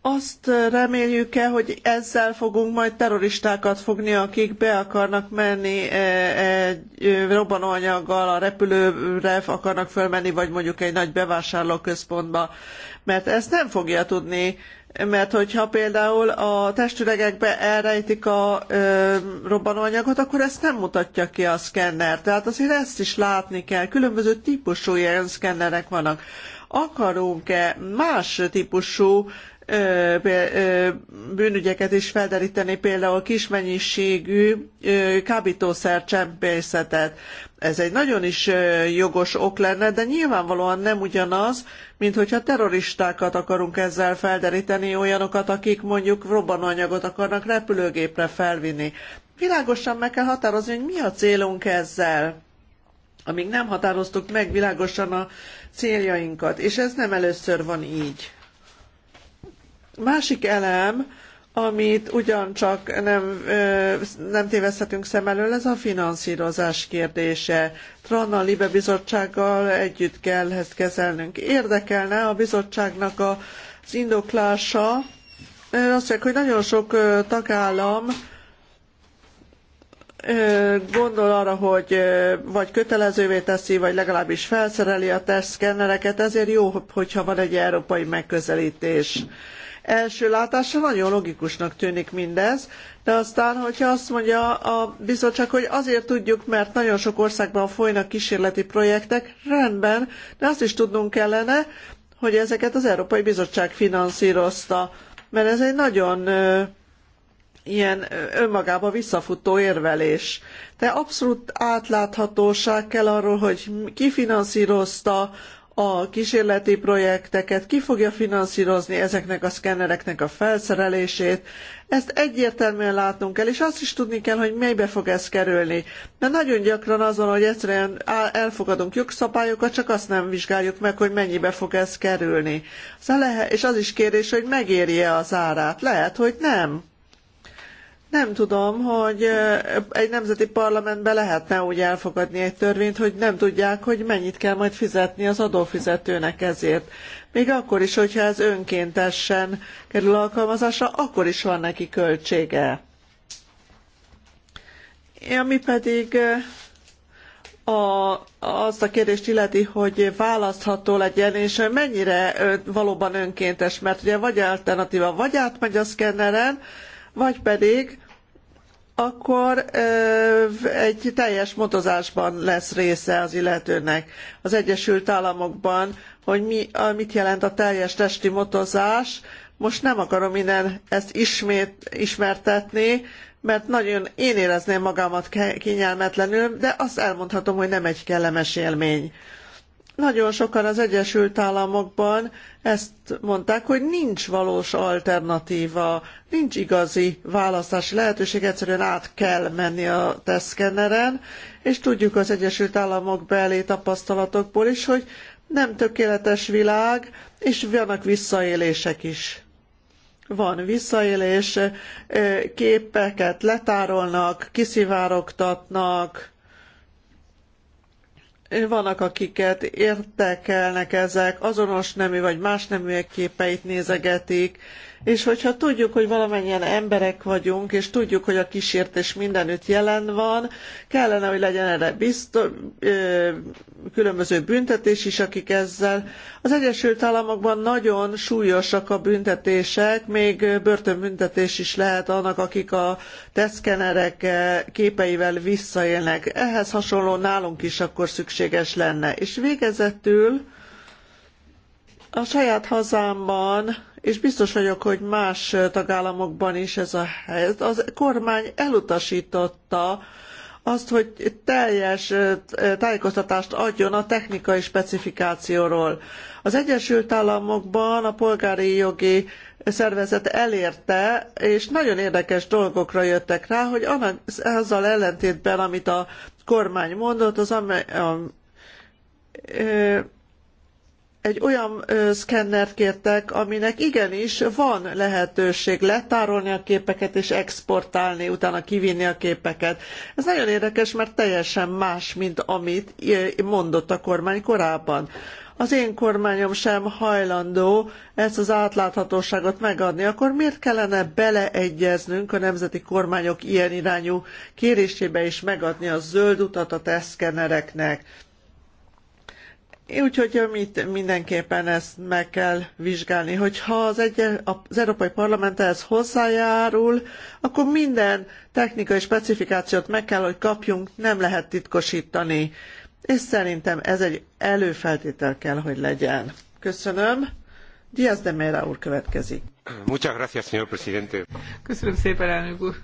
Azt reméljük-e, hogy ezzel fogunk majd terroristákat fogni, akik be akarnak menni egy e, robbanóanyaggal a repülőre, akarnak fölmenni, vagy mondjuk egy nagy bevásárlóközpontba, mert ezt nem fogja tudni mert hogyha például a testüregekbe elrejtik a ö, robbanóanyagot, akkor ezt nem mutatja ki a szkenner. Tehát azért ezt is látni kell. Különböző típusú ilyen szkennerek vannak. Akarunk-e más típusú bűnügyeket is felderíteni, például kis mennyiségű kábítószer csempészetet. Ez egy nagyon is jogos ok lenne, de nyilvánvalóan nem ugyanaz, mint hogyha terroristákat akarunk ezzel felderíteni, olyanokat, akik mondjuk robbanóanyagot akarnak repülőgépre felvinni. Világosan meg kell határozni, hogy mi a célunk ezzel amíg nem határoztuk meg világosan a céljainkat, és ez nem először van így. Másik elem, amit ugyancsak nem, nem téveszthetünk szem elől, ez a finanszírozás kérdése. Tranna Libe bizottsággal együtt kell ezt kezelnünk. Érdekelne a bizottságnak a, az indoklása, azt mondják, hogy nagyon sok tagállam gondol arra, hogy vagy kötelezővé teszi, vagy legalábbis felszereli a testszkennereket, ezért jó, hogyha van egy európai megközelítés. Első látásra nagyon logikusnak tűnik mindez, de aztán, hogyha azt mondja a bizottság, hogy azért tudjuk, mert nagyon sok országban folynak kísérleti projektek, rendben, de azt is tudnunk kellene, hogy ezeket az Európai Bizottság finanszírozta, mert ez egy nagyon ilyen önmagába visszafutó érvelés. De abszolút átláthatóság kell arról, hogy ki finanszírozta, a kísérleti projekteket, ki fogja finanszírozni ezeknek a szkennereknek a felszerelését. Ezt egyértelműen látnunk kell, és azt is tudni kell, hogy melybe fog ez kerülni. Mert nagyon gyakran az van, hogy egyszerűen elfogadunk jogszabályokat, csak azt nem vizsgáljuk meg, hogy mennyibe fog ez kerülni. Szóval lehet, és az is kérdés, hogy megéri-e az árát. Lehet, hogy nem nem tudom, hogy egy nemzeti parlamentbe lehetne úgy elfogadni egy törvényt, hogy nem tudják, hogy mennyit kell majd fizetni az adófizetőnek ezért. Még akkor is, hogyha ez önkéntesen kerül alkalmazásra, akkor is van neki költsége. Ami pedig a, azt a kérdést illeti, hogy választható legyen, és mennyire valóban önkéntes, mert ugye vagy alternatíva, vagy átmegy a szkenneren, vagy pedig akkor egy teljes motozásban lesz része az illetőnek. Az Egyesült Államokban, hogy mi, mit jelent a teljes testi motozás, most nem akarom innen ezt ismét ismertetni, mert nagyon én érezném magamat kényelmetlenül, de azt elmondhatom, hogy nem egy kellemes élmény. Nagyon sokan az Egyesült Államokban ezt mondták, hogy nincs valós alternatíva, nincs igazi választási lehetőség, egyszerűen át kell menni a teszkenneren, és tudjuk az Egyesült Államok belé tapasztalatokból is, hogy nem tökéletes világ, és vannak visszaélések is van visszaélés, képeket letárolnak, kiszivárogtatnak, vannak, akiket értekelnek ezek, azonos nemű vagy más neműek képeit nézegetik, és hogyha tudjuk, hogy valamennyien emberek vagyunk, és tudjuk, hogy a kísértés mindenütt jelen van, kellene, hogy legyen erre biztos, ö, különböző büntetés is, akik ezzel. Az Egyesült Államokban nagyon súlyosak a büntetések, még börtönbüntetés is lehet annak, akik a teszkenerek képeivel visszaélnek. Ehhez hasonló nálunk is akkor szükséges lenne. És végezetül a saját hazámban és biztos vagyok, hogy más tagállamokban is ez a helyzet. Az kormány elutasította azt, hogy teljes tájékoztatást adjon a technikai specifikációról. Az Egyesült Államokban a polgári jogi szervezet elérte, és nagyon érdekes dolgokra jöttek rá, hogy azzal ellentétben, amit a kormány mondott, az amely, a, a, a, egy olyan szkennert kértek, aminek igenis van lehetőség letárolni a képeket és exportálni, utána kivinni a képeket. Ez nagyon érdekes, mert teljesen más, mint amit mondott a kormány korábban. Az én kormányom sem hajlandó ezt az átláthatóságot megadni, akkor miért kellene beleegyeznünk a nemzeti kormányok ilyen irányú kérésébe és megadni a zöld utat a teszkenereknek? Úgyhogy mit mindenképpen ezt meg kell vizsgálni, hogyha az, egy, az Európai Parlament ehhez hozzájárul, akkor minden technikai specifikációt meg kell, hogy kapjunk, nem lehet titkosítani. És szerintem ez egy előfeltétel kell, hogy legyen. Köszönöm. Diaz de Mera úr következik. Muchas gracias, señor presidente. Köszönöm szépen, elnök úr.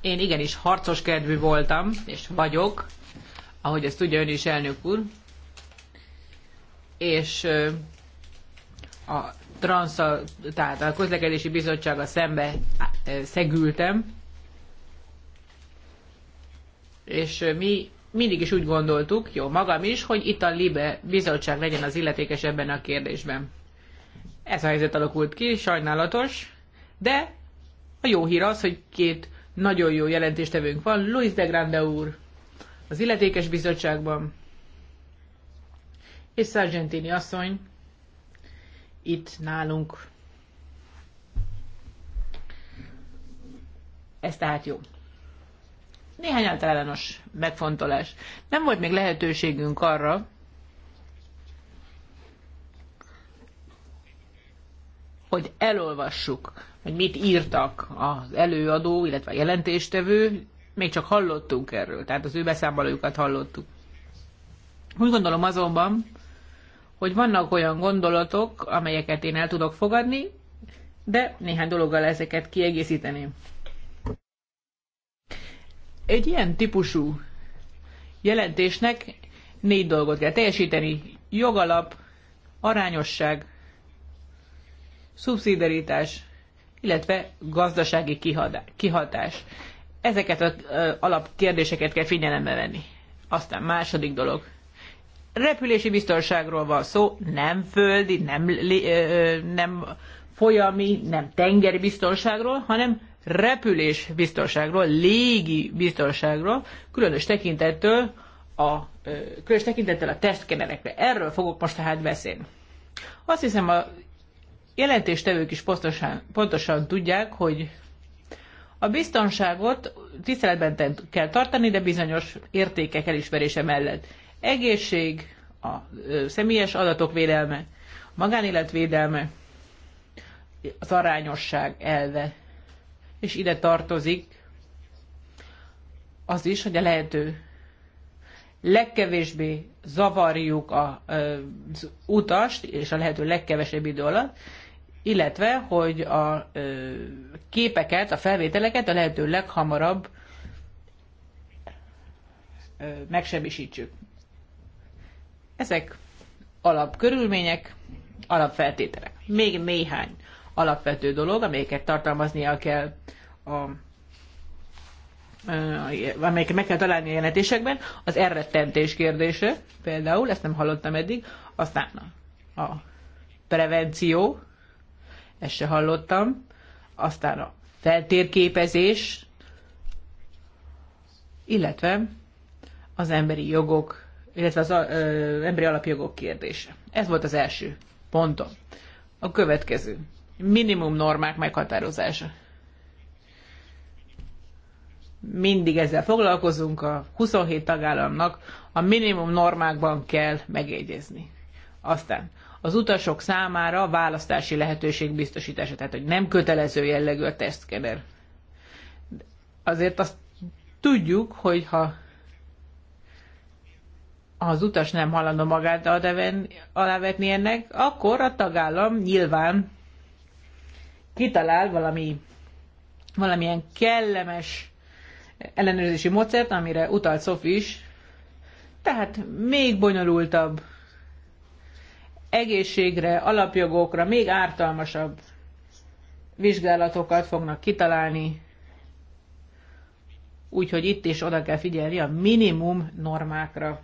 Én igenis harcos kedvű voltam, és vagyok, ahogy ezt tudja ön is, elnök úr, és a trans, tehát a közlekedési bizottsága szembe szegültem, és mi mindig is úgy gondoltuk, jó, magam is, hogy itt a LIBE bizottság legyen az illetékes ebben a kérdésben. Ez a helyzet alakult ki, sajnálatos, de a jó hír az, hogy két nagyon jó jelentéstevőnk van, Luis de Grande úr az illetékes bizottságban, és Sargentini asszony itt nálunk. Ez tehát jó. Néhány általános megfontolás. Nem volt még lehetőségünk arra, hogy elolvassuk, hogy mit írtak az előadó, illetve a jelentéstevő, még csak hallottunk erről, tehát az ő beszámolójukat hallottuk. Úgy gondolom azonban, hogy vannak olyan gondolatok, amelyeket én el tudok fogadni, de néhány dologgal ezeket kiegészíteném. Egy ilyen típusú jelentésnek négy dolgot kell teljesíteni. Jogalap, arányosság, szubszidaritás, illetve gazdasági kihatás. Ezeket az alapkérdéseket kell figyelembe venni. Aztán második dolog. Repülési biztonságról van szó, nem földi, nem, nem folyami, nem tengeri biztonságról, hanem repülés biztonságról, légi biztonságról, különös tekintettől a, különös tekintettel a testkenerekre. Erről fogok most tehát beszélni. Azt hiszem, a jelentéstevők is pontosan, pontosan tudják, hogy a biztonságot tiszteletben kell tartani, de bizonyos értékek elismerése mellett. Egészség, a személyes adatok védelme, a magánélet védelme, az arányosság elve. És ide tartozik az is, hogy a lehető legkevésbé zavarjuk az utast, és a lehető legkevesebb idő alatt, illetve hogy a képeket, a felvételeket a lehető leghamarabb megsemmisítsük. Ezek alapkörülmények, alapfeltételek. Még néhány alapvető dolog, amelyeket tartalmaznia kell a amelyeket meg kell találni a jelentésekben, az elrettentés kérdése például, ezt nem hallottam eddig, aztán a prevenció, ezt se hallottam. Aztán a feltérképezés, illetve az emberi jogok, illetve az ö, emberi alapjogok kérdése. Ez volt az első pontom. A következő. Minimum normák meghatározása. Mindig ezzel foglalkozunk, a 27 tagállamnak a minimum normákban kell megegyezni. Aztán az utasok számára választási lehetőség biztosítása, tehát hogy nem kötelező jellegű a tesztkener. Azért azt tudjuk, hogy ha az utas nem hallandó magát alávetni ennek, akkor a tagállam nyilván kitalál valami, valamilyen kellemes ellenőrzési módszert, amire utalt Szof is, tehát még bonyolultabb egészségre, alapjogokra még ártalmasabb vizsgálatokat fognak kitalálni, úgyhogy itt is oda kell figyelni a minimum normákra.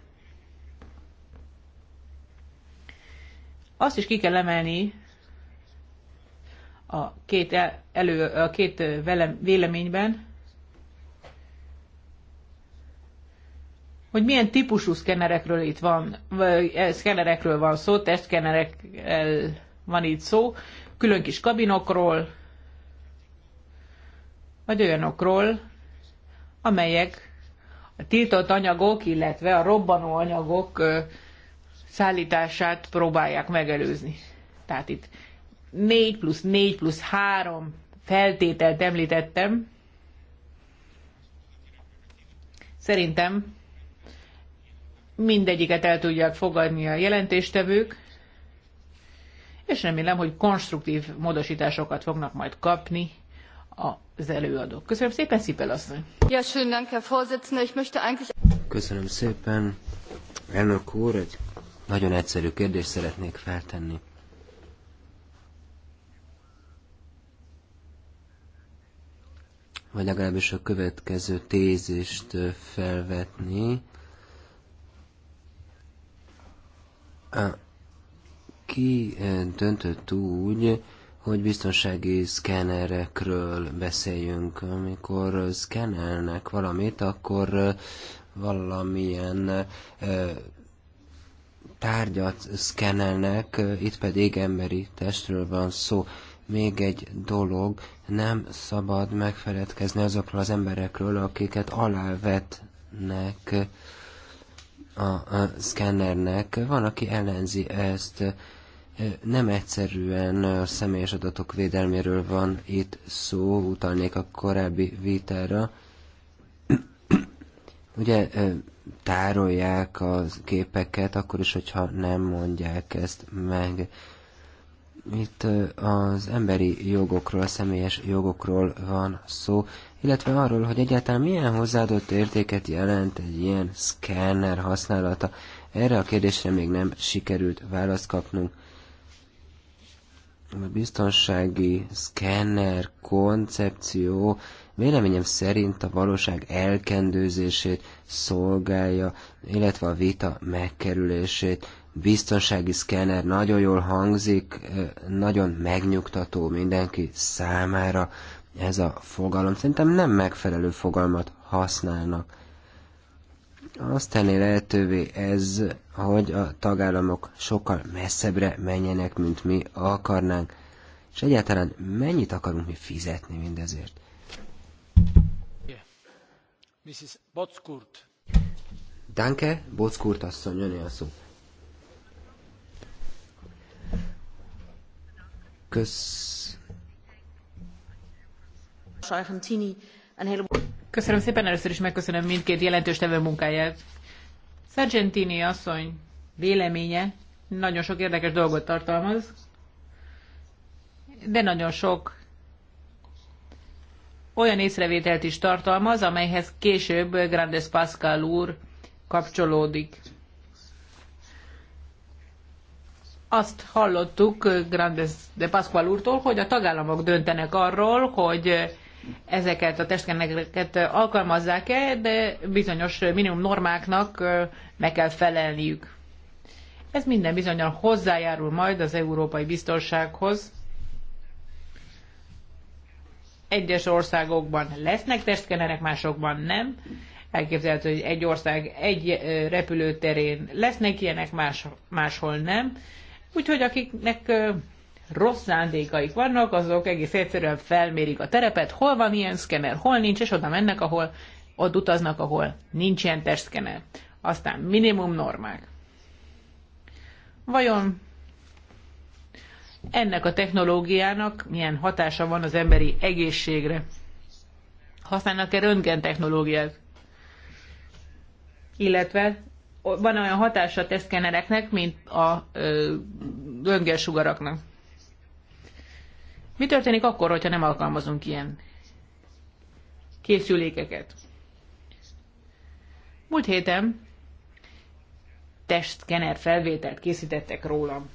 Azt is ki kell emelni a két, elő, a két velem, véleményben, hogy milyen típusú szkennerekről itt van, eh, szkennerekről van szó, testszkennerek van itt szó, külön kis kabinokról, vagy olyanokról, amelyek a tiltott anyagok, illetve a robbanó anyagok szállítását próbálják megelőzni. Tehát itt 4 plusz 4 plusz 3 feltételt említettem. Szerintem mindegyiket el tudják fogadni a jelentéstevők, és remélem, hogy konstruktív módosításokat fognak majd kapni az előadók. Köszönöm szépen, Szipel asszony! Ja, schön, danke, Vorsitzende. Ich möchte eigentlich... Köszönöm szépen, elnök úr, egy nagyon egyszerű kérdést szeretnék feltenni. Vagy legalábbis a következő tézést felvetni Ki eh, döntött úgy, hogy biztonsági szkennerekről beszéljünk. Amikor szkennelnek valamit, akkor eh, valamilyen eh, tárgyat szkennelnek, itt pedig emberi testről van szó. Még egy dolog, nem szabad megfeledkezni azokról az emberekről, akiket alávetnek a, a szkennernek. Van, aki ellenzi ezt. Nem egyszerűen a személyes adatok védelméről van itt szó, utalnék a korábbi vitára. Ugye tárolják a képeket, akkor is, hogyha nem mondják ezt meg. Itt az emberi jogokról, a személyes jogokról van szó, illetve arról, hogy egyáltalán milyen hozzáadott értéket jelent egy ilyen szkenner használata. Erre a kérdésre még nem sikerült választ kapnunk. A biztonsági szkenner koncepció véleményem szerint a valóság elkendőzését szolgálja, illetve a vita megkerülését. Biztonsági szkenner nagyon jól hangzik, eh, nagyon megnyugtató mindenki számára ez a fogalom. Szerintem nem megfelelő fogalmat használnak. Azt tenné lehetővé ez, hogy a tagállamok sokkal messzebbre menjenek, mint mi akarnánk, és egyáltalán mennyit akarunk mi fizetni mindezért. Mrs. Botskurt. Danke, Bockurt asszony, jönni a szó. Köszönöm Köszönöm szépen, először is megköszönöm mindkét jelentős munkáját. Sargentini asszony véleménye nagyon sok érdekes dolgot tartalmaz, de nagyon sok olyan észrevételt is tartalmaz, amelyhez később Grandes Pascal úr kapcsolódik. Azt hallottuk Grandes de Pascal úrtól, hogy a tagállamok döntenek arról, hogy ezeket a testkeneket alkalmazzák-e, de bizonyos minimum normáknak meg kell felelniük. Ez minden bizonyal hozzájárul majd az európai biztonsághoz. Egyes országokban lesznek testkenerek, másokban nem. Elképzelhető, hogy egy ország egy repülőterén lesznek ilyenek, más, máshol nem. Úgyhogy akiknek rossz szándékaik vannak, azok egész egyszerűen felmérik a terepet, hol van ilyen szkener, hol nincs, és oda mennek, ahol ott utaznak, ahol nincs ilyen testszkener. Aztán minimum normák. Vajon ennek a technológiának milyen hatása van az emberi egészségre? Használnak-e röntgen technológiát? Illetve van olyan hatása a teszkenereknek, mint a röntgensugaraknak. Mi történik akkor, hogyha nem alkalmazunk ilyen készülékeket? Múlt héten testkener felvételt készítettek rólam.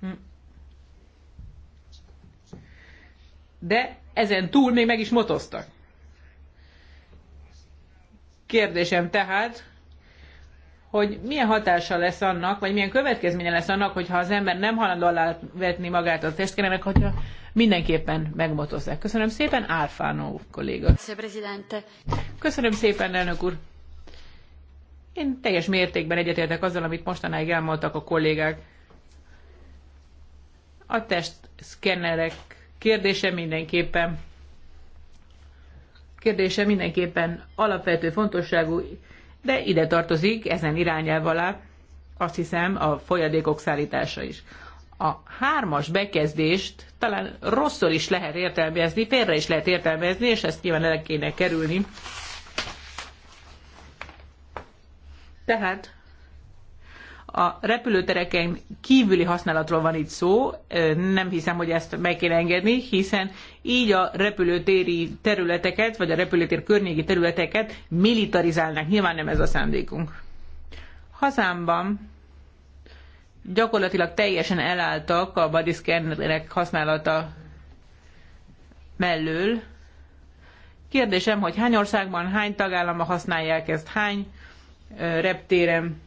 Hm. De ezen túl még meg is motoztak. Kérdésem tehát, hogy milyen hatása lesz annak, vagy milyen következménye lesz annak, hogyha az ember nem halandó alá vetni magát a testkeremek, hogyha mindenképpen megmotozzák. Köszönöm szépen, Álfánó kolléga. Köszönöm szépen, elnök úr. Én teljes mértékben egyetértek azzal, amit mostanáig elmondtak a kollégák. A szkennerek kérdése mindenképpen kérdése mindenképpen alapvető fontosságú de ide tartozik ezen irányelv alá azt hiszem a folyadékok szállítása is. A hármas bekezdést talán rosszul is lehet értelmezni, félre is lehet értelmezni, és ezt nyilván el kéne kerülni. Tehát a repülőtereken kívüli használatról van itt szó, nem hiszem, hogy ezt meg kéne engedni, hiszen így a repülőtéri területeket, vagy a repülőtér környéki területeket militarizálnak. Nyilván nem ez a szándékunk. Hazámban gyakorlatilag teljesen elálltak a body scannerek használata mellől. Kérdésem, hogy hány országban, hány tagállama használják ezt, hány reptéren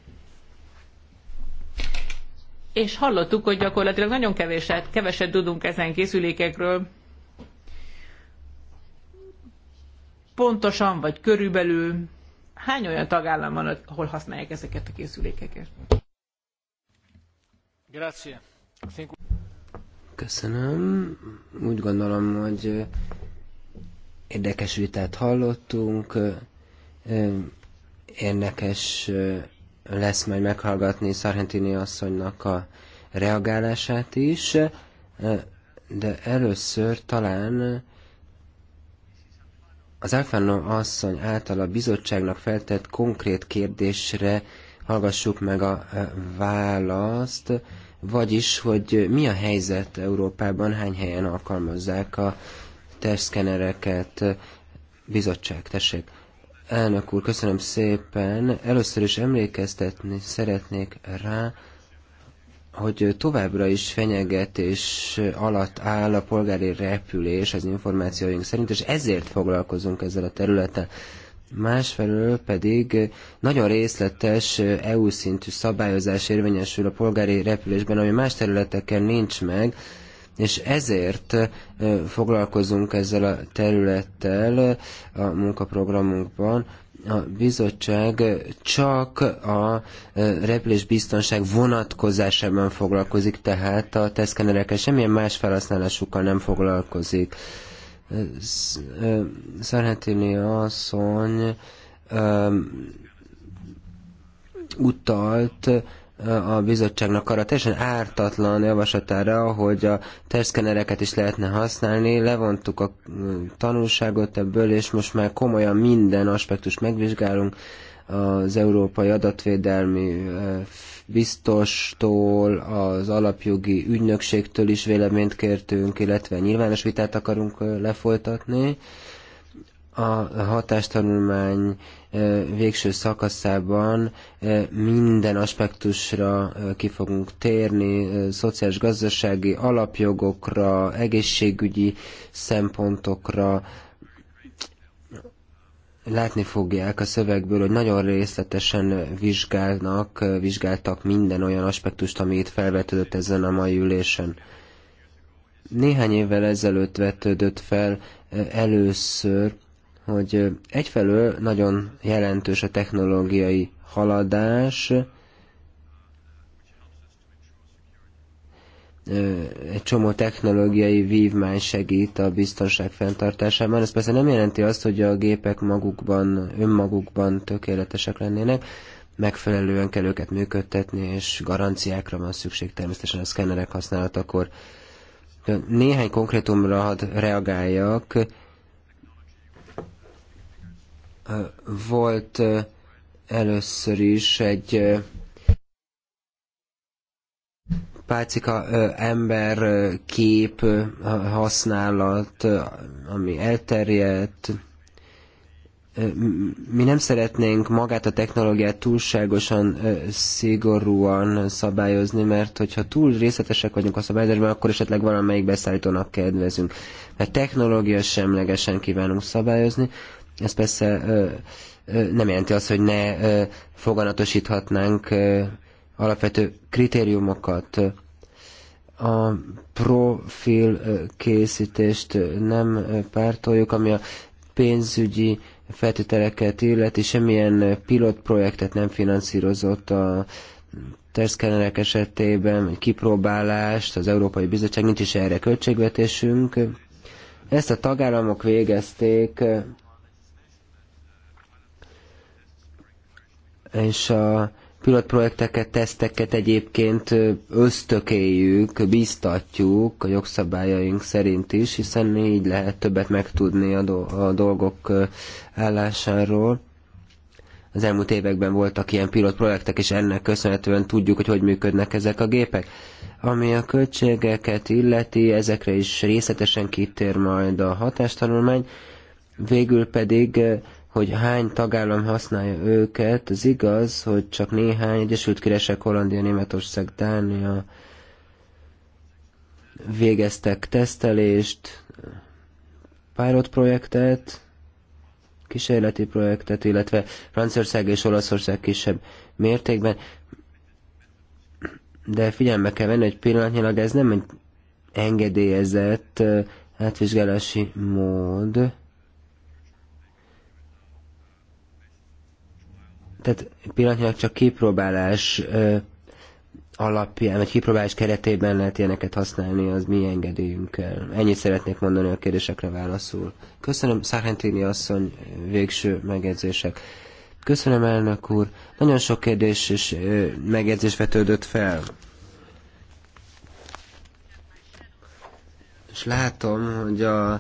és hallottuk, hogy gyakorlatilag nagyon keveset, keveset tudunk ezen készülékekről. Pontosan, vagy körülbelül hány olyan tagállam van, ahol használják ezeket a készülékeket? Köszönöm. Úgy gondolom, hogy érdekes vitát hallottunk, érdekes lesz majd meghallgatni Szarhentini asszonynak a reagálását is, de először talán az Alfano asszony által a bizottságnak feltett konkrét kérdésre hallgassuk meg a választ, vagyis, hogy mi a helyzet Európában, hány helyen alkalmazzák a testszkenereket. Bizottság, tessék. Elnök úr, köszönöm szépen. Először is emlékeztetni szeretnék rá, hogy továbbra is fenyegetés alatt áll a polgári repülés az információink szerint, és ezért foglalkozunk ezzel a területen. Másfelől pedig nagyon részletes EU szintű szabályozás érvényesül a polgári repülésben, ami más területeken nincs meg, és ezért foglalkozunk ezzel a területtel a munkaprogramunkban, a bizottság csak a repülésbiztonság vonatkozásában foglalkozik, tehát a teszkenerekkel semmilyen más felhasználásukkal nem foglalkozik. Szerhetini asszony utalt a bizottságnak arra teljesen ártatlan javaslatára, hogy a testszkenereket is lehetne használni. Levontuk a mm, tanulságot ebből, és most már komolyan minden aspektus megvizsgálunk az Európai Adatvédelmi Biztostól, az alapjogi ügynökségtől is véleményt kértünk, illetve nyilvános vitát akarunk lefolytatni. A hatástanulmány végső szakaszában minden aspektusra ki fogunk térni, szociális, gazdasági alapjogokra, egészségügyi szempontokra, látni fogják a szövegből, hogy nagyon részletesen vizsgálnak, vizsgáltak minden olyan aspektust, ami itt felvetődött ezen a mai ülésen. Néhány évvel ezelőtt vetődött fel először hogy egyfelől nagyon jelentős a technológiai haladás, egy csomó technológiai vívmány segít a biztonság fenntartásában. Ez persze nem jelenti azt, hogy a gépek magukban, önmagukban tökéletesek lennének, megfelelően kell őket működtetni, és garanciákra van szükség természetesen a szkennerek használatakor. Néhány konkrétumra hadd reagáljak volt először is egy pácika ember kép használat, ami elterjedt. Mi nem szeretnénk magát a technológiát túlságosan szigorúan szabályozni, mert hogyha túl részletesek vagyunk a szabályozásban, akkor esetleg valamelyik beszállítónak kedvezünk. Mert technológia semlegesen kívánunk szabályozni, ez persze nem jelenti azt, hogy ne foganatosíthatnánk alapvető kritériumokat. A profil készítést nem pártoljuk, ami a pénzügyi feltételeket illeti, semmilyen projektet nem finanszírozott a teszkenerek esetében, kipróbálást, az Európai Bizottság nincs is erre költségvetésünk. Ezt a tagállamok végezték és a pilotprojekteket, teszteket egyébként ösztökéljük, biztatjuk a jogszabályaink szerint is, hiszen így lehet többet megtudni a, do- a dolgok állásáról. Az elmúlt években voltak ilyen pilotprojektek, és ennek köszönhetően tudjuk, hogy hogy működnek ezek a gépek. Ami a költségeket illeti, ezekre is részletesen kitér majd a hatástanulmány, végül pedig hogy hány tagállam használja őket, az igaz, hogy csak néhány, Egyesült Királyság, Hollandia, Németország, Dánia végeztek tesztelést, pilot projektet, kísérleti projektet, illetve Franciaország és Olaszország kisebb mértékben, de figyelme kell venni, hogy pillanatnyilag ez nem egy engedélyezett átvizsgálási mód, Tehát pillanatnyilag csak kipróbálás alapján, vagy kipróbálás keretében lehet ilyeneket használni, az mi engedélyünkkel. Ennyit szeretnék mondani a kérdésekre válaszul. Köszönöm, Szárhentini asszony végső megjegyzések. Köszönöm, elnök úr. Nagyon sok kérdés és megjegyzés vetődött fel. És látom, hogy a,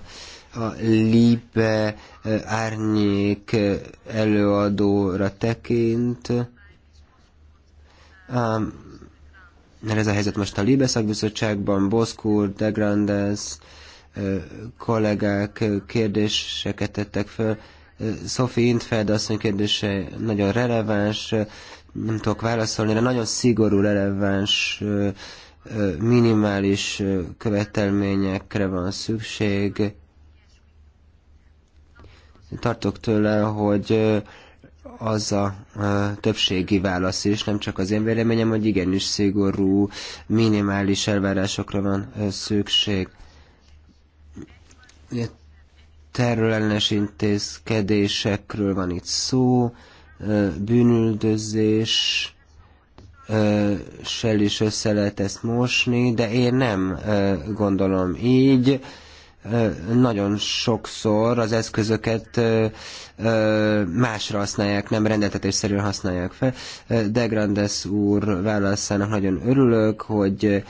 a Libe árnyék előadóra tekint. Mert ez a helyzet most a Libe szakbizottságban, Boszkur, De Grandes kollégák kérdéseket tettek föl. Sophie Intfeld asszony kérdése nagyon releváns, nem tudok válaszolni, de nagyon szigorú, releváns, minimális követelményekre van szükség, tartok tőle, hogy az a többségi válasz is, nem csak az én véleményem, hogy igenis szigorú, minimális elvárásokra van szükség. Terrorellenes intézkedésekről van itt szó, bűnüldözés, sel is össze lehet ezt mosni, de én nem gondolom így nagyon sokszor az eszközöket másra használják, nem rendeltetésszerűen használják fel. De Grandes úr válaszának nagyon örülök, hogy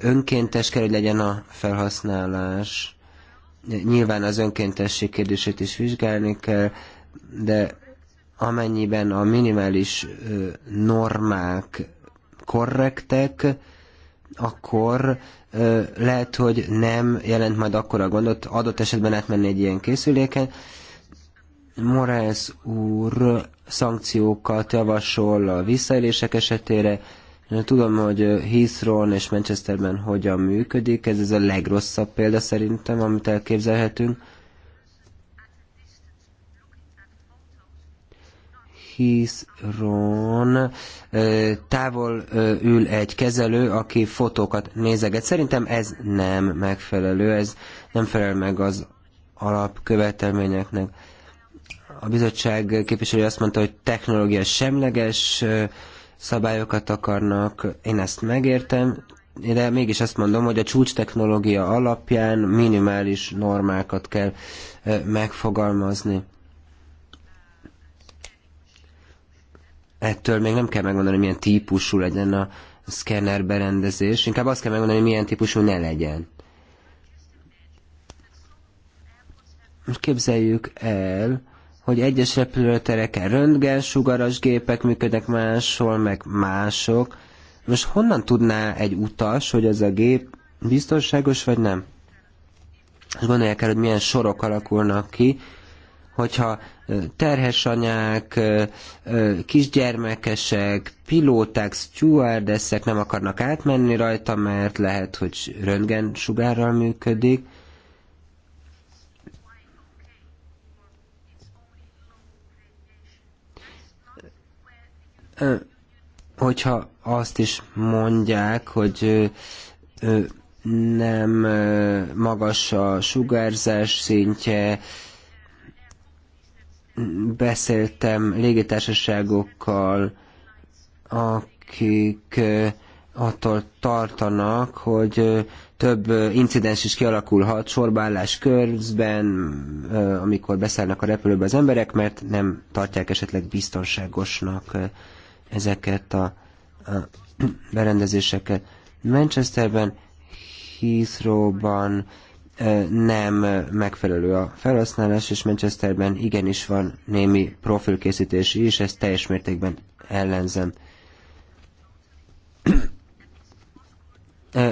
önkéntes kell, hogy legyen a felhasználás. Nyilván az önkéntesség kérdését is vizsgálni kell, de amennyiben a minimális normák korrektek, akkor lehet, hogy nem jelent majd akkora gondot adott esetben átmenni egy ilyen készüléken. Morales úr szankciókat javasol a visszaélések esetére. Tudom, hogy Heathrow és Manchesterben hogyan működik, ez, ez a legrosszabb példa szerintem, amit elképzelhetünk hiszron távol ül egy kezelő, aki fotókat nézeget. Szerintem ez nem megfelelő, ez nem felel meg az alapkövetelményeknek. A bizottság képviselő azt mondta, hogy technológia semleges szabályokat akarnak, én ezt megértem, de mégis azt mondom, hogy a csúcs technológia alapján minimális normákat kell megfogalmazni Ettől még nem kell megmondani, milyen típusú legyen a szkenner berendezés, inkább azt kell megmondani, milyen típusú ne legyen. Most képzeljük el, hogy egyes repülőtereken röntgensugaras gépek működnek máshol, meg mások. Most honnan tudná egy utas, hogy ez a gép biztonságos vagy nem? És gondolják el, hogy milyen sorok alakulnak ki, hogyha terhes anyák, kisgyermekesek, pilóták, stewardessek nem akarnak átmenni rajta, mert lehet, hogy röntgen sugárral működik, hogyha azt is mondják, hogy nem magas a sugárzás szintje, Beszéltem légitársaságokkal, akik attól tartanak, hogy több incidens is kialakulhat sorbállás körzben, amikor beszállnak a repülőbe az emberek, mert nem tartják esetleg biztonságosnak ezeket a, a berendezéseket. Manchesterben, Heathrowban nem megfelelő a felhasználás, és Manchesterben igenis van némi profilkészítés is, ezt teljes mértékben ellenzem.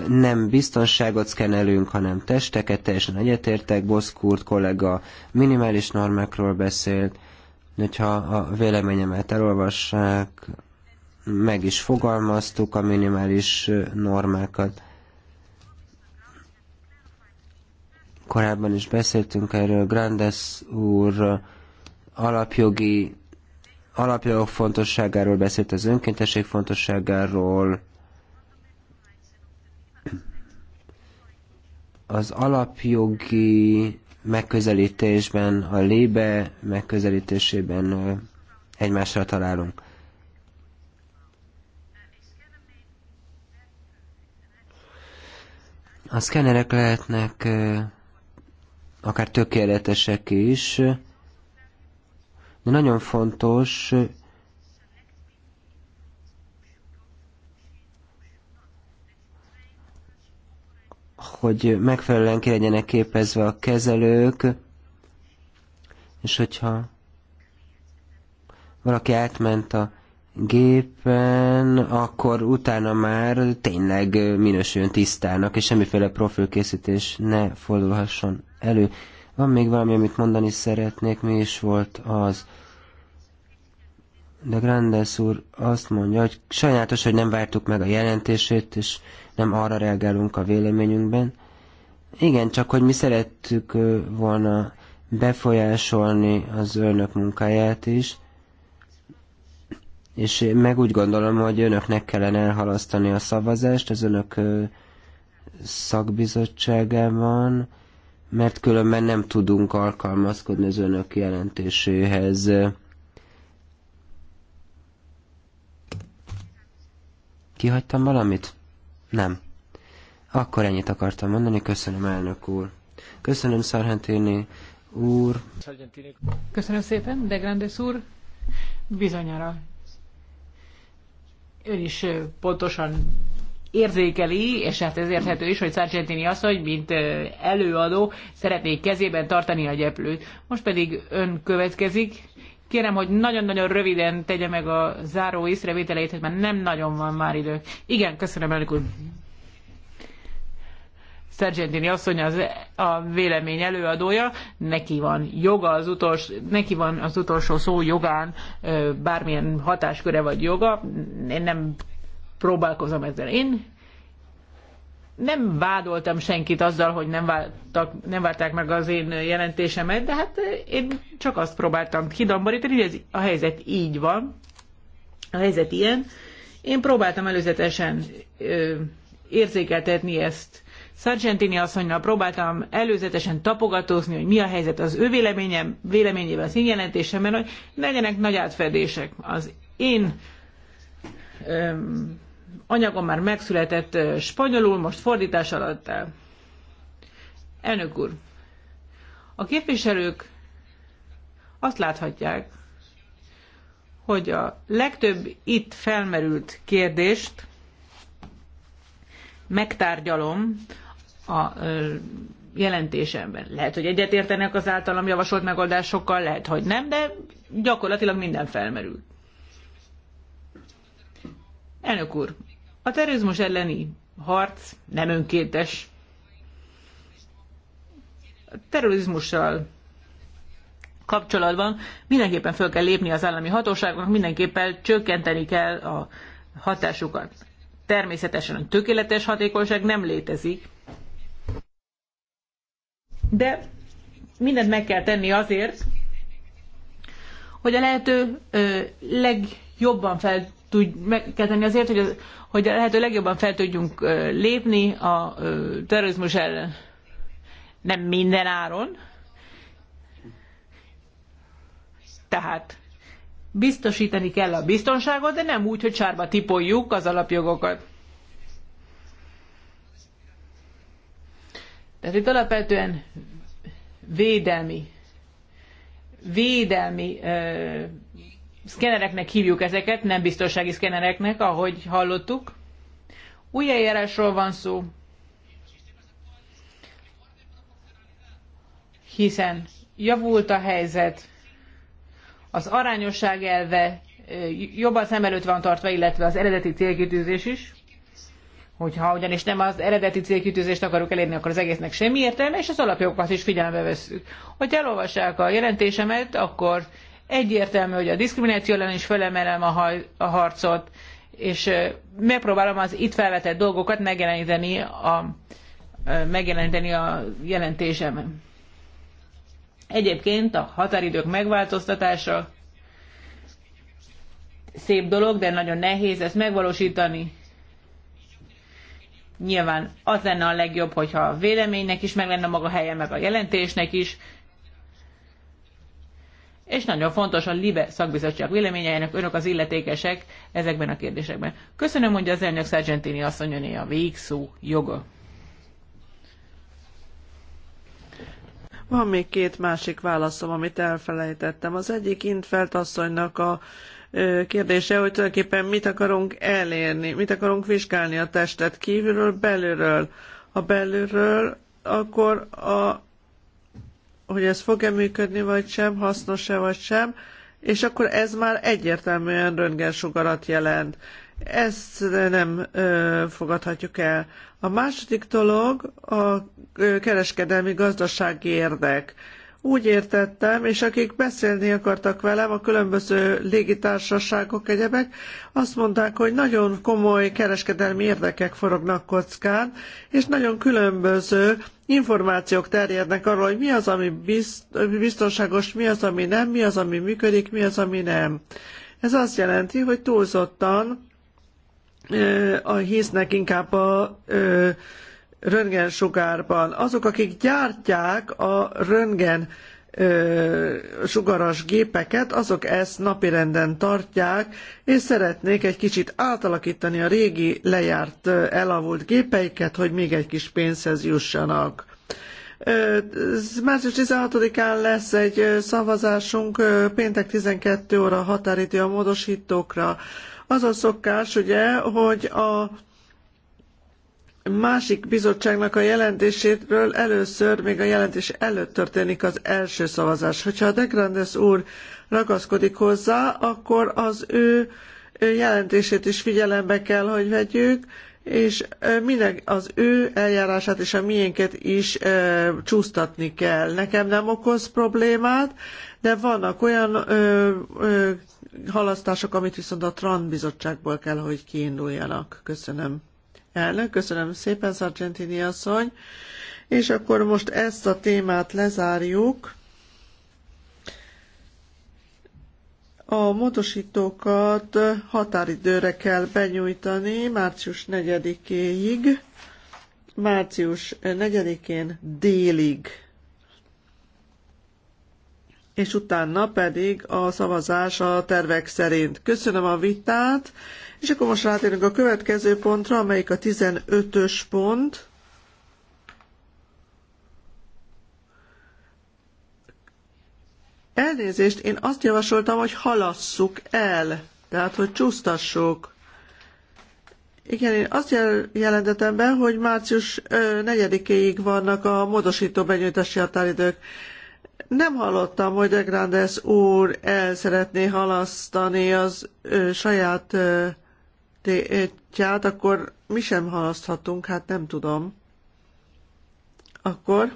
nem biztonságot szkenelünk, hanem testeket, teljesen egyetértek, Boszkurt kollega minimális normákról beszélt, hogyha a véleményemet elolvassák, meg is fogalmaztuk a minimális normákat. Korábban is beszéltünk erről, Grandes úr alapjogi alapjogok fontosságáról beszélt, az önkéntesség fontosságáról, az alapjogi megközelítésben, a lébe megközelítésében egymásra találunk. A szkennerek lehetnek akár tökéletesek is, de nagyon fontos, hogy megfelelően ki legyenek képezve a kezelők, és hogyha valaki átment a gépen, akkor utána már tényleg minősüljön tisztának, és semmiféle profilkészítés ne fordulhasson elő. Van még valami, amit mondani szeretnék, mi is volt az. De Grandes úr azt mondja, hogy sajnálatos, hogy nem vártuk meg a jelentését, és nem arra reagálunk a véleményünkben. Igen, csak hogy mi szerettük volna befolyásolni az önök munkáját is, és én meg úgy gondolom, hogy önöknek kellene elhalasztani a szavazást az önök szakbizottságában, mert különben nem tudunk alkalmazkodni az önök jelentéséhez. Kihagytam valamit? Nem. Akkor ennyit akartam mondani, köszönöm elnök úr. Köszönöm Szarhentini úr. Köszönöm szépen, De Grandes úr. Bizonyára. Ön is pontosan érzékeli, és hát ez érthető is, hogy Sargentini azt hogy mint előadó szeretné kezében tartani a gyeplőt. Most pedig ön következik. Kérem, hogy nagyon-nagyon röviden tegye meg a záró észrevételeit, hogy már nem nagyon van már idő. Igen, köszönöm, elnök úr. Sargentini asszony az e- a vélemény előadója, neki van joga az utolsó, neki van az utolsó szó jogán bármilyen hatásköre vagy joga. Én nem próbálkozom ezzel. Én nem vádoltam senkit azzal, hogy nem, váltak, nem várták meg az én jelentésemet, de hát én csak azt próbáltam kidambarítani, hogy ez, a helyzet így van, a helyzet ilyen. Én próbáltam előzetesen ö, érzékeltetni ezt Sargentini asszonynal, próbáltam előzetesen tapogatózni, hogy mi a helyzet az ő véleményem, véleményével, az én jelentésemben, hogy legyenek nagy átfedések. Az én anyagom már megszületett spanyolul, most fordítás alatt el. Elnök úr, a képviselők azt láthatják, hogy a legtöbb itt felmerült kérdést megtárgyalom a jelentésemben. Lehet, hogy egyetértenek az általam javasolt megoldásokkal, lehet, hogy nem, de gyakorlatilag minden felmerült. Elnök úr, a terrorizmus elleni harc nem önkéntes. A terrorizmussal kapcsolatban mindenképpen föl kell lépni az állami hatóságnak, mindenképpen csökkenteni kell a hatásukat. Természetesen a tökéletes hatékonyság nem létezik, de mindent meg kell tenni azért, hogy a lehető legjobban fel tud, meg kell tenni azért, hogy, az, hogy a lehető legjobban fel tudjunk lépni a terrorizmus ellen. Nem minden áron. Tehát biztosítani kell a biztonságot, de nem úgy, hogy sárba tipoljuk az alapjogokat. Tehát itt alapvetően védelmi, védelmi szkennereknek hívjuk ezeket, nem biztonsági szkennereknek, ahogy hallottuk. Új eljárásról van szó, hiszen javult a helyzet, az arányosság elve jobban szem előtt van tartva, illetve az eredeti célkitűzés is, hogyha ugyanis nem az eredeti célkitűzést akarjuk elérni, akkor az egésznek semmi értelme, és az alapjogokat is figyelembe vesszük. Hogyha elolvassák a jelentésemet, akkor Egyértelmű, hogy a diszkrimináció ellen is felemelem a, haj, a harcot, és megpróbálom az itt felvetett dolgokat megjeleníteni a, megjeleníteni a jelentésemben. Egyébként a határidők megváltoztatása szép dolog, de nagyon nehéz ezt megvalósítani. Nyilván az lenne a legjobb, hogyha a véleménynek is meg lenne maga helye, meg a jelentésnek is, és nagyon fontos a LIBE szakbizottság véleményeinek, önök az illetékesek ezekben a kérdésekben. Köszönöm, hogy az elnök Sargentini asszonyoné a végszó joga. Van még két másik válaszom, amit elfelejtettem. Az egyik Intfelt asszonynak a kérdése, hogy tulajdonképpen mit akarunk elérni, mit akarunk vizsgálni a testet kívülről, belülről. Ha belülről, akkor a hogy ez fog-e működni, vagy sem, hasznos-e, vagy sem, és akkor ez már egyértelműen röntgensugarat jelent. Ezt nem ö, fogadhatjuk el. A második dolog a kereskedelmi gazdasági érdek. Ö, úgy értettem, és akik beszélni akartak velem, a különböző légitársaságok, egyebek, azt mondták, hogy nagyon komoly kereskedelmi érdekek forognak kockán, és nagyon különböző információk terjednek arról, hogy mi az, ami biztonságos, mi az, ami nem, mi az, ami működik, mi az, ami nem. Ez azt jelenti, hogy túlzottan a hisznek inkább a röntgensugárban. Azok, akik gyártják a röntgen sugaras gépeket, azok ezt napirenden tartják, és szeretnék egy kicsit átalakítani a régi lejárt, elavult gépeiket, hogy még egy kis pénzhez jussanak. Március 16-án lesz egy szavazásunk, péntek 12 óra határidő a módosítókra. Az a szokás, ugye, hogy a másik bizottságnak a jelentéséről először, még a jelentés előtt történik az első szavazás. Hogyha a De Grandes úr ragaszkodik hozzá, akkor az ő jelentését is figyelembe kell, hogy vegyük, és minden az ő eljárását és a miénket is e, csúsztatni kell. Nekem nem okoz problémát, de vannak olyan e, e, halasztások, amit viszont a TRAN bizottságból kell, hogy kiinduljanak. Köszönöm. Elnök, köszönöm szépen, Sargentini asszony. És akkor most ezt a témát lezárjuk. A módosítókat határidőre kell benyújtani március 4-éig, március 4-én délig. És utána pedig a szavazás a tervek szerint. Köszönöm a vitát. És akkor most rátérünk a következő pontra, amelyik a 15-ös pont. Elnézést, én azt javasoltam, hogy halasszuk el, tehát hogy csúsztassuk. Igen, én azt jelentettem be, hogy március 4 éig vannak a módosító benyújtási határidők. Nem hallottam, hogy De Grandes úr el szeretné halasztani az ö, saját ö, tétját, e, akkor mi sem halaszthatunk, hát nem tudom. Akkor?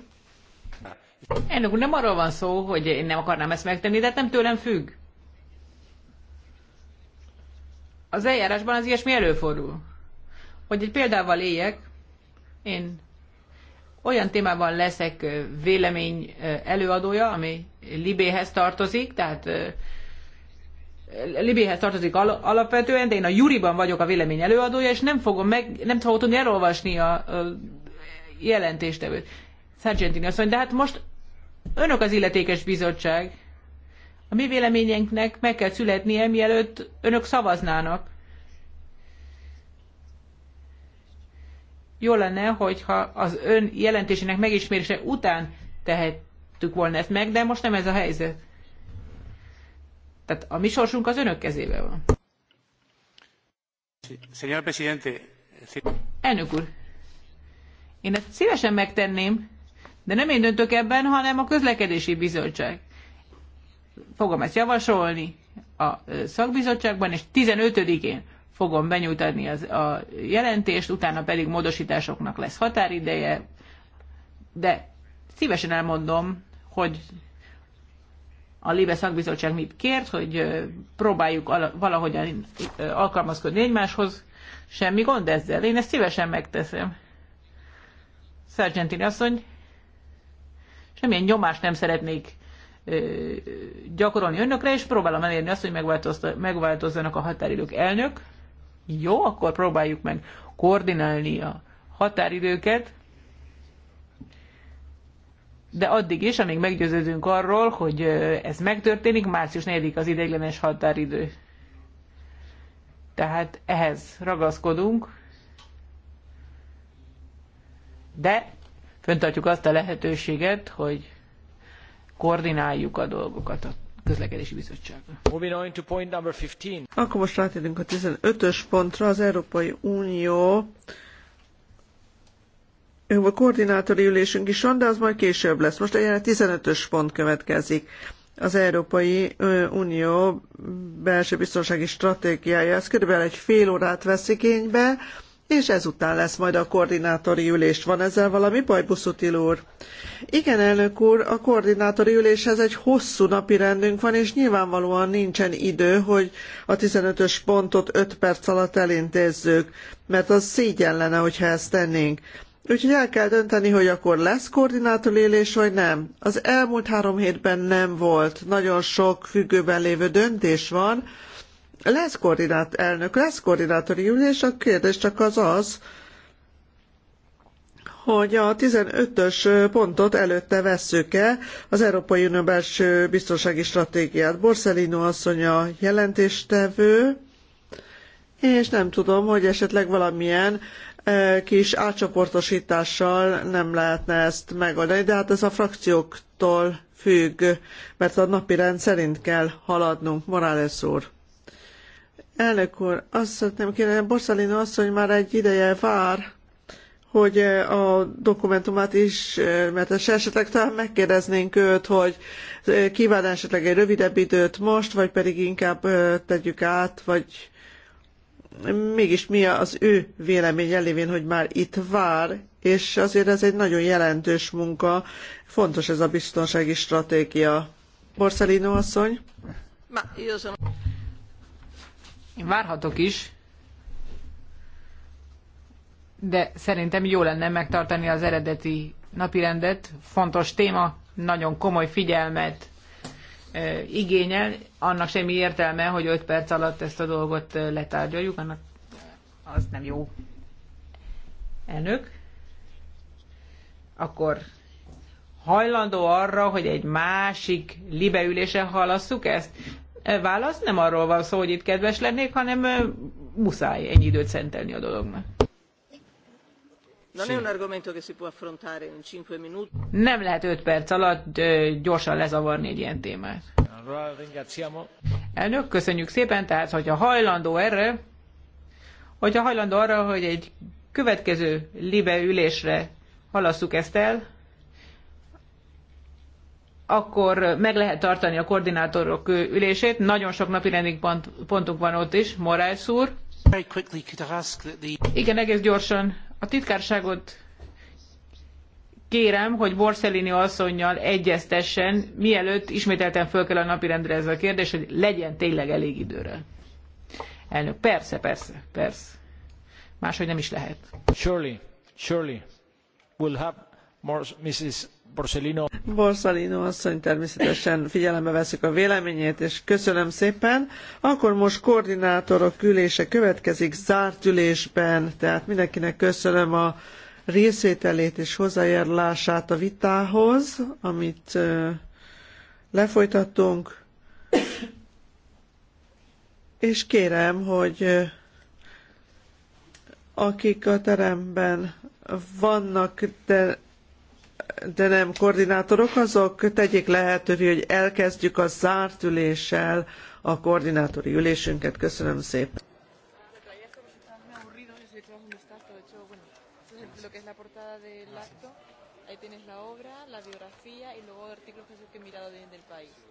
ennek nem arról van szó, hogy én nem akarnám ezt megtenni, de hát nem tőlem függ. Az eljárásban az ilyesmi előfordul. Hogy egy példával éljek, én olyan témában leszek vélemény előadója, ami Libéhez tartozik, tehát Libéhez tartozik al- alapvetően, de én a Juriban vagyok a vélemény előadója, és nem fogom meg, nem fogom tudni elolvasni a, a jelentéstevőt. Sargentini azt mondja, de hát most önök az illetékes bizottság. A mi véleményünknek meg kell születnie, mielőtt önök szavaznának. Jó lenne, hogyha az ön jelentésének megismerése után tehettük volna ezt meg, de most nem ez a helyzet. Tehát a mi sorsunk az önök kezében van. Señor Presidente. Elnök úr, én ezt szívesen megtenném, de nem én döntök ebben, hanem a közlekedési bizottság. Fogom ezt javasolni a szakbizottságban, és 15-én fogom benyújtani az, a jelentést, utána pedig módosításoknak lesz határideje, de szívesen elmondom, hogy a Libe szakbizottság mit kért, hogy próbáljuk valahogyan alkalmazkodni egymáshoz. Semmi gond ezzel. Én ezt szívesen megteszem. Sargentini asszony, semmilyen nyomást nem szeretnék gyakorolni önökre, és próbálom elérni azt, hogy megváltozzanak a határidők. Elnök, jó, akkor próbáljuk meg koordinálni a határidőket de addig is, amíg meggyőződünk arról, hogy ez megtörténik, március 4 az ideiglenes határidő. Tehát ehhez ragaszkodunk, de föntartjuk azt a lehetőséget, hogy koordináljuk a dolgokat a közlekedési bizottságban. Akkor most rátérünk a 15-ös pontra, az Európai Unió a koordinátori ülésünk is van, de az majd később lesz. Most egyre 15-ös pont következik. Az Európai Unió belső biztonsági stratégiája, ez körülbelül egy fél órát vesz igénybe, és ezután lesz majd a koordinátori ülés. Van ezzel valami baj, Buszutil úr? Igen, elnök úr, a koordinátori üléshez egy hosszú napi rendünk van, és nyilvánvalóan nincsen idő, hogy a 15-ös pontot 5 perc alatt elintézzük, mert az szégyen lenne, hogyha ezt tennénk. Úgyhogy el kell dönteni, hogy akkor lesz koordinátori ülés, vagy nem. Az elmúlt három hétben nem volt. Nagyon sok függőben lévő döntés van. Lesz koordinát, elnök, lesz koordinátori ülés, a kérdés csak az az, hogy a 15-ös pontot előtte vesszük-e az Európai Unió belső biztonsági stratégiát. Borsellino asszony a jelentéstevő, és nem tudom, hogy esetleg valamilyen E, kis átcsoportosítással nem lehetne ezt megoldani, de hát ez a frakcióktól függ, mert a napirend szerint kell haladnunk. Morales úr. Elnök úr, azt szeretném kérni, Borszalino asszony már egy ideje vár, hogy a dokumentumát is, mert esetleg talán megkérdeznénk őt, hogy kíván esetleg egy rövidebb időt most, vagy pedig inkább tegyük át, vagy mégis mi az ő véleménye lévén, hogy már itt vár, és azért ez egy nagyon jelentős munka, fontos ez a biztonsági stratégia. Borszelino asszony? Én várhatok is, de szerintem jó lenne megtartani az eredeti napirendet. Fontos téma, nagyon komoly figyelmet igényel, annak semmi értelme, hogy 5 perc alatt ezt a dolgot letárgyaljuk, annak az nem jó. Elnök, akkor hajlandó arra, hogy egy másik libeülésen halasszuk ezt? E, válasz nem arról van szó, hogy itt kedves lennék, hanem muszáj ennyi időt szentelni a dolognak. Nem lehet 5 perc alatt gyorsan lezavarni egy ilyen témát. Elnök, köszönjük szépen, tehát hogyha hajlandó erre, hogyha hajlandó arra, hogy egy következő libe ülésre halasszuk ezt el, akkor meg lehet tartani a koordinátorok ülését. Nagyon sok napirendi pont, pontunk van ott is, Morales úr. Igen, egész gyorsan a titkárságot kérem, hogy Borsellini asszonynal egyeztessen, mielőtt ismételten föl kell a napirendre ez a kérdés, hogy legyen tényleg elég időre. Elnök, persze, persze, persze. Máshogy nem is lehet. Surely, surely, we'll have more Mrs. Borsellino. Borsellino asszony, természetesen figyelembe veszük a véleményét, és köszönöm szépen. Akkor most koordinátorok ülése következik zárt ülésben, tehát mindenkinek köszönöm a részvételét és hozzájárulását a vitához, amit lefolytattunk. És kérem, hogy akik a teremben vannak, de de nem koordinátorok, azok tegyék lehetővé, hogy elkezdjük a zárt üléssel a koordinátori ülésünket. Köszönöm szépen. tienes la obra, la biografía y luego artículos que he mirado país.